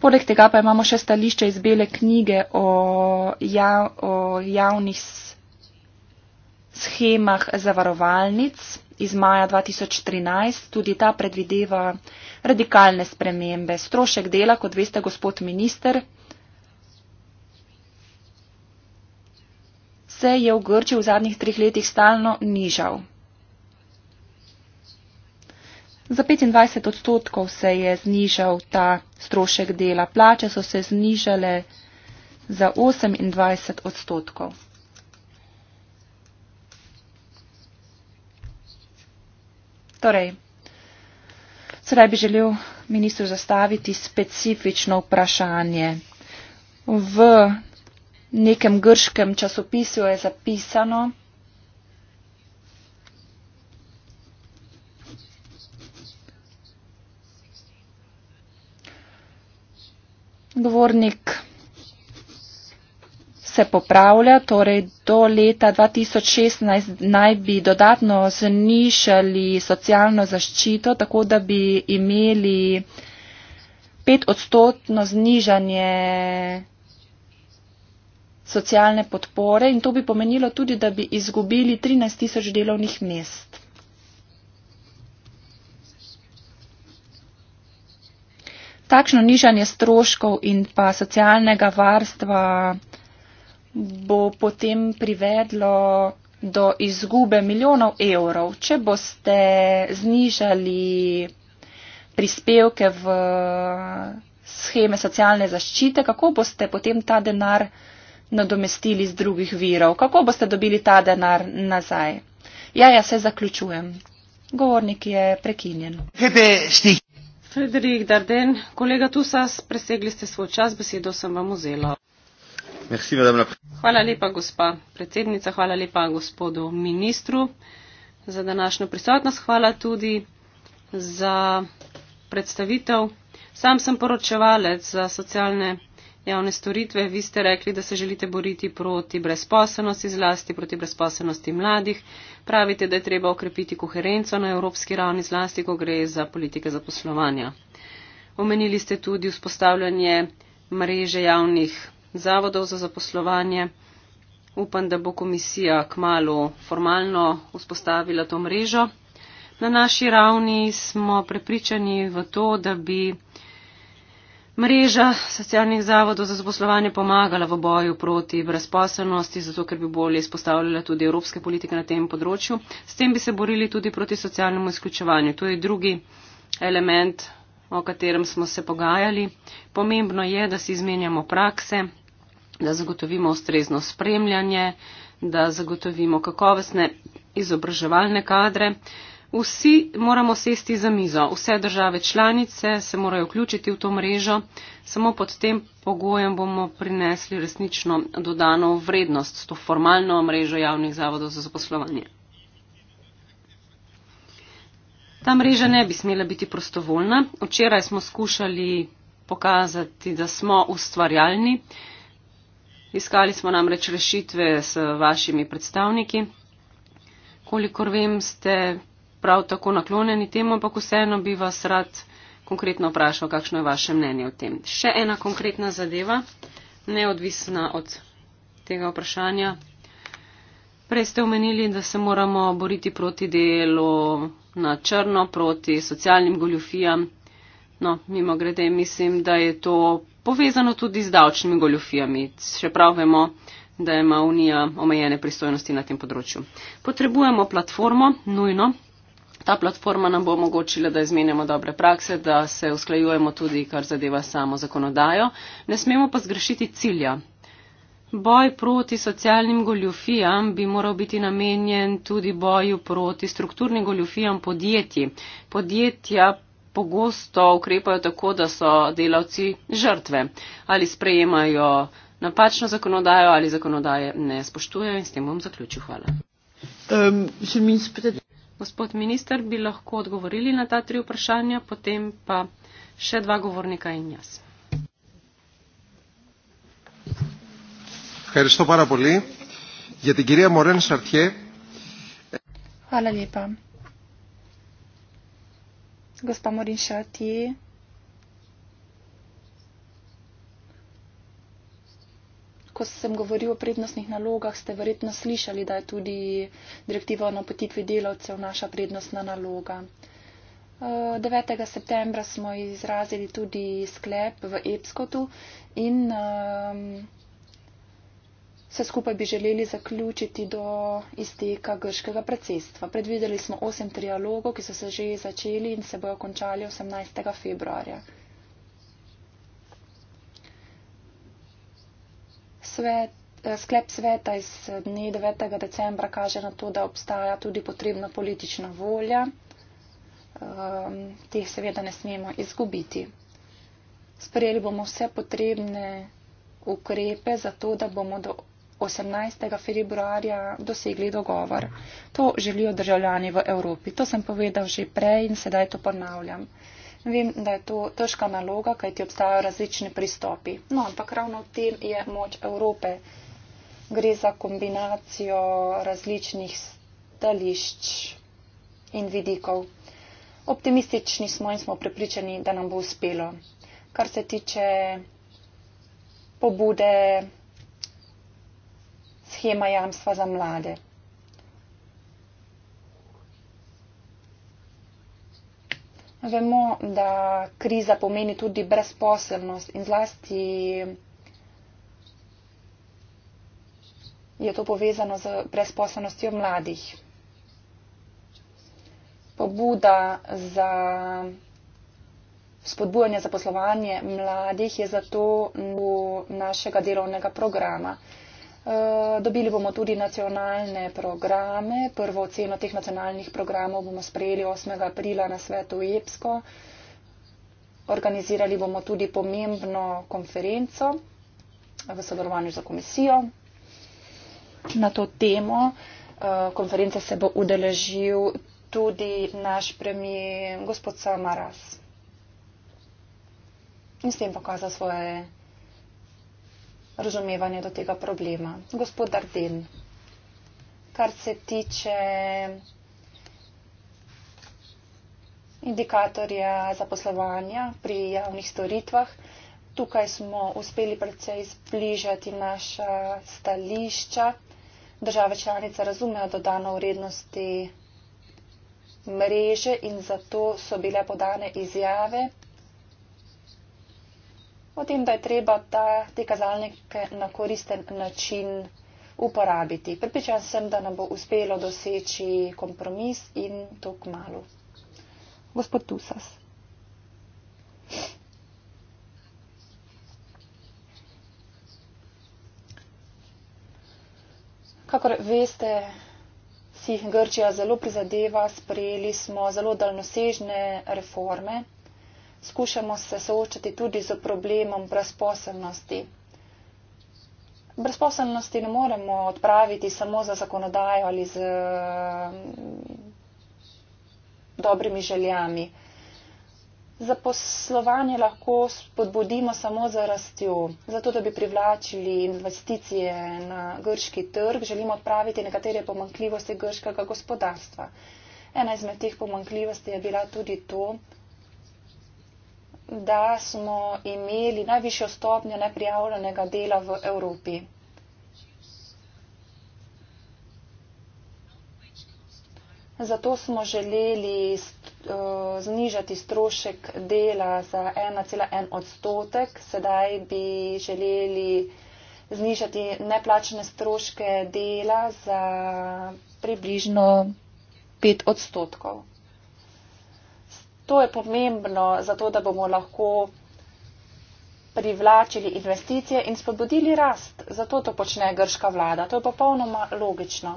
Poleg tega pa imamo še stališče iz bele knjige o, jav, o javnih schemah zavarovalnic iz maja 2013. Tudi ta predvideva radikalne spremembe. Strošek dela, kot veste, gospod minister, se je v Grči v zadnjih treh letih stalno nižal. Za 25 odstotkov se je znižal ta strošek dela, plače so se znižale za 28 odstotkov. Torej, sedaj bi želel ministru zastaviti specifično vprašanje. V nekem grškem časopisu je zapisano, govornik se popravlja, torej do leta 2016 naj bi dodatno znišali socialno zaščito, tako da bi imeli pet odstotno znižanje socialne podpore in to bi pomenilo tudi, da bi izgubili 13 tisoč delovnih mest. takšno nižanje stroškov in pa socialnega varstva bo potem privedlo do izgube milijonov evrov. Če boste znižali prispevke v scheme socialne zaščite, kako boste potem ta denar nadomestili z drugih virov? Kako boste dobili ta denar nazaj? Ja, ja, se zaključujem. Govornik je prekinjen. Hebe, Frederik Darden, kolega Tusas, presegli ste svoj čas, besedo sem vam vzela. Merci, hvala lepa, gospa predsednica, hvala lepa gospodu ministru za današnjo prisotnost, hvala tudi za predstavitev. Sam sem poročevalec za socialne javne storitve. Vi ste rekli, da se želite boriti proti brezposobnosti, zlasti proti brezposobnosti mladih. Pravite, da je treba okrepiti koherenco na evropski ravni, zlasti, ko gre za politike zaposlovanja. Omenili ste tudi vzpostavljanje mreže javnih zavodov za zaposlovanje. Upam, da bo komisija kmalo formalno vzpostavila to mrežo. Na naši ravni smo prepričani v to, da bi mreža socialnih zavodov za zaposlovanje pomagala v boju proti brezposelnosti, zato ker bi bolje izpostavljala tudi evropske politike na tem področju. S tem bi se borili tudi proti socialnemu izključevanju. To je drugi element, o katerem smo se pogajali. Pomembno je, da si izmenjamo prakse, da zagotovimo ustrezno spremljanje, da zagotovimo kakovostne izobraževalne kadre. Vsi moramo sesti za mizo, vse države članice se morajo vključiti v to mrežo, samo pod tem pogojem bomo prinesli resnično dodano vrednost s to formalno mrežo javnih zavodov za zaposlovanje. Ta mreža ne bi smela biti prostovoljna. Včeraj smo skušali pokazati, da smo ustvarjalni. Iskali smo namreč rešitve s vašimi predstavniki. Kolikor vem, ste prav tako naklonjeni temu, ampak vseeno bi vas rad konkretno vprašal, kakšno je vaše mnenje o tem. Še ena konkretna zadeva, neodvisna od tega vprašanja. Prej ste omenili, da se moramo boriti proti delu na črno, proti socialnim goljufijam. No, mimo grede, mislim, da je to povezano tudi z davčnimi goljufijami. Še prav vemo, da ima Unija omejene pristojnosti na tem področju. Potrebujemo platformo, nujno, Ta platforma nam bo omogočila, da izmenjamo dobre prakse, da se usklajujemo tudi, kar zadeva samo zakonodajo. Ne smemo pa zgrešiti cilja. Boj proti socialnim goljufijam bi moral biti namenjen tudi boju proti strukturnim goljufijam podjetji. Podjetja pogosto ukrepajo tako, da so delavci žrtve ali sprejemajo napačno zakonodajo ali zakonodaje ne spoštujejo in s tem bom zaključil. Hvala. Um, Gospod minister, bi lahko odgovorili na ta tri vprašanja, potem pa še dva govornika in jaz. Hvala lepa. Gospa Morin Šatije. ko sem govoril o prednostnih nalogah, ste verjetno slišali, da je tudi direktiva o napotitvi delavcev naša prednostna naloga. 9. Eh, septembra smo izrazili tudi sklep v Epskotu in um, vse skupaj bi želeli zaključiti do izteka grškega predsedstva. Predvideli smo osem trialogov, ki so se že začeli in se bojo končali 18. februarja. svet, eh, sklep sveta iz eh, dne 9. decembra kaže na to, da obstaja tudi potrebna politična volja. Ehm, teh seveda ne smemo izgubiti. Sprejeli bomo vse potrebne ukrepe za to, da bomo do 18. februarja dosegli dogovor. To želijo državljani v Evropi. To sem povedal že prej in sedaj to ponavljam. Vem, da je to težka naloga, kajti obstajajo različni pristopi. No, ampak ravno v tem je moč Evrope. Gre za kombinacijo različnih stališč in vidikov. Optimistični smo in smo prepričani, da nam bo uspelo. Kar se tiče pobude, schema jamstva za mlade. Vemo, da kriza pomeni tudi brezposelnost in zlasti je to povezano z brezposelnostjo mladih. Pobuda za spodbujanje za poslovanje mladih je zato v našega delovnega programa. Eh, dobili bomo tudi nacionalne programe. Prvo oceno teh nacionalnih programov bomo sprejeli 8. aprila na svetu EPSKO. Organizirali bomo tudi pomembno konferenco v sodelovanju za komisijo na to temo. Eh, konference se bo udeležil tudi naš premijer gospod Samaras. In s tem pokazal svoje razumevanje do tega problema. Gospod Darden, kar se tiče indikatorja zaposlovanja pri javnih storitvah, tukaj smo uspeli predvsej zbližati naša stališča. Države članice razumejo dodano vrednosti mreže in zato so bile podane izjave o tem, da je treba ta, te kazalnike na koristen način uporabiti. Pripričan sem, da nam bo uspelo doseči kompromis in to k malu. Gospod Tusas. Kakor veste, si Grčija zelo prizadeva, sprejeli smo zelo daljnosežne reforme skušamo se soočati tudi z problemom brezposelnosti. Brezposelnosti ne moremo odpraviti samo za zakonodajo ali z mm, dobrimi željami. Zaposlovanje lahko spodbudimo samo za rastjo, zato da bi privlačili investicije na grški trg, želimo odpraviti nekatere pomankljivosti grškega gospodarstva. Ena izmed teh pomankljivosti je bila tudi to, da smo imeli najvišjo stopnjo neprijavljenega dela v Evropi. Zato smo želeli uh, znižati strošek dela za 1,1 odstotek. Sedaj bi želeli znižati neplačene stroške dela za približno 5 odstotkov to je pomembno, zato da bomo lahko privlačili investicije in spodbudili rast. Zato to počne grška vlada. To je popolnoma logično.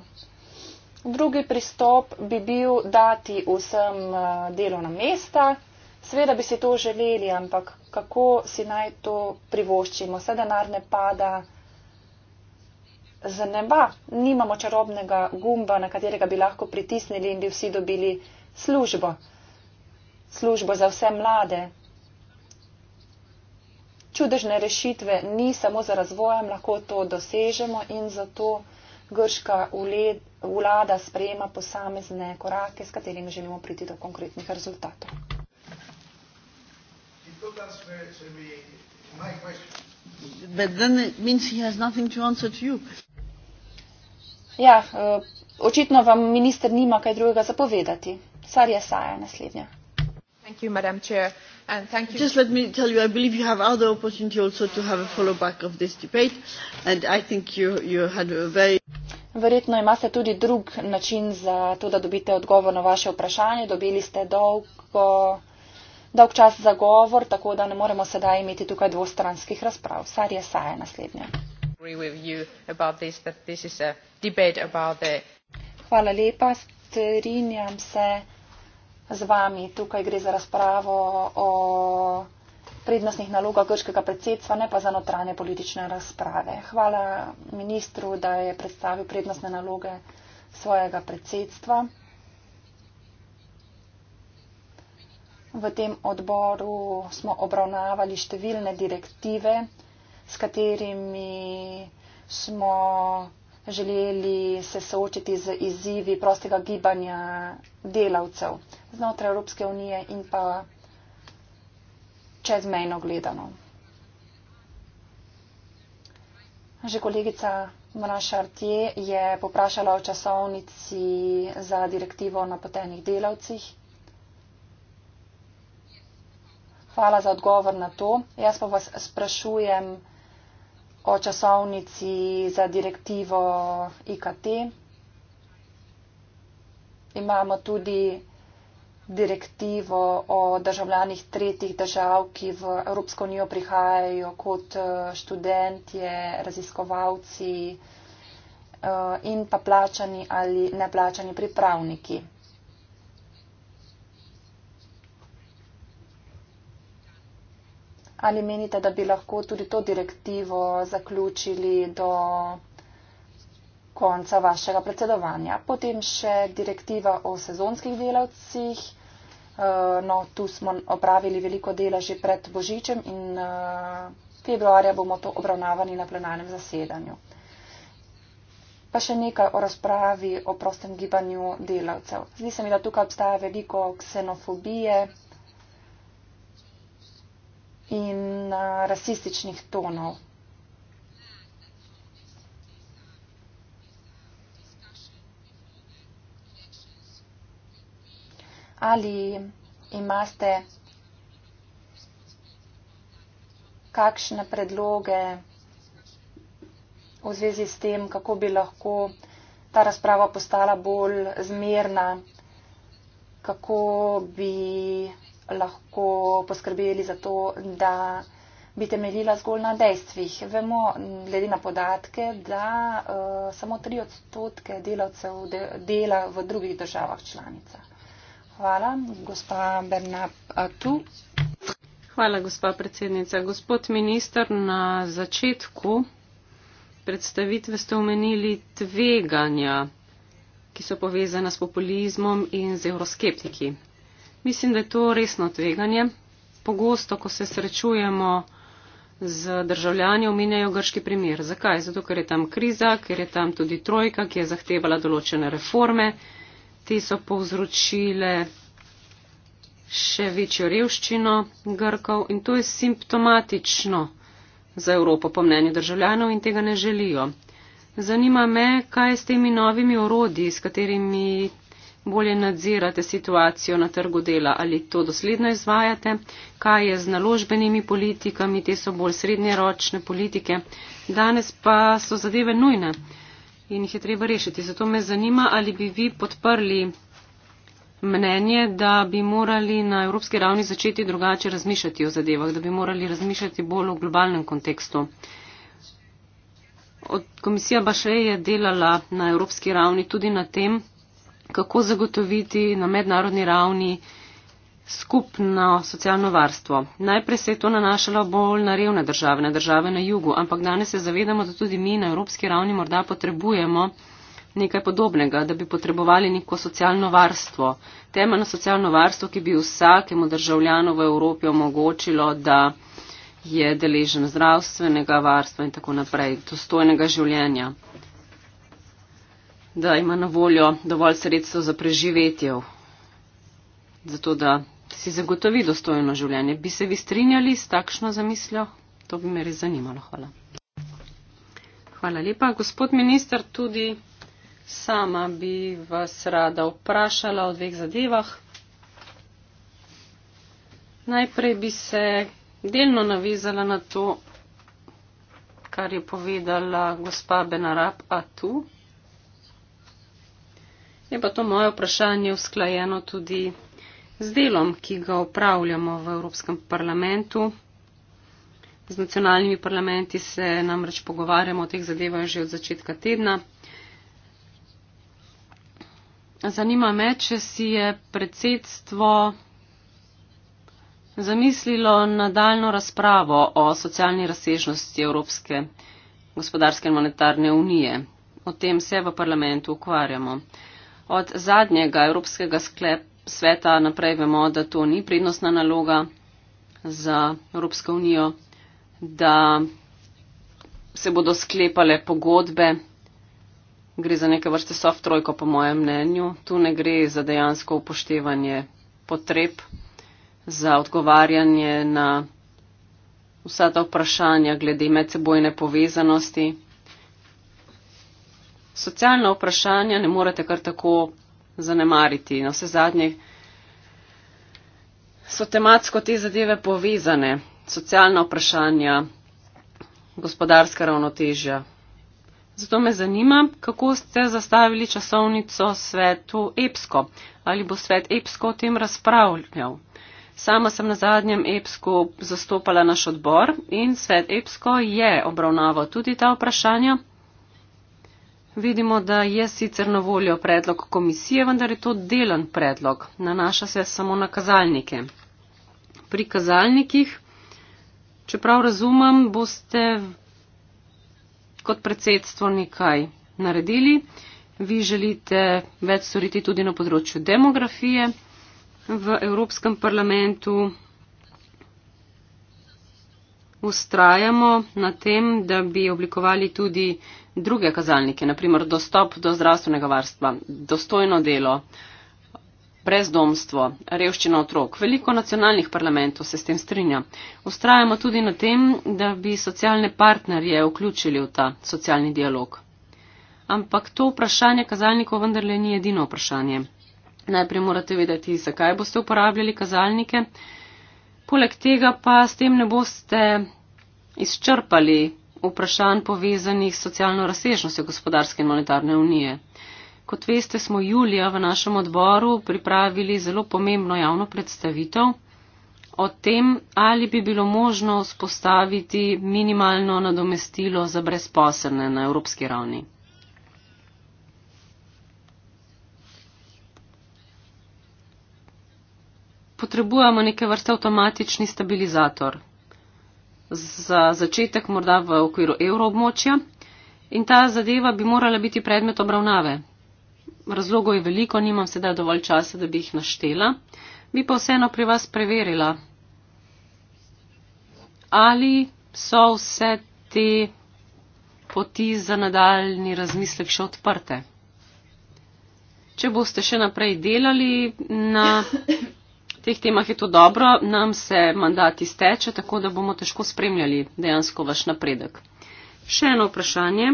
Drugi pristop bi bil dati vsem eh, delovna mesta. Sveda bi si to želeli, ampak kako si naj to privoščimo? Vse denar ne pada z neba. Nimamo čarobnega gumba, na katerega bi lahko pritisnili in bi vsi dobili službo službo za vse mlade. Čudežne rešitve ni samo za razvojem, lahko to dosežemo in zato grška vlada sprejema posamezne korake, s katerimi želimo priti do konkretnih rezultatov. Ja, eh, očitno vam minister nima kaj drugega zapovedati. Sarja Saja je naslednja madam president just let me tell you i believe you have other opportunity also to have a follow back of this debate and i think you had a very. verjetno imate tudi drug način za to da dobite odgovor na vaše vprašanje dobili ste dolgo. Dolg čas za govor, tako da ne moremo sedaj imeti tukaj dvostranskih razprav. Sarja Saj je naslednja. Hvala lepa, strinjam se z vami. Tukaj gre za razpravo o prednostnih nalogah grškega predsedstva, ne pa za notranje politične razprave. Hvala ministru, da je predstavil prednostne naloge svojega predsedstva. V tem odboru smo obravnavali številne direktive, s katerimi smo želeli se soočiti z izzivi prostega gibanja delavcev znotraj Evropske unije in pa čezmejno gledano. Že kolegica Mona Chartier je poprašala o časovnici za direktivo o napotenih delavcih. Hvala za odgovor na to. Jaz pa vas sprašujem o časovnici za direktivo IKT. Imamo tudi direktivo o državljanih tretjih držav, ki v Evropsko unijo prihajajo kot eh, študentje, raziskovalci eh, in pa plačani ali neplačani pripravniki. Ali menite, da bi lahko tudi to direktivo zaključili do konca vašega predsedovanja? Potem še direktiva o sezonskih delavcih. Eh, no, tu smo opravili veliko dela že pred Božičem in eh, februarja bomo to obravnavali na plenarnem zasedanju. Pa še nekaj o razpravi o prostem gibanju delavcev. Zdi se mi, da tukaj obstaja veliko ksenofobije in eh, rasističnih tonov. ali imate kakšne predloge v zvezi s tem, kako bi lahko ta razprava postala bolj zmerna, kako bi lahko poskrbeli za to, da bi temeljila zgolj na dejstvih. Vemo, glede na podatke, da uh, samo tri odstotke delavcev de dela v drugih državah članicah. Hvala, gospa Bernardu. Hvala, gospa predsednica. Gospod minister, na začetku predstavitve ste omenili tveganja, ki so povezana s populizmom in z euroskeptiki. Mislim, da je to resno tveganje. Pogosto, ko se srečujemo z državljani, omenjajo grški primer. Zakaj? Zato, ker je tam kriza, ker je tam tudi trojka, ki je zahtevala določene reforme. Te so povzročile še večjo revščino Grkov in to je simptomatično za Evropo, po mnenju državljanov, in tega ne želijo. Zanima me, kaj je s temi novimi orodji, s katerimi bolje nadzirate situacijo na trgu dela, ali to dosledno izvajate, kaj je z naložbenimi politikami, te so bolj srednjeročne politike, danes pa so zadeve nujne in jih je treba rešiti. Zato me zanima, ali bi vi podprli mnenje, da bi morali na evropski ravni začeti drugače razmišljati o zadevah, da bi morali razmišljati bolj v globalnem kontekstu. Od komisija Bašej je delala na evropski ravni tudi na tem, kako zagotoviti na mednarodni ravni uh, skupno socialno varstvo. Najprej se je to nanašalo bolj na revne države, na države na jugu, ampak danes se zavedamo, da tudi mi na evropski ravni morda potrebujemo nekaj podobnega, da bi potrebovali neko socialno varstvo. Temeljno socialno varstvo, ki bi vsakemu državljanu v Evropi omogočilo, da je deležen zdravstvenega varstva in tako naprej, dostojnega življenja, da ima na voljo dovolj sredstev za preživetje, zato da si zagotovi dostojno življenje. Bi se vi strinjali s takšno zamisljo? To bi me res zanimalo. Hvala. Hvala lepa. Gospod minister, tudi sama bi vas rada vprašala o dveh zadevah. Najprej bi se delno navezala na to, kar je povedala gospa Benarab Atu. Je pa to moje vprašanje usklajeno tudi z delom, ki ga upravljamo v Evropskem parlamentu. Z nacionalnimi parlamenti se namreč pogovarjamo o teh zadevah že od začetka tedna. Zanima me, če si je predsedstvo zamislilo nadaljno razpravo o socialni razsežnosti Evropske gospodarske in monetarne unije. O tem se v parlamentu ukvarjamo. Od zadnjega evropskega sklepa sveta naprej vemo, da to ni prednostna naloga za Evropsko unijo, da se bodo sklepale pogodbe. Gre za neke vrste soft trojko, po mojem mnenju. Tu ne gre za dejansko upoštevanje potreb, za odgovarjanje na vsa ta vprašanja glede medsebojne povezanosti. Socialna vprašanja ne morete kar tako zanemariti. Na vse zadnje so tematsko te zadeve povezane. Socialna vprašanja, gospodarska ravnotežja. Zato me zanima, kako ste zastavili časovnico svetu EPSKO. Ali bo svet EPSKO o tem razpravljal? Sama sem na zadnjem EPSKO zastopala naš odbor in svet EPSKO je obravnaval tudi ta vprašanja. Vidimo, da je sicer na voljo predlog komisije, vendar je to delen predlog. Nanaša se samo na kazalnike. Pri kazalnikih, čeprav razumem, boste kot predsedstvo nekaj naredili. Vi želite več storiti tudi na področju demografije. V Evropskem parlamentu ustrajamo na tem, da bi oblikovali tudi druge kazalnike, naprimer dostop do zdravstvenega varstva, dostojno delo, brezdomstvo, revščina otrok. Veliko nacionalnih parlamentov se s tem strinja. Ustrajamo tudi na tem, da bi socialne partnerje vključili v ta socialni dialog. Ampak to vprašanje kazalnikov vendarle ni edino vprašanje. Najprej morate vedeti, zakaj boste uporabljali kazalnike. Poleg tega pa s tem ne boste izčrpali vprašanj povezanih s socialno razsežnostjo gospodarske in monetarne unije. Kot veste, smo julija v našem odboru pripravili zelo pomembno javno predstavitev o tem, ali bi bilo možno vzpostaviti minimalno nadomestilo za brezposelne na evropski ravni. potrebujemo neke vrste avtomatični stabilizator. Za začetek morda v okviru evroobmočja in ta zadeva bi morala biti predmet obravnave. Razlogov je veliko, nimam sedaj dovolj časa, da bi jih naštela, bi pa vseeno pri vas preverila, ali so vse te poti za nadaljni razmislek še odprte. Če boste še naprej delali na teh temah je to dobro, nam se mandat izteče, tako da bomo težko spremljali dejansko vaš napredek. Še eno vprašanje.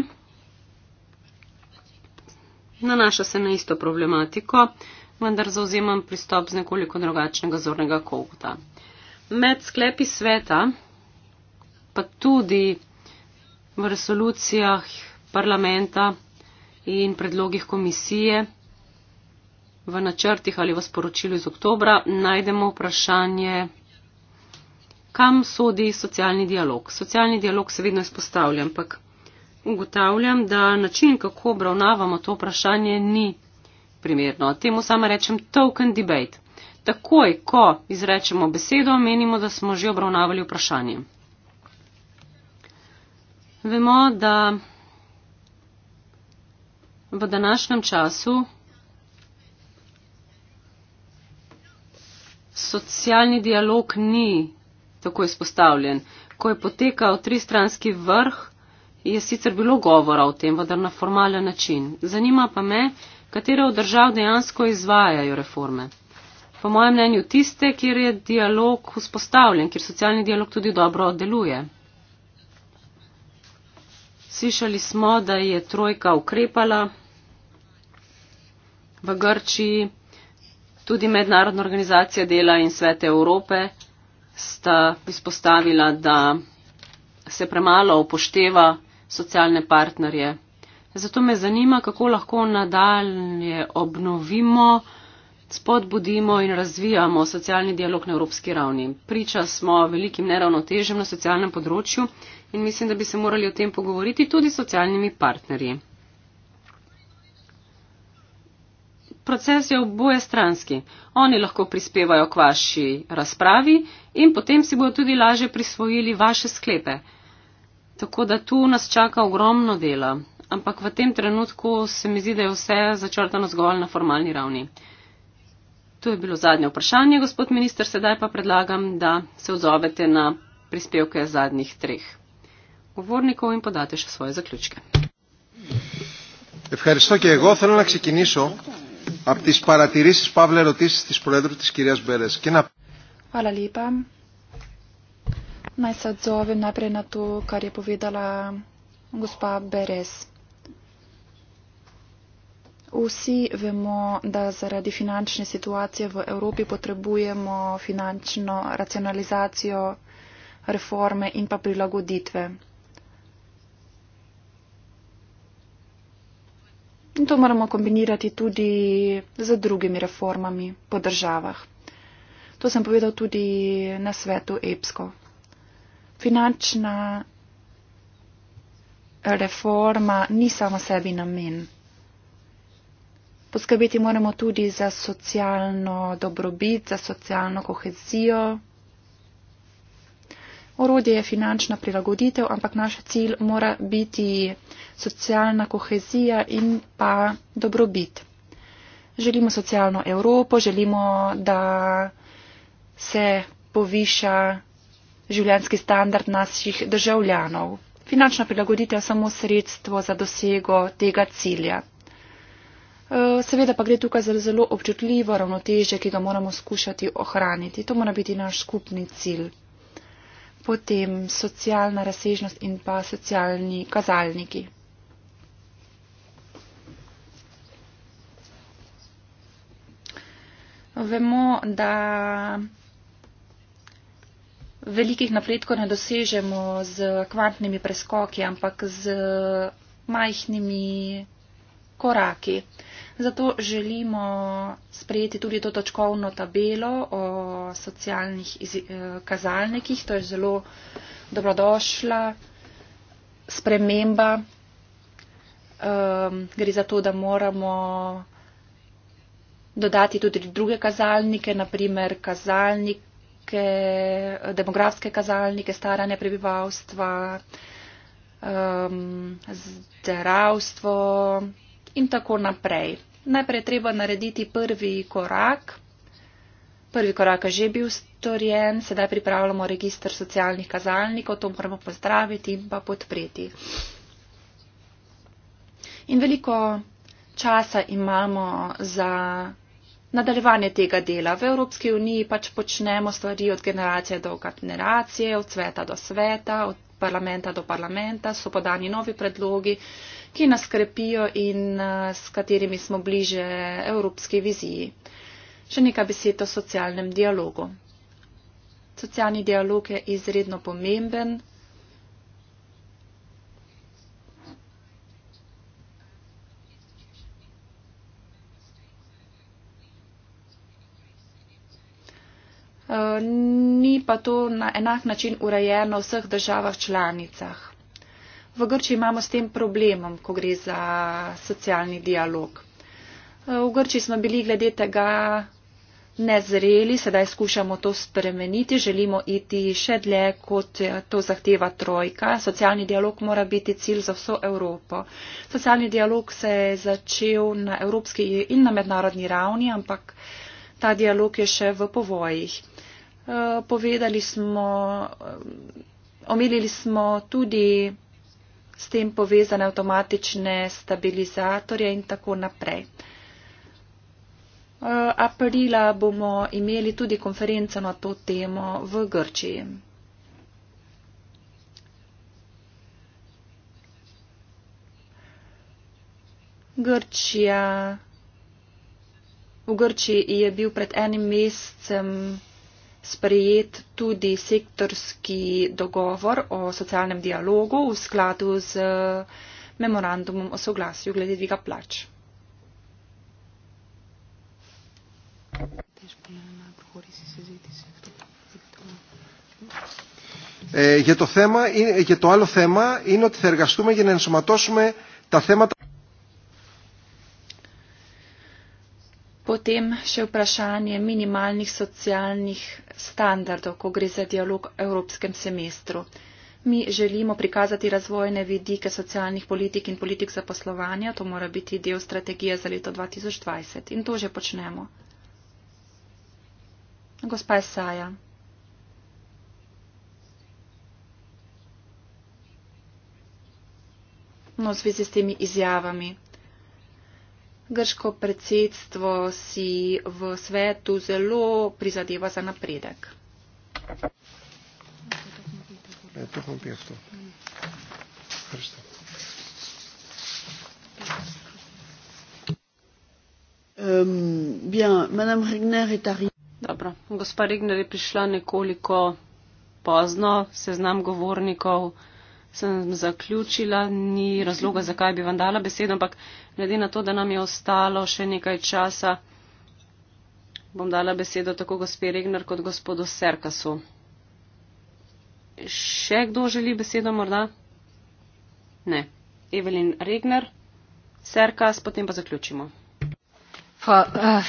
Nanaša se na isto problematiko, vendar zauzemam pristop z nekoliko drugačnega zornega kogota. Med sklepi sveta, pa tudi v resolucijah parlamenta in predlogih komisije, v načrtih ali v sporočilu iz oktobra najdemo vprašanje, kam sodi socialni dialog. Socialni dialog se vedno izpostavlja, ampak ugotavljam, da način, kako obravnavamo to vprašanje, ni primerno. Temu sama rečem token debate. Takoj, ko izrečemo besedo, menimo, da smo že obravnavali vprašanje. Vemo, da v današnjem času socialni dialog ni tako izpostavljen. Ko je potekal tristranski vrh, je sicer bilo govora o tem, vendar na formalen način. Zanima pa me, katere od držav dejansko izvajajo reforme. Po mojem mnenju tiste, kjer je dialog vzpostavljen, kjer socialni dialog tudi dobro deluje. Slišali smo, da je trojka ukrepala v Grčiji. Tudi mednarodna organizacija dela in svet Evrope sta izpostavila, da se premalo upošteva socialne partnerje. Zato me zanima, kako lahko nadalje obnovimo, spodbudimo in razvijamo socialni dialog na evropski ravni. Priča smo velikim neravnotežjem na socialnem področju in mislim, da bi se morali o tem pogovoriti tudi s socialnimi partnerji. proces je oboje stranski. Oni lahko prispevajo k vaši razpravi in potem si bodo tudi laže prisvojili vaše sklepe. Tako da tu nas čaka ogromno dela, ampak v tem trenutku se mi zdi, da je vse začrtano zgolj na formalni ravni. To je bilo zadnje vprašanje, gospod minister, sedaj pa predlagam, da se odzovete na prispevke zadnjih treh govornikov in podate še svoje zaključke. Hvala, Kjego. Hvala, Kjego από τις παρατηρήσεις, Παύλα, ερωτήσεις της Προέδρου της κυρίας Μπέρες. Και να... Hvala lepa. Naj se odzovem najprej na to, kar je povedala gospa Beres. Vsi vemo, da zaradi finančne situacije v Evropi potrebujemo finančno racionalizacijo, reforme in pa prilagoditve. In to moramo kombinirati tudi z drugimi reformami po državah. To sem povedal tudi na svetu EPSKO. Finančna reforma ni samo sebi namen. Poskrbeti moramo tudi za socialno dobrobit, za socialno kohezijo Orodje je finančna prilagoditev, ampak naš cilj mora biti socialna kohezija in pa dobrobit. Želimo socialno Evropo, želimo, da se poviša življenski standard naših državljanov. Finančna prilagoditev je samo sredstvo za dosego tega cilja. E, seveda pa gre tukaj za zelo občutljivo ravnoteže, ki ga moramo skušati ohraniti. To mora biti naš skupni cilj potem socialna razsežnost in pa socialni kazalniki. Vemo, da velikih napredkov ne dosežemo z kvantnimi preskoki, ampak z majhnimi koraki. Zato želimo sprejeti tudi to točkovno tabelo o socialnih eh, kazalnikih. To je zelo dobrodošla sprememba. Um, gre za to, da moramo dodati tudi druge kazalnike, naprimer kazalnike, demografske kazalnike, staranje prebivalstva, um, zdravstvo in tako naprej. Najprej treba narediti prvi korak. Prvi korak je že bil storjen, sedaj pripravljamo registr socialnih kazalnikov, to moramo pozdraviti in pa podpreti. In veliko časa imamo za nadaljevanje tega dela. V Evropski uniji pač počnemo stvari od generacije do generacije, od sveta do sveta, od parlamenta do parlamenta, so podani novi predlogi ki nas krepijo in eh, s katerimi smo bliže evropski viziji. Še nekaj besed o socialnem dialogu. Socialni dialog je izredno pomemben. Eh, ni pa to na enak način urejeno v vseh državah članicah v Grčiji imamo s tem problemom, ko gre za socialni dialog. E, v Grčiji smo bili glede tega nezreli, sedaj skušamo to spremeniti, želimo iti še dlje, kot to zahteva trojka. Socialni dialog mora biti cilj za vso Evropo. Socialni dialog se je začel na evropski in na mednarodni ravni, ampak ta dialog je še v povojih. E, povedali smo, e, omilili smo tudi s tem povezane avtomatične stabilizatorje in tako naprej. Eh, aprila bomo imeli tudi konferenco na to temo v Grčiji. Grčija. V Grčiji je bil pred enim mesecem sprejet tudi sektorski dogovor o socialnem dialogu v skladu z eh, memorandumom o soglasju glede dviga plač. Je to tema in je to alo tema in od sergaštume je ne ensomatosume ta tema. Potem še vprašanje minimalnih socialnih standardov, ko gre za dialog o evropskem semestru. Mi želimo prikazati razvojne vidike socialnih politik in politik zaposlovanja, to mora biti del strategije za leto 2020 in to že počnemo. Gospa Saja. No, v zvezi s temi izjavami grško predsedstvo si v svetu zelo prizadeva za napredek. Ja, Dobro. Gospa Regner je prišla nekoliko pozno, seznam govornikov sem zaključila, ni razloga, zakaj bi vam dala besedo, ampak glede na to, da nam je ostalo še nekaj časa, bom dala besedo tako gospe Regner kot gospodu Serkasu. Še kdo želi besedo morda? Ne. Evelin Regner, Serkas, potem pa zaključimo. Äh, äh,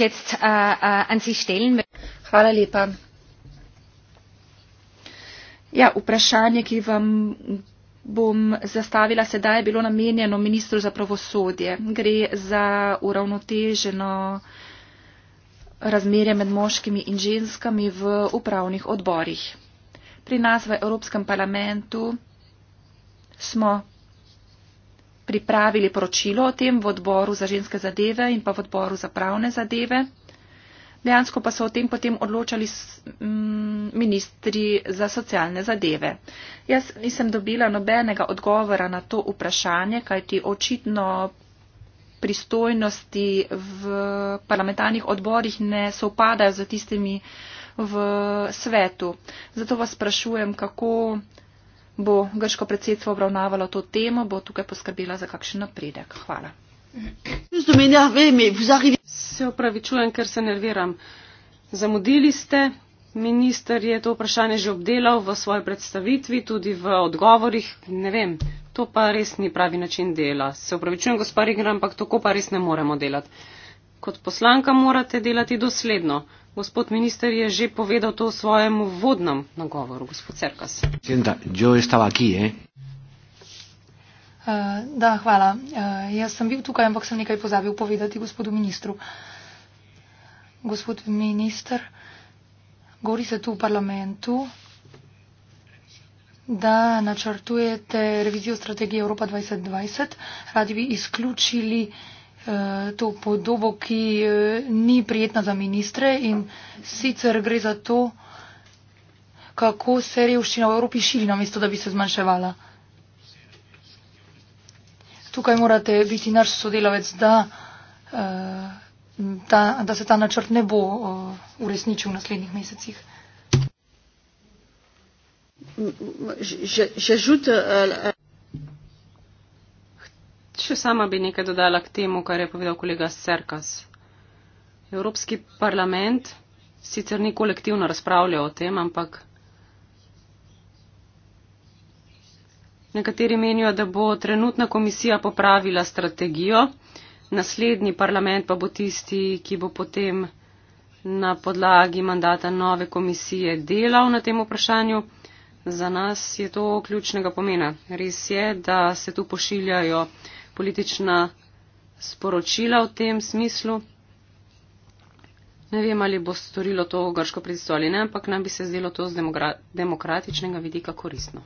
äh, Hvala lepa. Ja, vprašanje, ki vam bom zastavila sedaj, je bilo namenjeno ministru za pravosodje. Gre za uravnoteženo razmerje med moškimi in ženskami v upravnih odborih. Pri nas v Evropskem parlamentu smo pripravili poročilo o tem v odboru za ženske zadeve in pa v odboru za pravne zadeve. Dejansko pa so o tem potem odločali mm, ministri za socialne zadeve. Jaz nisem dobila nobenega odgovora na to vprašanje, kajti očitno pristojnosti v parlamentarnih odborih ne sovpadajo z tistimi v svetu. Zato vas sprašujem, kako bo grško predsedstvo obravnavalo to temo, bo tukaj poskrbela za kakšen napredek. Hvala. Se opravičujem, ker se nerviram. Zamudili ste, minister je to vprašanje že obdelal v svoji predstavitvi, tudi v odgovorih, ne vem, to pa res ni pravi način dela. Se opravičujem, gospod Rigner, ampak tako pa res ne moremo delati. Kot poslanka morate delati dosledno. Gospod minister je že povedal to v svojem vodnem nagovoru, gospod Cerkas. Sienta, Eh, da, hvala. Eh, jaz sem bil tukaj, ampak sem nekaj pozabil povedati gospodu ministru. Gospod minister, govori se tu v parlamentu, da načrtujete revizijo strategije Evropa 2020. Radi bi izključili eh, to podobo, ki ni prijetna za ministre in sicer gre za to, kako se revščina v Evropi širi, namesto da bi se zmanjševala tukaj morate biti naš sodelavec, da, da, eh, da se ta načrt ne bo eh, uresničil v naslednjih mesecih. Že, že žut, uh, eh, uh. Če sama bi nekaj dodala k temu, kar je povedal kolega Serkas. Evropski parlament sicer ni kolektivno razpravljal o tem, ampak Nekateri menijo, da bo trenutna komisija popravila strategijo, naslednji parlament pa bo tisti, ki bo potem na podlagi mandata nove komisije delal na tem vprašanju. Za nas je to ključnega pomena. Res je, da se tu pošiljajo politična sporočila v tem smislu. Ne vem, ali bo storilo to grško predstavljanje, ampak nam bi se zdelo to z demokratičnega vidika koristno.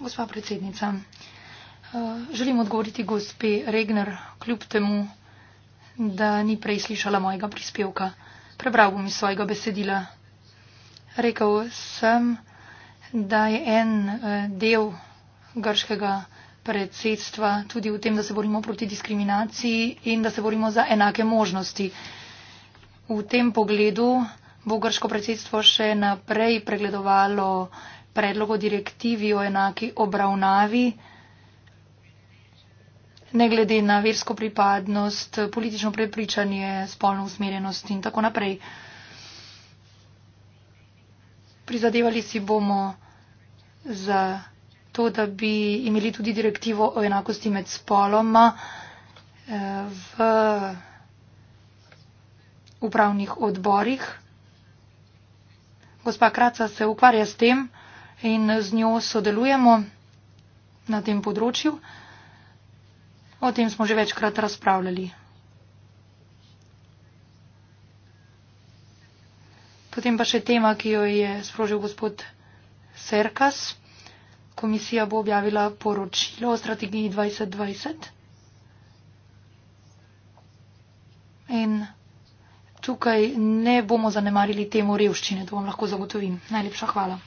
Gospa predsednica, želim odgovoriti gospe Regner, kljub temu, da ni prej slišala mojega prispevka. Prebral bom iz svojega besedila. Rekel sem, da je en e, del grškega predsedstva tudi v tem, da se borimo proti diskriminaciji in da se borimo za enake možnosti. V tem pogledu bo grško predsedstvo še naprej pregledovalo predlogo direktivi o enaki obravnavi, ne glede na versko pripadnost, politično prepričanje, spolno usmerjenost in tako naprej. Prizadevali si bomo za to, da bi imeli tudi direktivo o enakosti med spoloma eh, v upravnih odborih. Gospa Kraca se ukvarja s tem in z njo sodelujemo na tem področju. O tem smo že večkrat razpravljali. Potem pa še tema, ki jo je sprožil gospod Serkas. Komisija bo objavila poročilo o strategiji 2020. In tukaj ne bomo zanemarili temu revščine, to vam lahko zagotovim. Najlepša hvala.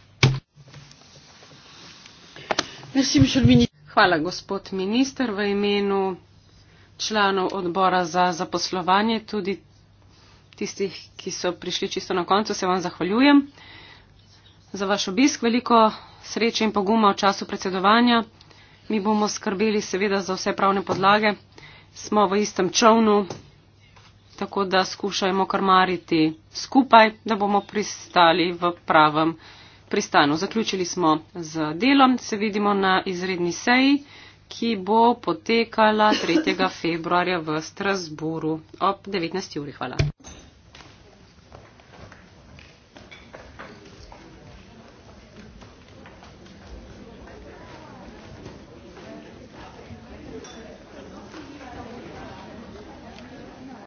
Hvala, gospod minister. V imenu članov odbora za zaposlovanje, tudi tistih, ki so prišli čisto na koncu, se vam zahvaljujem za vaš obisk. Veliko sreče in poguma v času predsedovanja. Mi bomo skrbeli seveda za vse pravne podlage. Smo v istem čovnu tako da skušajmo karmariti skupaj, da bomo pristali v pravem pristanu. Zaključili smo z delom, se vidimo na izredni seji, ki bo potekala 3. februarja v Strasburu ob 19. uri. Hvala.